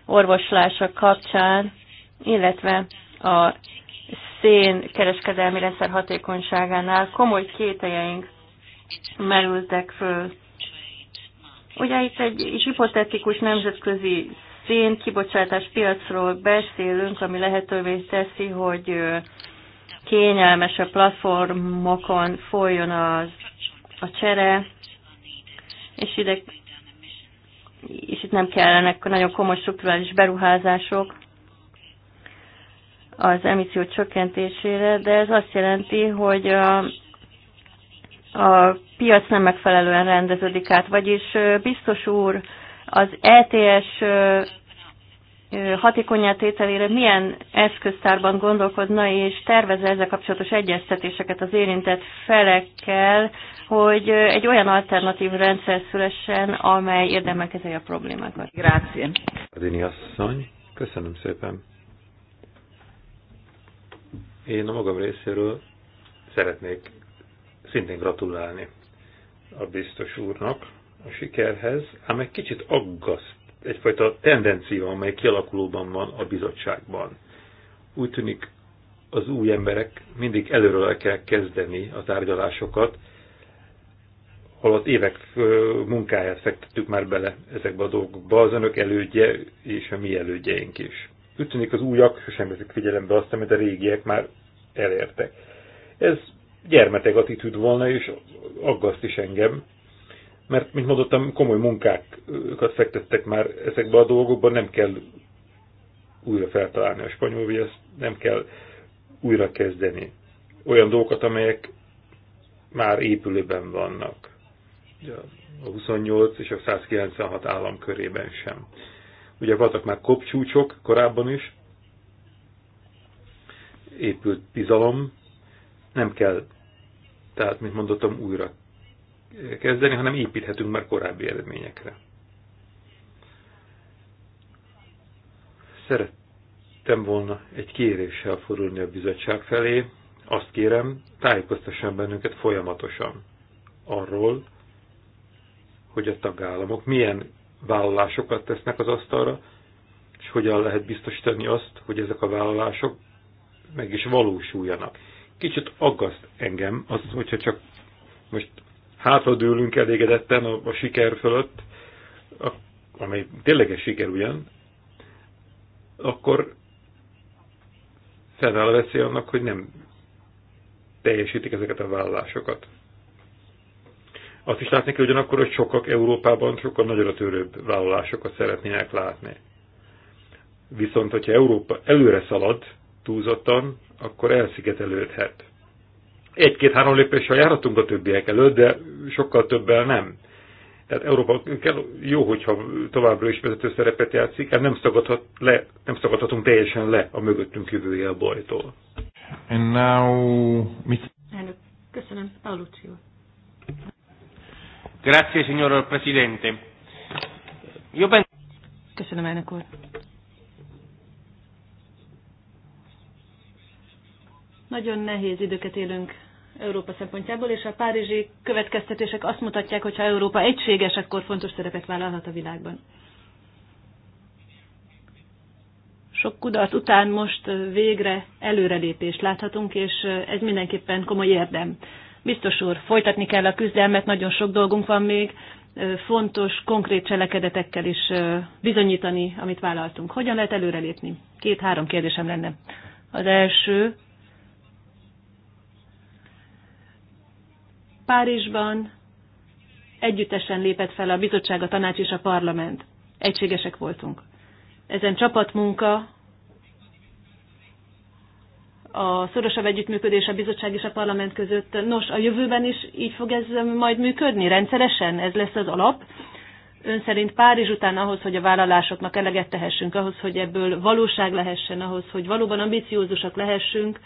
orvoslása kapcsán, illetve a szén kereskedelmi rendszer hatékonyságánál komoly kételjeink merültek föl. Ugye itt egy hipotetikus nemzetközi szén kibocsátás piacról beszélünk, ami lehetővé teszi, hogy kényelmes a platformokon folyjon az, a csere, és ide és itt nem kellenek nagyon komoly strukturális beruházások az emisszió csökkentésére, de ez azt jelenti, hogy a, a piac nem megfelelően rendeződik át, vagyis biztos úr, az ETS hatékonyá tételére milyen eszköztárban gondolkodna és tervezze ezzel kapcsolatos egyeztetéseket az érintett felekkel, hogy egy olyan alternatív rendszer szülessen, amely érdemel a problémákat. Grácie. Adini asszony, köszönöm szépen. Én a magam részéről szeretnék szintén gratulálni a biztos úrnak a sikerhez, ám egy kicsit aggaszt egyfajta tendencia, amely kialakulóban van a bizottságban. Úgy tűnik, az új emberek mindig előről el kell kezdeni a tárgyalásokat, alatt évek munkáját fektettük már bele ezekbe a dolgokba, az önök elődje és a mi elődjeink is. Úgy tűnik az újak sosem veszik figyelembe azt, amit a régiek már elértek. Ez gyermeteg attitűd volna, és aggaszt is engem, mert, mint mondottam, komoly munkákat fektettek már ezekbe a dolgokba, nem kell újra feltalálni a spanyol viaszt, nem kell újra kezdeni. Olyan dolgokat, amelyek már épülőben vannak a 28 és a 196 állam körében sem. Ugye voltak már kopcsúcsok korábban is, épült bizalom, nem kell, tehát, mint mondottam, újra kezdeni, hanem építhetünk már korábbi eredményekre. Szerettem volna egy kéréssel fordulni a bizottság felé, azt kérem, tájékoztasson bennünket folyamatosan arról, hogy a tagállamok milyen vállalásokat tesznek az asztalra, és hogyan lehet biztosítani azt, hogy ezek a vállalások meg is valósuljanak. Kicsit aggaszt engem az, hogyha csak most hátradőlünk elégedetten a, a siker fölött, a, amely tényleges siker ugyan, akkor fennáll a veszély annak, hogy nem teljesítik ezeket a vállalásokat. Azt is látni kell ugyanakkor, hogy sokak Európában sokkal nagyra törőbb vállalásokat szeretnének látni. Viszont, hogyha Európa előre szalad túlzottan, akkor elszigetelődhet. Egy-két-három lépéssel járhatunk a többiek előtt, de sokkal többel nem. Tehát Európa kell, jó, hogyha továbbra is vezető szerepet játszik, hát nem, szagadhat le, nem szagadhatunk teljesen le a mögöttünk jövő bajtól. And now, mit... Elnök, köszönöm, Paulucci Grazie, signor Presidente. Io penso... Köszönöm, elnök úr. Nagyon nehéz időket élünk Európa szempontjából, és a párizsi következtetések azt mutatják, hogy ha Európa egységes, akkor fontos szerepet vállalhat a világban. Sok kudarc után most végre előrelépést láthatunk, és ez mindenképpen komoly érdem. Biztos úr, folytatni kell a küzdelmet, nagyon sok dolgunk van még, fontos, konkrét cselekedetekkel is bizonyítani, amit vállaltunk. Hogyan lehet előrelépni? Két-három kérdésem lenne. Az első, Párizsban együttesen lépett fel a bizottság, a tanács és a parlament. Egységesek voltunk. Ezen csapatmunka a szorosabb együttműködés a bizottság és a parlament között. Nos, a jövőben is így fog ez majd működni? Rendszeresen ez lesz az alap? Ön szerint Párizs után ahhoz, hogy a vállalásoknak eleget tehessünk, ahhoz, hogy ebből valóság lehessen, ahhoz, hogy valóban ambiciózusak lehessünk,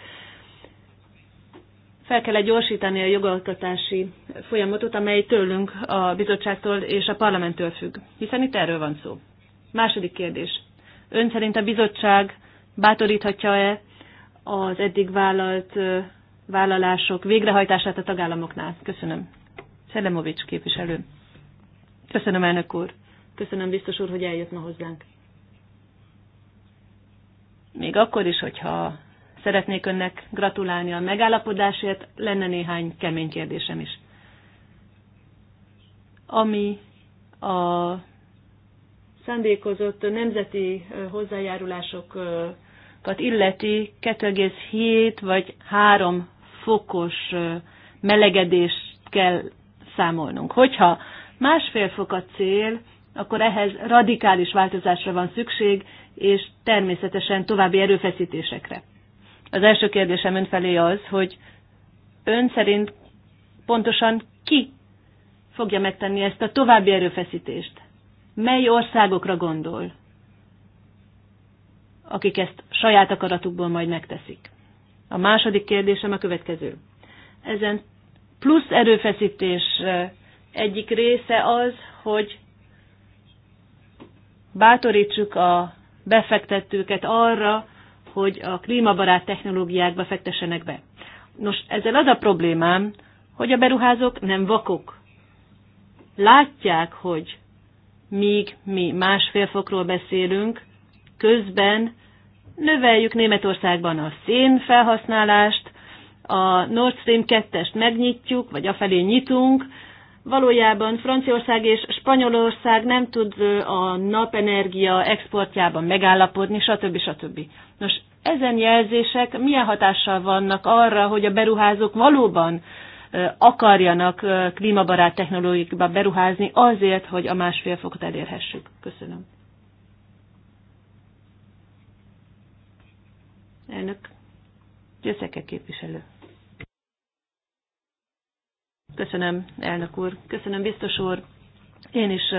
fel kell gyorsítani a jogalkotási folyamatot, amely tőlünk, a bizottságtól és a parlamenttől függ. Hiszen itt erről van szó. Második kérdés. Ön szerint a bizottság bátoríthatja-e az eddig vállalt vállalások végrehajtását a tagállamoknál. Köszönöm. Szelemovics képviselő. Köszönöm, elnök úr. Köszönöm, biztos úr, hogy eljött ma hozzánk. Még akkor is, hogyha szeretnék önnek gratulálni a megállapodásért, lenne néhány kemény kérdésem is. Ami a szándékozott nemzeti hozzájárulások illeti 2,7 vagy 3 fokos melegedést kell számolnunk. Hogyha másfél fok a cél, akkor ehhez radikális változásra van szükség, és természetesen további erőfeszítésekre. Az első kérdésem felé az, hogy ön szerint pontosan ki fogja megtenni ezt a további erőfeszítést? Mely országokra gondol? akik ezt saját akaratukból majd megteszik. A második kérdésem a következő. Ezen plusz erőfeszítés egyik része az, hogy bátorítsuk a befektetőket arra, hogy a klímabarát technológiákba fektessenek be. Nos, ezzel az a problémám, hogy a beruházók nem vakok. Látják, hogy míg mi másfél fokról beszélünk, közben növeljük Németországban a szén felhasználást, a Nord Stream 2-est megnyitjuk, vagy afelé nyitunk, valójában Franciaország és Spanyolország nem tud a napenergia exportjában megállapodni, stb. stb. Nos, ezen jelzések milyen hatással vannak arra, hogy a beruházók valóban akarjanak klímabarát technológiába beruházni azért, hogy a másfél fokot elérhessük? Köszönöm. Elnök, Győszeke képviselő. Köszönöm, elnök úr. Köszönöm, biztos úr. Én is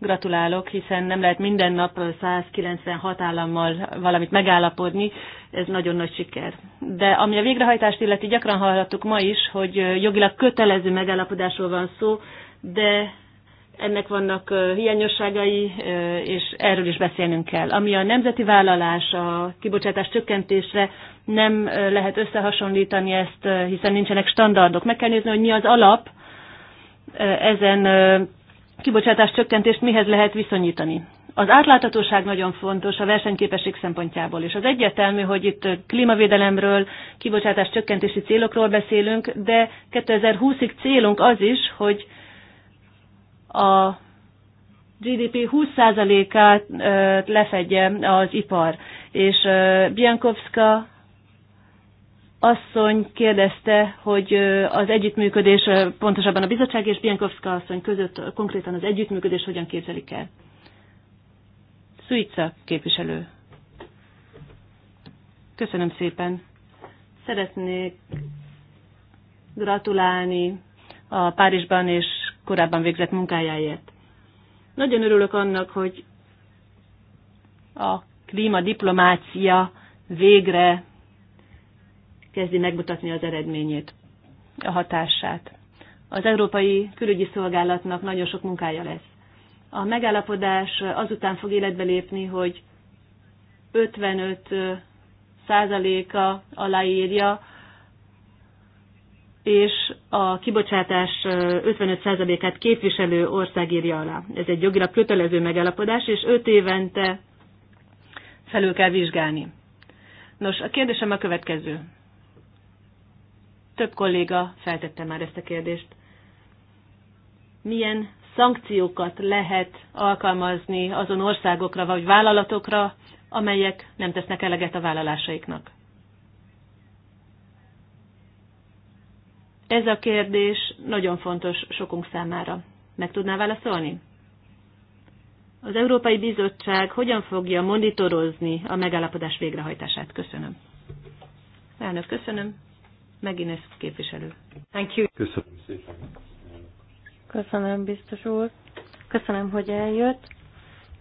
gratulálok, hiszen nem lehet minden nap 196 állammal valamit megállapodni, ez nagyon nagy siker. De ami a végrehajtást illeti, gyakran hallhattuk ma is, hogy jogilag kötelező megállapodásról van szó, de ennek vannak hiányosságai, és erről is beszélnünk kell. Ami a nemzeti vállalás, a kibocsátás csökkentésre nem lehet összehasonlítani ezt, hiszen nincsenek standardok. Meg kell nézni, hogy mi az alap ezen kibocsátás csökkentést mihez lehet viszonyítani. Az átláthatóság nagyon fontos a versenyképesség szempontjából, és az egyértelmű, hogy itt klímavédelemről, kibocsátás csökkentési célokról beszélünk, de 2020-ig célunk az is, hogy a GDP 20%-át lefedje az ipar. És Biankovska asszony kérdezte, hogy az együttműködés, pontosabban a bizottság és Biankovska asszony között konkrétan az együttműködés hogyan képzelik el. Szuica képviselő. Köszönöm szépen. Szeretnék gratulálni a Párizsban és korábban végzett munkájáért. Nagyon örülök annak, hogy a klímadiplomácia végre kezdi megmutatni az eredményét, a hatását. Az Európai Külügyi Szolgálatnak nagyon sok munkája lesz. A megállapodás azután fog életbe lépni, hogy 55 százaléka aláírja és a kibocsátás 55%-át képviselő ország írja alá. Ez egy jogilag kötelező megállapodás, és 5 évente felül kell vizsgálni. Nos, a kérdésem a következő. Több kolléga feltette már ezt a kérdést. Milyen szankciókat lehet alkalmazni azon országokra vagy vállalatokra, amelyek nem tesznek eleget a vállalásaiknak? Ez a kérdés nagyon fontos sokunk számára. Meg tudná válaszolni? Az Európai Bizottság hogyan fogja monitorozni a megállapodás végrehajtását? Köszönöm. Elnök, köszönöm. Megint ez képviselő. Thank you. Köszönöm szépen. Köszönöm, biztos úr. Köszönöm, hogy eljött.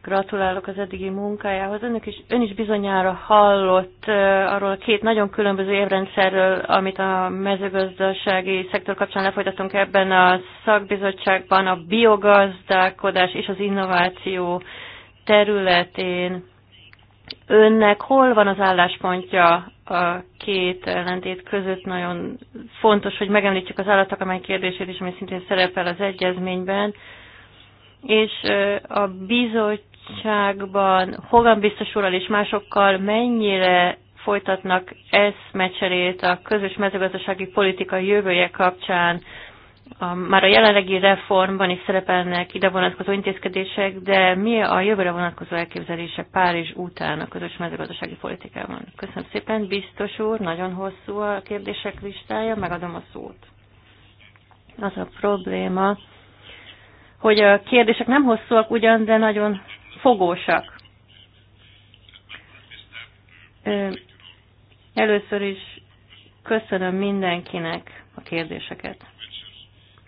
Gratulálok az eddigi munkájához. Önök is, ön is bizonyára hallott arról a két nagyon különböző évrendszerről, amit a mezőgazdasági szektor kapcsán lefolytatunk ebben a szakbizottságban, a biogazdálkodás és az innováció területén. Önnek hol van az álláspontja a két ellentét között? Nagyon fontos, hogy megemlítsük az amely kérdését is, ami szintén szerepel az egyezményben és a bizottság bizottságban Hogan biztos úrral és másokkal mennyire folytatnak eszmecserét a közös mezőgazdasági politika jövője kapcsán. A, már a jelenlegi reformban is szerepelnek ide vonatkozó intézkedések, de mi a jövőre vonatkozó elképzelések Párizs után a közös mezőgazdasági politikában? Köszönöm szépen, biztos úr, nagyon hosszú a kérdések listája, megadom a szót. Az a probléma, hogy a kérdések nem hosszúak ugyan, de nagyon fogósak. Először is köszönöm mindenkinek a kérdéseket.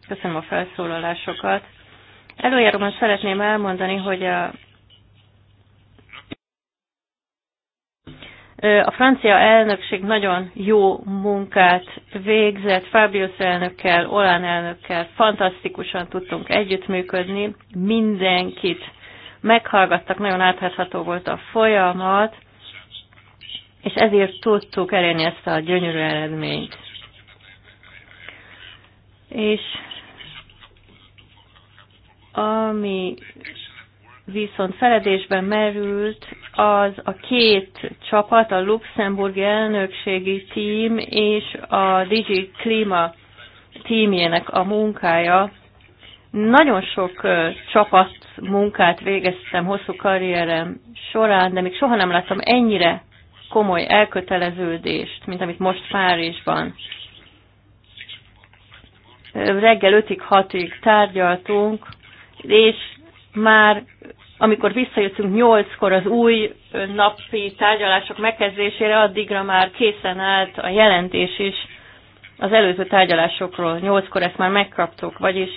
Köszönöm a felszólalásokat. Előjáróban szeretném elmondani, hogy a A francia elnökség nagyon jó munkát végzett, Fabius elnökkel, Olán elnökkel fantasztikusan tudtunk együttműködni, mindenkit meghallgattak, nagyon átlátható volt a folyamat, és ezért tudtuk elérni ezt a gyönyörű eredményt. És ami viszont feledésben merült, az a két csapat, a luxemburgi elnökségi tím és a Digi Klima tímjének a munkája, nagyon sok csapat munkát végeztem hosszú karrierem során, de még soha nem láttam ennyire komoly elköteleződést, mint amit most Párizsban reggel 5-ig, 6-ig tárgyaltunk, és már amikor visszajöttünk 8-kor az új napi tárgyalások megkezdésére, addigra már készen állt a jelentés is az előző tárgyalásokról. 8-kor ezt már megkaptuk, vagyis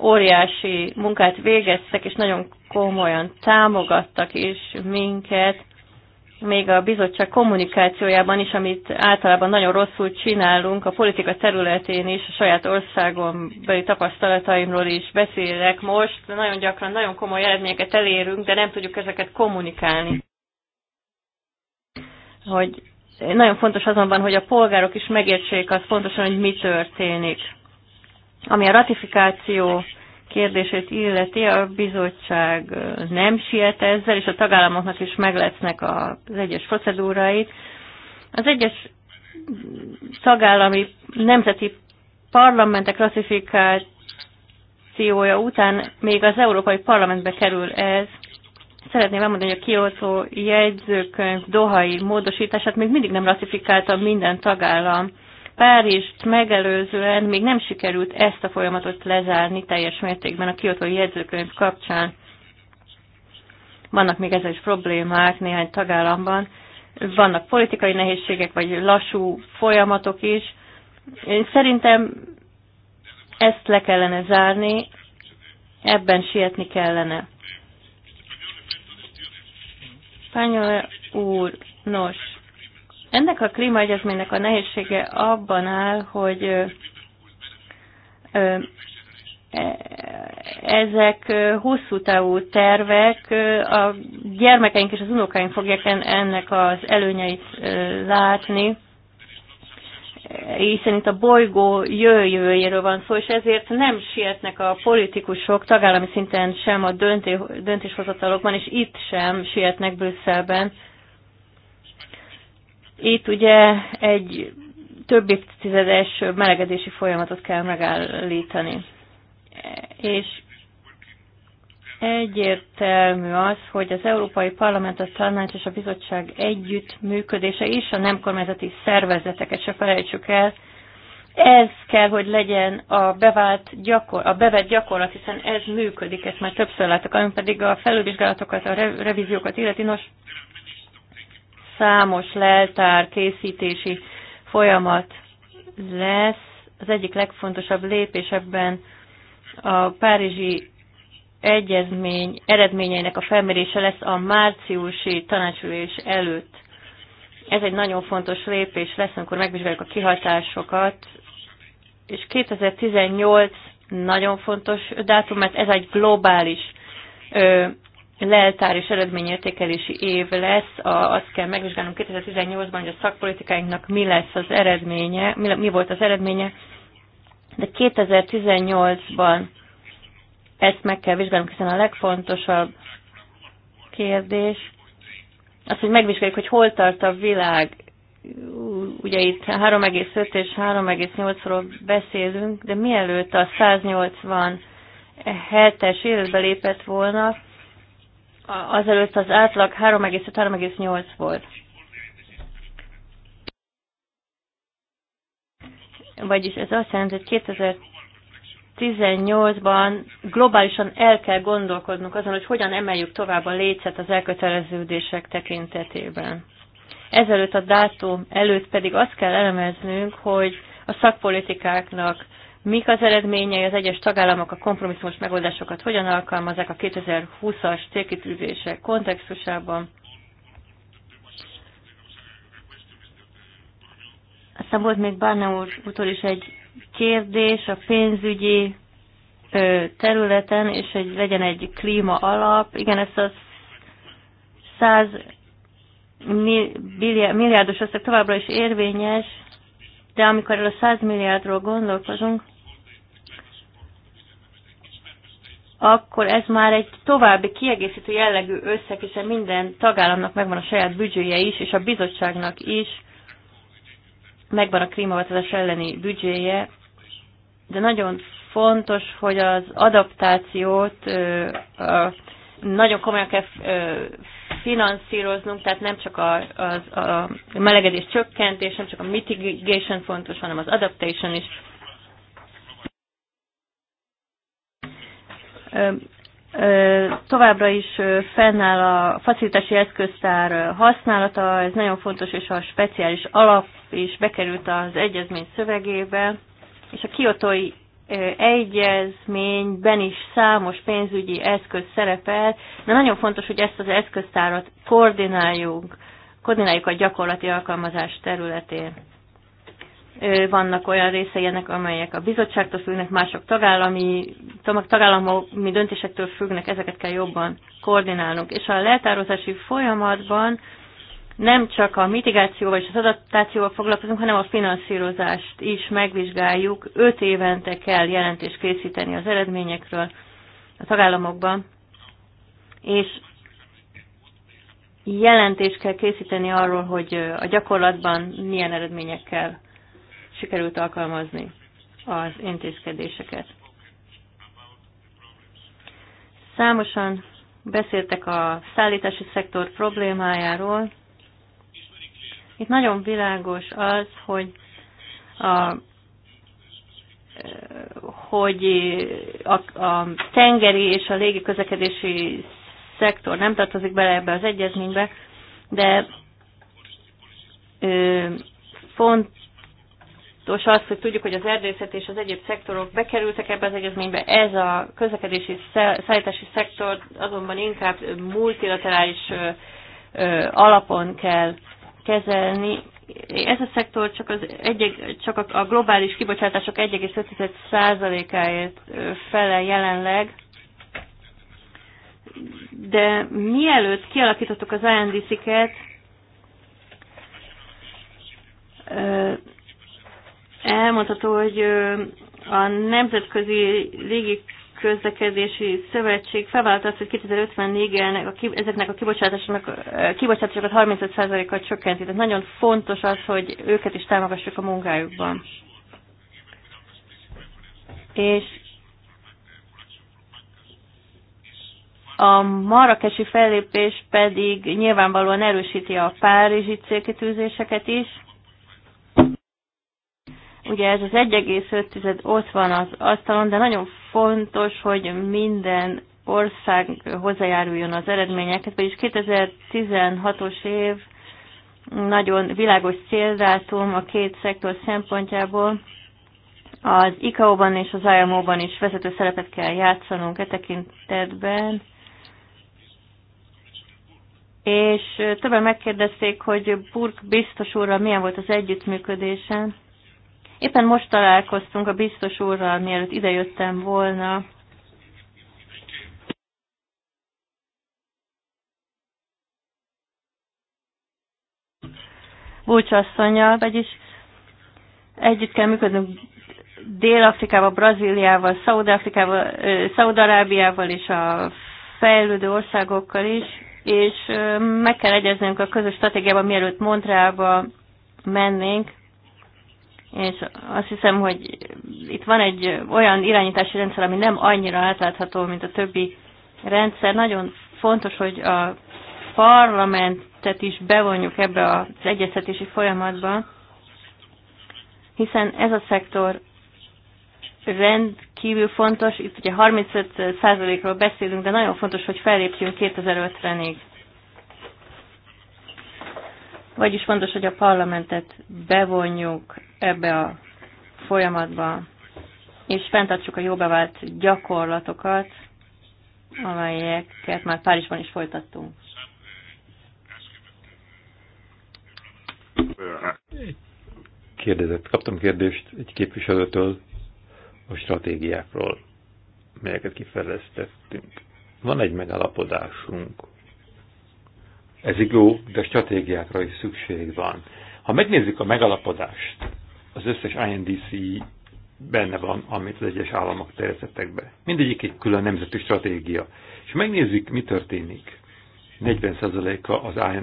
óriási munkát végeztek, és nagyon komolyan támogattak is minket, még a bizottság kommunikációjában is, amit általában nagyon rosszul csinálunk, a politika területén is, a saját országom beli tapasztalataimról is beszélek most, nagyon gyakran nagyon komoly eredményeket elérünk, de nem tudjuk ezeket kommunikálni. Hogy nagyon fontos azonban, hogy a polgárok is megértsék azt fontosan, hogy mi történik ami a ratifikáció kérdését illeti, a bizottság nem siet ezzel, és a tagállamoknak is meglecnek az egyes procedúráit. Az egyes tagállami nemzeti parlamentek ratifikációja után még az Európai Parlamentbe kerül ez. Szeretném elmondani, hogy a Kyoto jegyzőkönyv dohai módosítását még mindig nem ratifikálta minden tagállam. Párizst megelőzően még nem sikerült ezt a folyamatot lezárni teljes mértékben a kiotói jegyzőkönyv kapcsán. Vannak még ezzel is problémák néhány tagállamban, vannak politikai nehézségek, vagy lassú folyamatok is. Én szerintem ezt le kellene zárni, ebben sietni kellene. Pányol úr, nos, ennek a klímaegyezménynek a nehézsége abban áll, hogy e, ezek hosszú távú tervek, a gyermekeink és az unokáink fogják ennek az előnyeit látni, hiszen itt a bolygó jövőjéről van szó, és ezért nem sietnek a politikusok tagállami szinten sem a döntéshozatalokban, és itt sem sietnek Brüsszelben itt ugye egy több évtizedes melegedési folyamatot kell megállítani. És egyértelmű az, hogy az Európai Parlament, a Tanács és a Bizottság együttműködése és a nem kormányzati szervezeteket se felejtsük el, ez kell, hogy legyen a bevált gyakor, a bevett gyakorlat, hiszen ez működik, ezt már többször láttak, ami pedig a felülvizsgálatokat, a revíziókat illeti. Nos, számos leltár készítési folyamat lesz. Az egyik legfontosabb lépés ebben a Párizsi Egyezmény eredményeinek a felmérése lesz a márciusi tanácsülés előtt. Ez egy nagyon fontos lépés lesz, amikor megvizsgáljuk a kihatásokat, és 2018 nagyon fontos dátum, mert ez egy globális ö, leltár és eredményértékelési év lesz, a, azt kell megvizsgálnunk 2018-ban, hogy a szakpolitikáinknak mi lesz az eredménye, mi, mi volt az eredménye, de 2018-ban ezt meg kell vizsgálnunk, hiszen a legfontosabb kérdés az, hogy megvizsgáljuk, hogy hol tart a világ. Ugye itt 3,5 és 3,8-ról beszélünk, de mielőtt a 180 hetes életbe lépett volna, azelőtt az átlag 3,5-3,8 volt. Vagyis ez azt jelenti, hogy 2018-ban globálisan el kell gondolkodnunk azon, hogy hogyan emeljük tovább a lécet az elköteleződések tekintetében. Ezelőtt a dátum előtt pedig azt kell elemeznünk, hogy a szakpolitikáknak mik az eredményei, az egyes tagállamok a kompromisszumos megoldásokat hogyan alkalmazzák a 2020-as célkitűzések kontextusában. Aztán volt még Barna úr utól is egy kérdés a pénzügyi területen, és hogy legyen egy klíma alap. Igen, ezt a 100 milliárdos összeg továbbra is érvényes, de amikor a 100 milliárdról gondolkozunk, akkor ez már egy további kiegészítő jellegű összeg, hiszen minden tagállamnak megvan a saját büdzséje is, és a bizottságnak is megvan a klímaváltozás elleni büdzséje, de nagyon fontos, hogy az adaptációt ö, ö, nagyon komolyan kell ö, finanszíroznunk, tehát nem csak a, az, a melegedés csökkentés, nem csak a mitigation fontos, hanem az adaptation is Továbbra is fennáll a facilitási eszköztár használata, ez nagyon fontos, és a speciális alap is bekerült az egyezmény szövegébe, és a kiotói egyezményben is számos pénzügyi eszköz szerepel, de nagyon fontos, hogy ezt az eszköztárat koordináljuk, koordináljuk a gyakorlati alkalmazás területén vannak olyan részei ennek, amelyek a bizottságtól függnek, mások tagállami, tagállami döntésektől függnek, ezeket kell jobban koordinálnunk. És a letározási folyamatban nem csak a mitigációval és az adaptációval foglalkozunk, hanem a finanszírozást is megvizsgáljuk. Öt évente kell jelentést készíteni az eredményekről a tagállamokban, és jelentést kell készíteni arról, hogy a gyakorlatban milyen eredményekkel sikerült alkalmazni az intézkedéseket. Számosan beszéltek a szállítási szektor problémájáról. Itt nagyon világos az, hogy a, hogy a, a tengeri és a légi közlekedési szektor nem tartozik bele ebbe az egyezménybe, de ö, font, fontos az, hogy tudjuk, hogy az erdészet és az egyéb szektorok bekerültek ebbe az egyezménybe. Ez a közlekedési szállítási szektor azonban inkább multilaterális alapon kell kezelni. Ez a szektor csak, az egy, csak a globális kibocsátások 1,5%-áért fele jelenleg, de mielőtt kialakítottuk az ANDC-ket, elmondható, hogy a Nemzetközi Légi Közlekedési Szövetség felvállalta azt, hogy 2054-ig ezeknek a kibocsátásokat 35%-kal csökkenti. Tehát nagyon fontos az, hogy őket is támogassuk a munkájukban. És a marakesi fellépés pedig nyilvánvalóan erősíti a párizsi célkitűzéseket is, Ugye ez az 1,5 ott van az asztalon, de nagyon fontos, hogy minden ország hozzájáruljon az eredményeket, vagyis 2016-os év nagyon világos céldátum a két szektor szempontjából. Az ICAO-ban és az IMO-ban is vezető szerepet kell játszanunk e tekintetben. És többen megkérdezték, hogy Burk biztos úrral milyen volt az együttműködésen. Éppen most találkoztunk a biztos úrral, mielőtt idejöttem volna. Búcsasszonyjal, vagyis együtt kell működnünk Dél-Afrikával, Brazíliával, szaud arábiával és a fejlődő országokkal is, és meg kell egyeznünk a közös stratégiában, mielőtt Montrealba mennénk, és azt hiszem, hogy itt van egy olyan irányítási rendszer, ami nem annyira átlátható, mint a többi rendszer. Nagyon fontos, hogy a parlamentet is bevonjuk ebbe az egyeztetési folyamatba, hiszen ez a szektor rendkívül fontos, itt ugye 35%-ról beszélünk, de nagyon fontos, hogy fellépjünk 2050-ig. Vagyis fontos, hogy a parlamentet bevonjuk ebbe a folyamatba, és fenntartsuk a jó bevált gyakorlatokat, amelyeket már Párizsban is folytattunk. Kérdezett, kaptam kérdést egy képviselőtől a stratégiákról, melyeket kifejlesztettünk. Van egy megalapodásunk. Ez igó, de stratégiákra is szükség van. Ha megnézzük a megalapodást, az összes INDC benne van, amit az egyes államok terjesztettek be. Mindegyik egy külön nemzeti stratégia. És megnézzük, mi történik. 40%-a az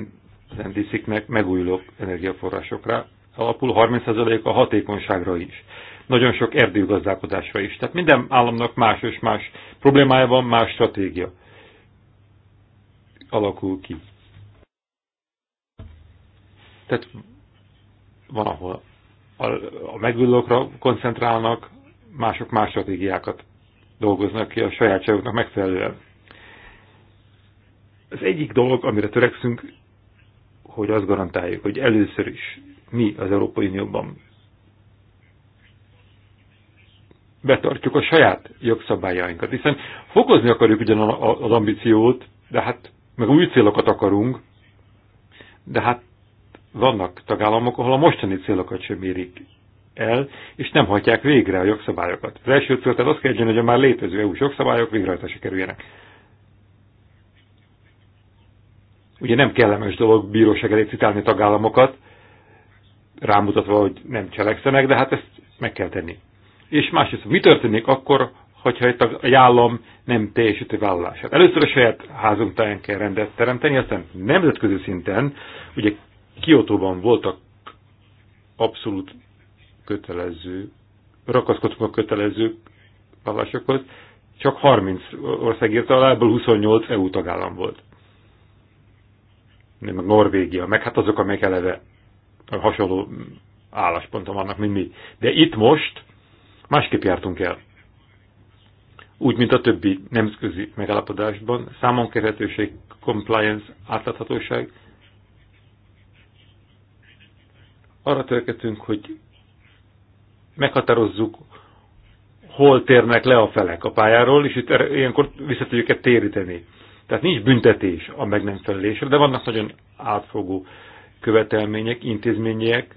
INDC-knek megújuló energiaforrásokra alapul, 30%-a hatékonyságra is. Nagyon sok erdőgazdálkodásra is. Tehát minden államnak más és más problémája van, más stratégia alakul ki. Tehát van, ahol a, a koncentrálnak, mások más stratégiákat dolgoznak ki a sajátságoknak megfelelően. Az egyik dolog, amire törekszünk, hogy azt garantáljuk, hogy először is mi az Európai Unióban betartjuk a saját jogszabályainkat. Hiszen fokozni akarjuk ugyan az ambíciót, de hát meg új célokat akarunk, de hát vannak tagállamok, ahol a mostani célokat sem érik el, és nem hagyják végre a jogszabályokat. Az első cél tehát az kell hogy a már létező EU-s jogszabályok végrehajtásra kerüljenek. Ugye nem kellemes dolog bíróság elé citálni tagállamokat, rámutatva, hogy nem cselekszenek, de hát ezt meg kell tenni. És másrészt, mi történik akkor, hogyha egy állam nem teljesíti vállalását. Először a saját házunk táján kell rendet teremteni, aztán nemzetközi szinten, ugye Kiotóban voltak abszolút kötelező, rakaszkodtunk a kötelező vallásokhoz, csak 30 ország írta alá, ebből 28 EU tagállam volt. Nem, meg Norvégia, meg hát azok, amelyek eleve hasonló állásponton vannak, mint mi. De itt most másképp jártunk el. Úgy, mint a többi nemzközi megállapodásban, számonkerhetőség, compliance, átláthatóság, arra törekedtünk, hogy meghatározzuk, hol térnek le a felek a pályáról, és itt ilyenkor vissza tudjuk téríteni. Tehát nincs büntetés a meg nem felelésre, de vannak nagyon átfogó követelmények, intézmények,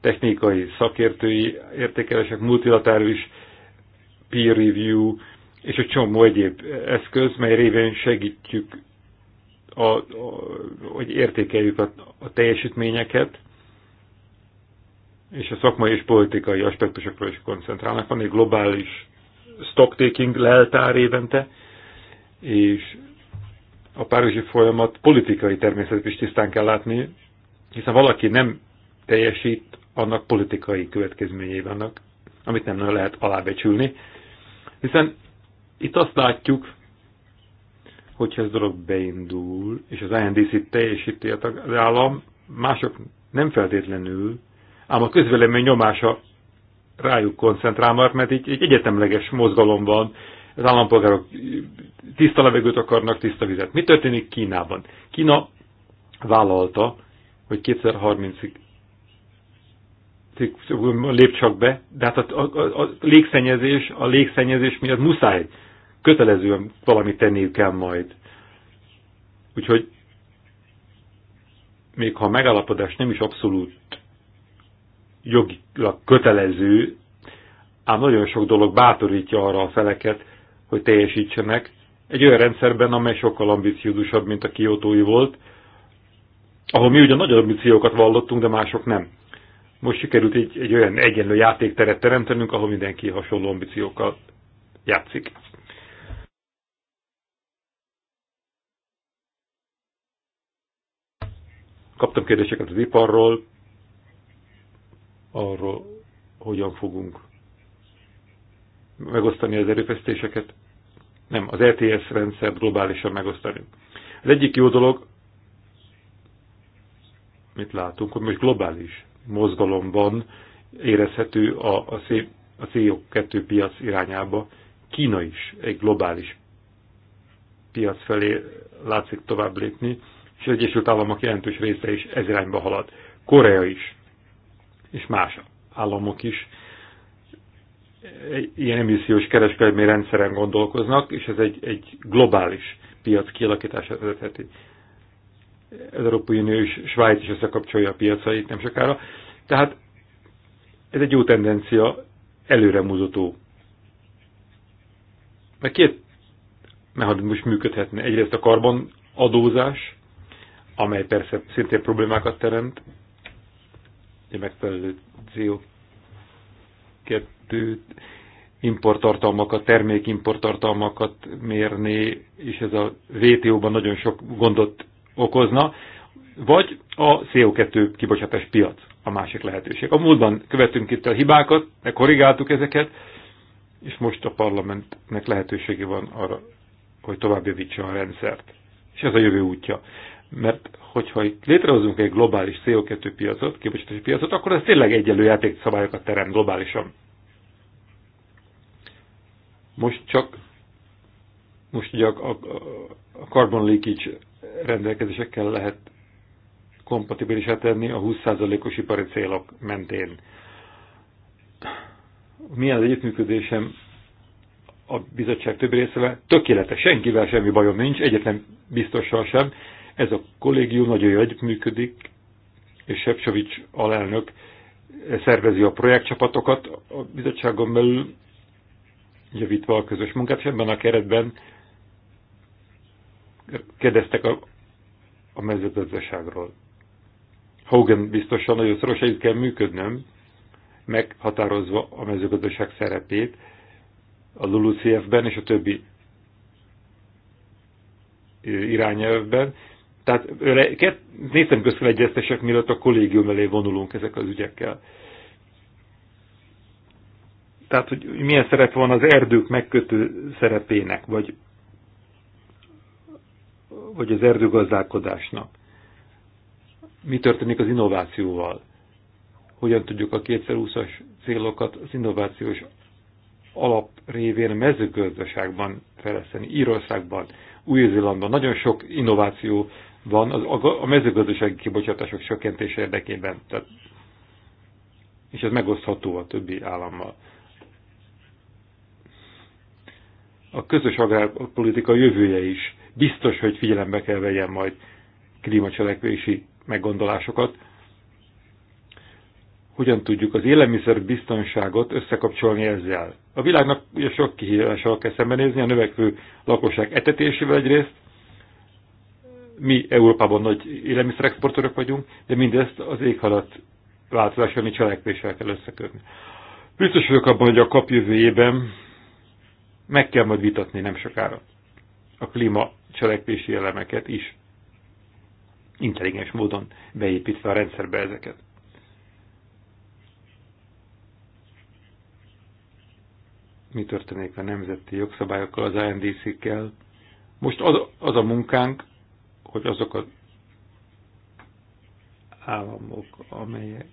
technikai, szakértői értékelések, multilaterális peer review, és egy csomó egyéb eszköz, mely révén segítjük, a, a, hogy értékeljük a, a teljesítményeket, és a szakmai és politikai aspektusokra is koncentrálnak. Van egy globális stocktaking leltár évente, és a párizsi folyamat politikai természetét is tisztán kell látni, hiszen valaki nem teljesít annak politikai következményei vannak, amit nem lehet alábecsülni. Hiszen itt azt látjuk, hogyha ez dolog beindul, és az INDC-t teljesíti az állam, mások nem feltétlenül ám a közvélemény nyomása rájuk koncentrál, mert így egy egyetemleges mozgalom van, az állampolgárok tiszta levegőt akarnak, tiszta vizet. Mi történik Kínában? Kína vállalta, hogy 2030-ig lép csak be, de hát a, a, a légszennyezés, a légszennyezés miatt muszáj, kötelezően valamit tenniük kell majd. Úgyhogy még ha a megállapodás nem is abszolút jogilag kötelező, ám nagyon sok dolog bátorítja arra a feleket, hogy teljesítsenek, egy olyan rendszerben, amely sokkal ambiciózusabb, mint a kiotói volt, ahol mi ugyan nagy ambíciókat vallottunk, de mások nem. Most sikerült egy, egy olyan egyenlő játékteret teremtenünk, ahol mindenki hasonló ambíciókkal játszik. Kaptam kérdéseket az iparról, arról, hogyan fogunk megosztani az erőfeszítéseket. Nem, az ETS rendszer globálisan megosztani. Az egyik jó dolog, mit látunk, hogy most globális mozgalomban érezhető a, a, a CO2 piac irányába. Kína is egy globális piac felé látszik tovább lépni, és az Egyesült Államok jelentős része is ez irányba halad. Korea is és más államok is ilyen emissziós kereskedelmi rendszeren gondolkoznak, és ez egy, egy globális piac kialakítását vezetheti. Az Európai Unió és Svájc is összekapcsolja a piacait nem sokára. Tehát ez egy jó tendencia, előremutató. Mert két mechanizmus működhetne. Egyrészt a karbon adózás, amely persze szintén problémákat teremt egy megfelelő CO2 importtartalmakat, termékimporttartalmakat mérni, és ez a vto ban nagyon sok gondot okozna, vagy a CO2 kibocsátás piac a másik lehetőség. A múltban követünk itt a hibákat, korrigáltuk ezeket, és most a parlamentnek lehetősége van arra, hogy tovább javítsa a rendszert. És ez a jövő útja. Mert hogyha itt létrehozunk egy globális CO2 piacot, kibocsátási piacot, akkor ez tényleg egyenlő játékszabályokat terem globálisan. Most csak most ugye a, a, a carbon leakage rendelkezésekkel lehet kompatibilisát tenni a 20%-os ipari célok mentén. Milyen az együttműködésem a bizottság több részével? Tökéletes, senkivel semmi bajom nincs, egyetlen biztossal sem. Ez a kollégium nagyon jól működik, és Sepsovics alelnök szervezi a projektcsapatokat a bizottságon belül, javítva a közös munkát, és ebben a keretben kérdeztek a, a mezőgazdaságról. Hogan biztosan nagyon szoros együtt kell működnöm, meghatározva a mezőgazdaság szerepét a LULUCF-ben és a többi irányelvben, tehát néztem közben egyeztesek, mielőtt a kollégium elé vonulunk ezek az ügyekkel. Tehát, hogy milyen szerep van az erdők megkötő szerepének, vagy, vagy az erdőgazdálkodásnak. Mi történik az innovációval? Hogyan tudjuk a 2020-as célokat az innovációs alap révén mezőgazdaságban fejleszteni, Írországban, Új-Zélandban. Nagyon sok innováció van az, a mezőgazdasági kibocsátások csökkentése érdekében. Tehát, és ez megosztható a többi állammal. A közös agrárpolitika jövője is biztos, hogy figyelembe kell vegyen majd klímacselekvési meggondolásokat. Hogyan tudjuk az élelmiszer biztonságot összekapcsolni ezzel? A világnak ugye sok kihívással kell szembenézni, a növekvő lakosság etetésével egyrészt, mi Európában nagy élelmiszerexportőrök vagyunk, de mindezt az éghalat ami cselekvéssel kell összekötni. Biztos vagyok abban, hogy a kap jövőjében meg kell majd vitatni nem sokára a klíma cselekvési elemeket is, intelligens módon beépítve a rendszerbe ezeket. Mi történik a nemzeti jogszabályokkal, az ANDC-kkel? Most az, az a munkánk, hogy azok az államok, amelyek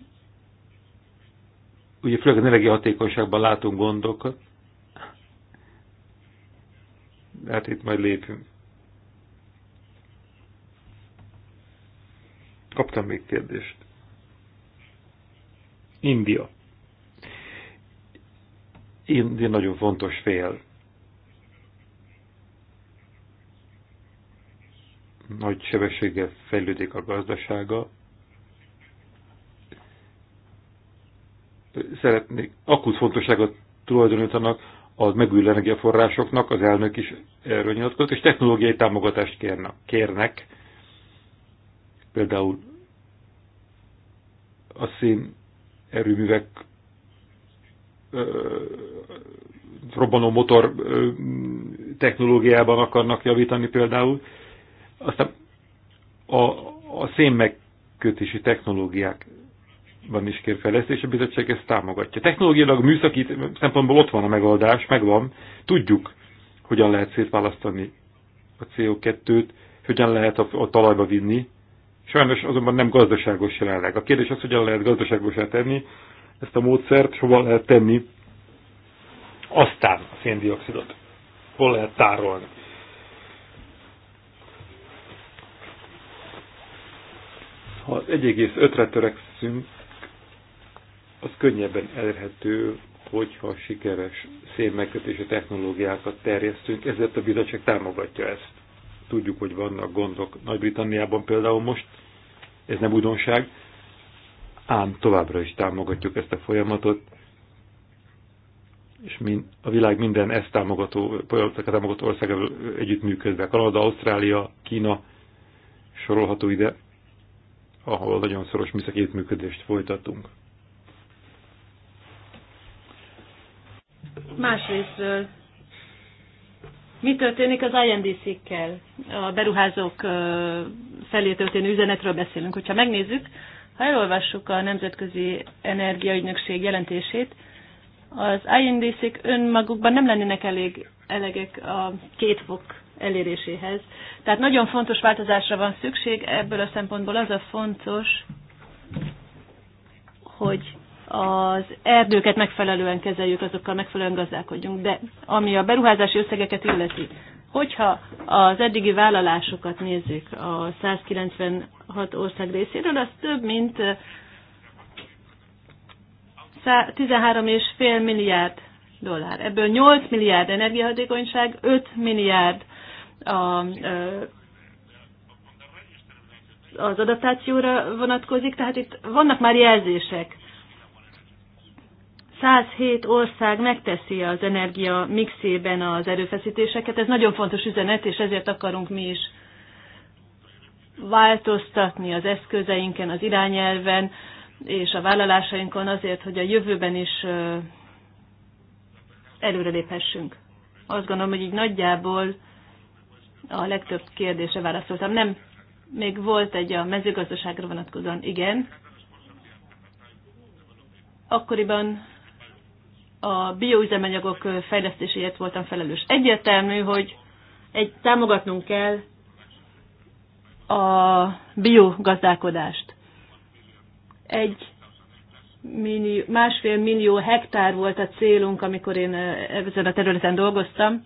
ugye főleg az hatékonyságban látunk gondokat, de hát itt majd lépünk. Kaptam még kérdést. India. India nagyon fontos fél nagy sebességgel fejlődik a gazdasága. Szeretnék, akut fontosságot tulajdonítanak az megújuló energiaforrásoknak, az elnök is erről nyilatkozott, és technológiai támogatást kérnek. kérnek. Például a szín erőművek robbanó motor technológiában akarnak javítani például. Aztán a, a szén megkötési technológiákban is kér fejlesztés, a bizottság ezt támogatja. Technológiailag műszaki szempontból ott van a megoldás, megvan. Tudjuk, hogyan lehet szétválasztani a CO2-t, hogyan lehet a, a talajba vinni. Sajnos azonban nem gazdaságos jelenleg. A kérdés az, hogyan lehet gazdaságosá tenni ezt a módszert, hova lehet tenni aztán a széndiokszidot, hol lehet tárolni. Ha 1,5-re törekszünk, az könnyebben elérhető, hogyha sikeres szénmegkötési technológiákat terjesztünk, ezért a bizottság támogatja ezt. Tudjuk, hogy vannak gondok Nagy-Britanniában például most, ez nem újdonság, ám továbbra is támogatjuk ezt a folyamatot, és a világ minden ezt támogató, támogató országával együttműködve, Kanada, Ausztrália, Kína sorolható ide, ahol nagyon szoros műszaki együttműködést folytatunk. Másrésztről, mi történik az INDC-kkel? A beruházók felé történő üzenetről beszélünk. Hogyha megnézzük, ha elolvassuk a Nemzetközi Energiaügynökség jelentését, az INDC-k önmagukban nem lennének elég elegek a két fok eléréséhez. Tehát nagyon fontos változásra van szükség, ebből a szempontból az a fontos, hogy az erdőket megfelelően kezeljük, azokkal megfelelően gazdálkodjunk. De ami a beruházási összegeket illeti, hogyha az eddigi vállalásokat nézzük a 196 ország részéről, az több mint 13,5 eh, milliárd dollár. Ebből 8 milliárd energiahatékonyság, 5 milliárd a az adaptációra vonatkozik, tehát itt vannak már jelzések. 107 ország megteszi az energia mixében az erőfeszítéseket, ez nagyon fontos üzenet, és ezért akarunk mi is változtatni az eszközeinken, az irányelven és a vállalásainkon azért, hogy a jövőben is előreléphessünk. Azt gondolom, hogy így nagyjából a legtöbb kérdése válaszoltam. Nem, még volt egy a mezőgazdaságra vonatkozóan, igen. Akkoriban a bioüzemanyagok fejlesztéséért voltam felelős. Egyértelmű, hogy egy, támogatnunk kell a biogazdálkodást. Egy millió, másfél millió hektár volt a célunk, amikor én ezen a területen dolgoztam.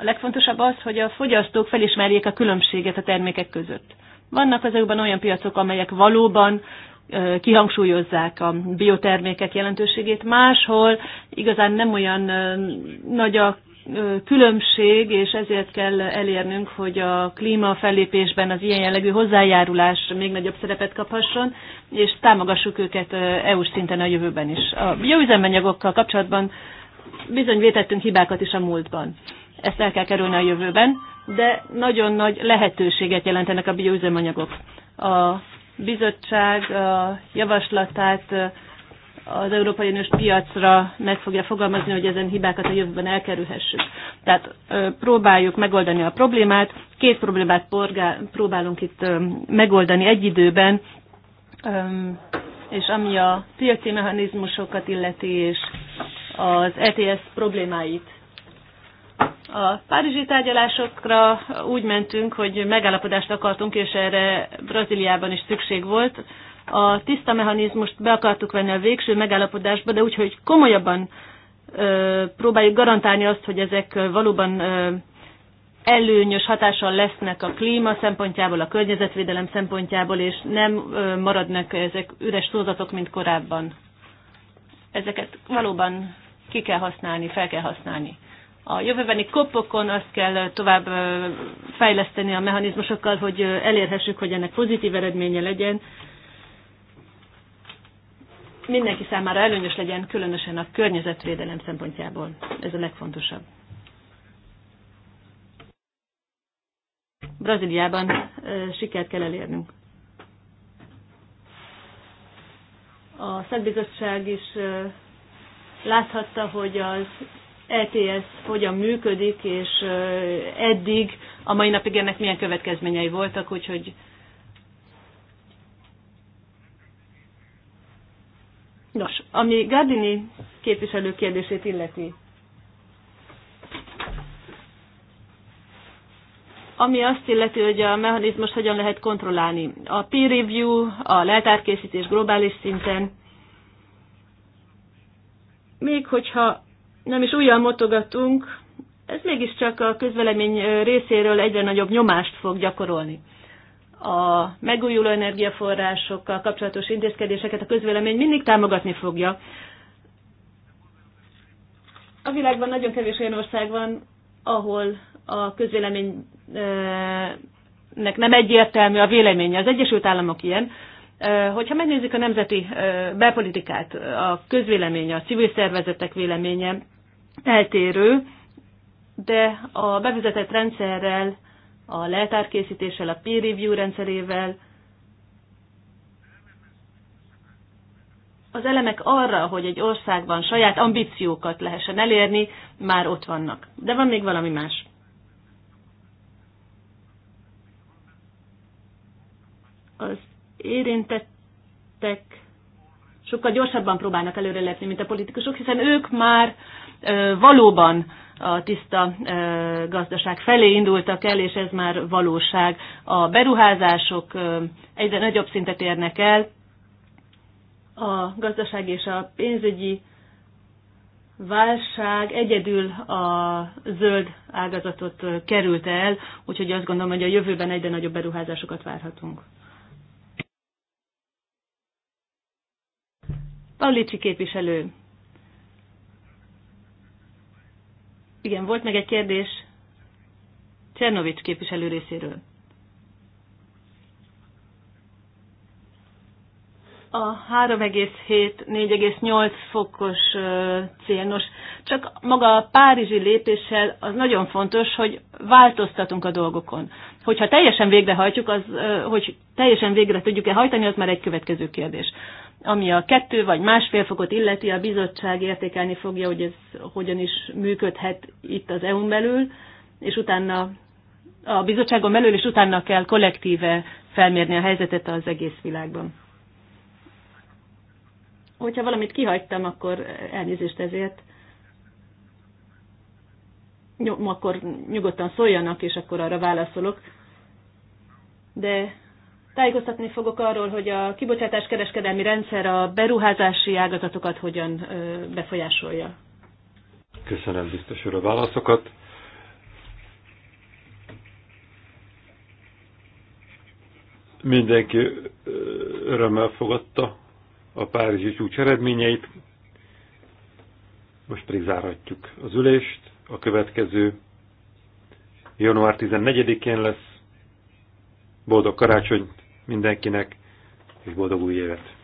A legfontosabb az, hogy a fogyasztók felismerjék a különbséget a termékek között. Vannak azokban olyan piacok, amelyek valóban kihangsúlyozzák a biotermékek jelentőségét, máshol igazán nem olyan nagy a különbség, és ezért kell elérnünk, hogy a klíma fellépésben az ilyen jellegű hozzájárulás még nagyobb szerepet kaphasson, és támogassuk őket EU-s szinten a jövőben is. A jó üzemanyagokkal kapcsolatban bizony vétettünk hibákat is a múltban ezt el kell kerülni a jövőben, de nagyon nagy lehetőséget jelentenek a bioüzemanyagok. A bizottság a javaslatát az Európai Uniós piacra meg fogja fogalmazni, hogy ezen hibákat a jövőben elkerülhessük. Tehát próbáljuk megoldani a problémát, két problémát próbálunk itt megoldani egy időben, és ami a piaci mechanizmusokat illeti, és az ETS problémáit a párizsi tárgyalásokra úgy mentünk, hogy megállapodást akartunk, és erre Brazíliában is szükség volt. A tiszta mechanizmust be akartuk venni a végső megállapodásba, de úgy, hogy komolyabban ö, próbáljuk garantálni azt, hogy ezek valóban ö, előnyös hatással lesznek a klíma szempontjából, a környezetvédelem szempontjából, és nem ö, maradnak ezek üres szózatok, mint korábban. Ezeket valóban ki kell használni, fel kell használni a jövőbeni kopokon azt kell tovább fejleszteni a mechanizmusokkal, hogy elérhessük, hogy ennek pozitív eredménye legyen, mindenki számára előnyös legyen, különösen a környezetvédelem szempontjából. Ez a legfontosabb. Brazíliában sikert kell elérnünk. A szakbizottság is láthatta, hogy az ETS hogyan működik, és eddig a mai napig ennek milyen következményei voltak, úgyhogy Nos, ami Gardini képviselő kérdését illeti, ami azt illeti, hogy a mechanizmus hogyan lehet kontrollálni. A peer review, a leltárkészítés globális szinten, még hogyha nem is újjal motogatunk, ez mégiscsak a közvelemény részéről egyre nagyobb nyomást fog gyakorolni. A megújuló energiaforrásokkal kapcsolatos intézkedéseket a közvélemény mindig támogatni fogja. A világban nagyon kevés olyan ország van, ahol a közvéleménynek nem egyértelmű a véleménye. Az Egyesült Államok ilyen, Hogyha megnézzük a nemzeti belpolitikát, a közvéleménye, a civil szervezetek véleménye eltérő, de a bevezetett rendszerrel, a leltárkészítéssel, a peer review rendszerével, az elemek arra, hogy egy országban saját ambíciókat lehessen elérni, már ott vannak. De van még valami más. Az érintettek sokkal gyorsabban próbálnak előrelépni, mint a politikusok, hiszen ők már valóban a tiszta gazdaság felé indultak el, és ez már valóság. A beruházások egyre nagyobb szintet érnek el, a gazdaság és a pénzügyi válság egyedül a zöld ágazatot került el, úgyhogy azt gondolom, hogy a jövőben egyre nagyobb beruházásokat várhatunk. Paulicsi képviselő. Igen, volt meg egy kérdés Csernovics képviselő részéről. a 3,7-4,8 fokos cél. Nos, csak maga a párizsi lépéssel az nagyon fontos, hogy változtatunk a dolgokon. Hogyha teljesen végrehajtjuk, az, hogy teljesen végre tudjuk-e hajtani, az már egy következő kérdés. Ami a kettő vagy másfél fokot illeti, a bizottság értékelni fogja, hogy ez hogyan is működhet itt az EU-n belül, és utána a bizottságon belül, és utána kell kollektíve felmérni a helyzetet az egész világban. Hogyha valamit kihagytam, akkor elnézést ezért. Nyom, akkor nyugodtan szóljanak, és akkor arra válaszolok. De Tájékoztatni fogok arról, hogy a kibocsátás kereskedelmi rendszer a beruházási ágazatokat hogyan befolyásolja. Köszönöm biztos úr a válaszokat. Mindenki örömmel fogadta a Párizsi csúcs eredményeit. Most pedig zárhatjuk az ülést. A következő január 14-én lesz. Boldog karácsonyt! mindenkinek, és boldog új évet!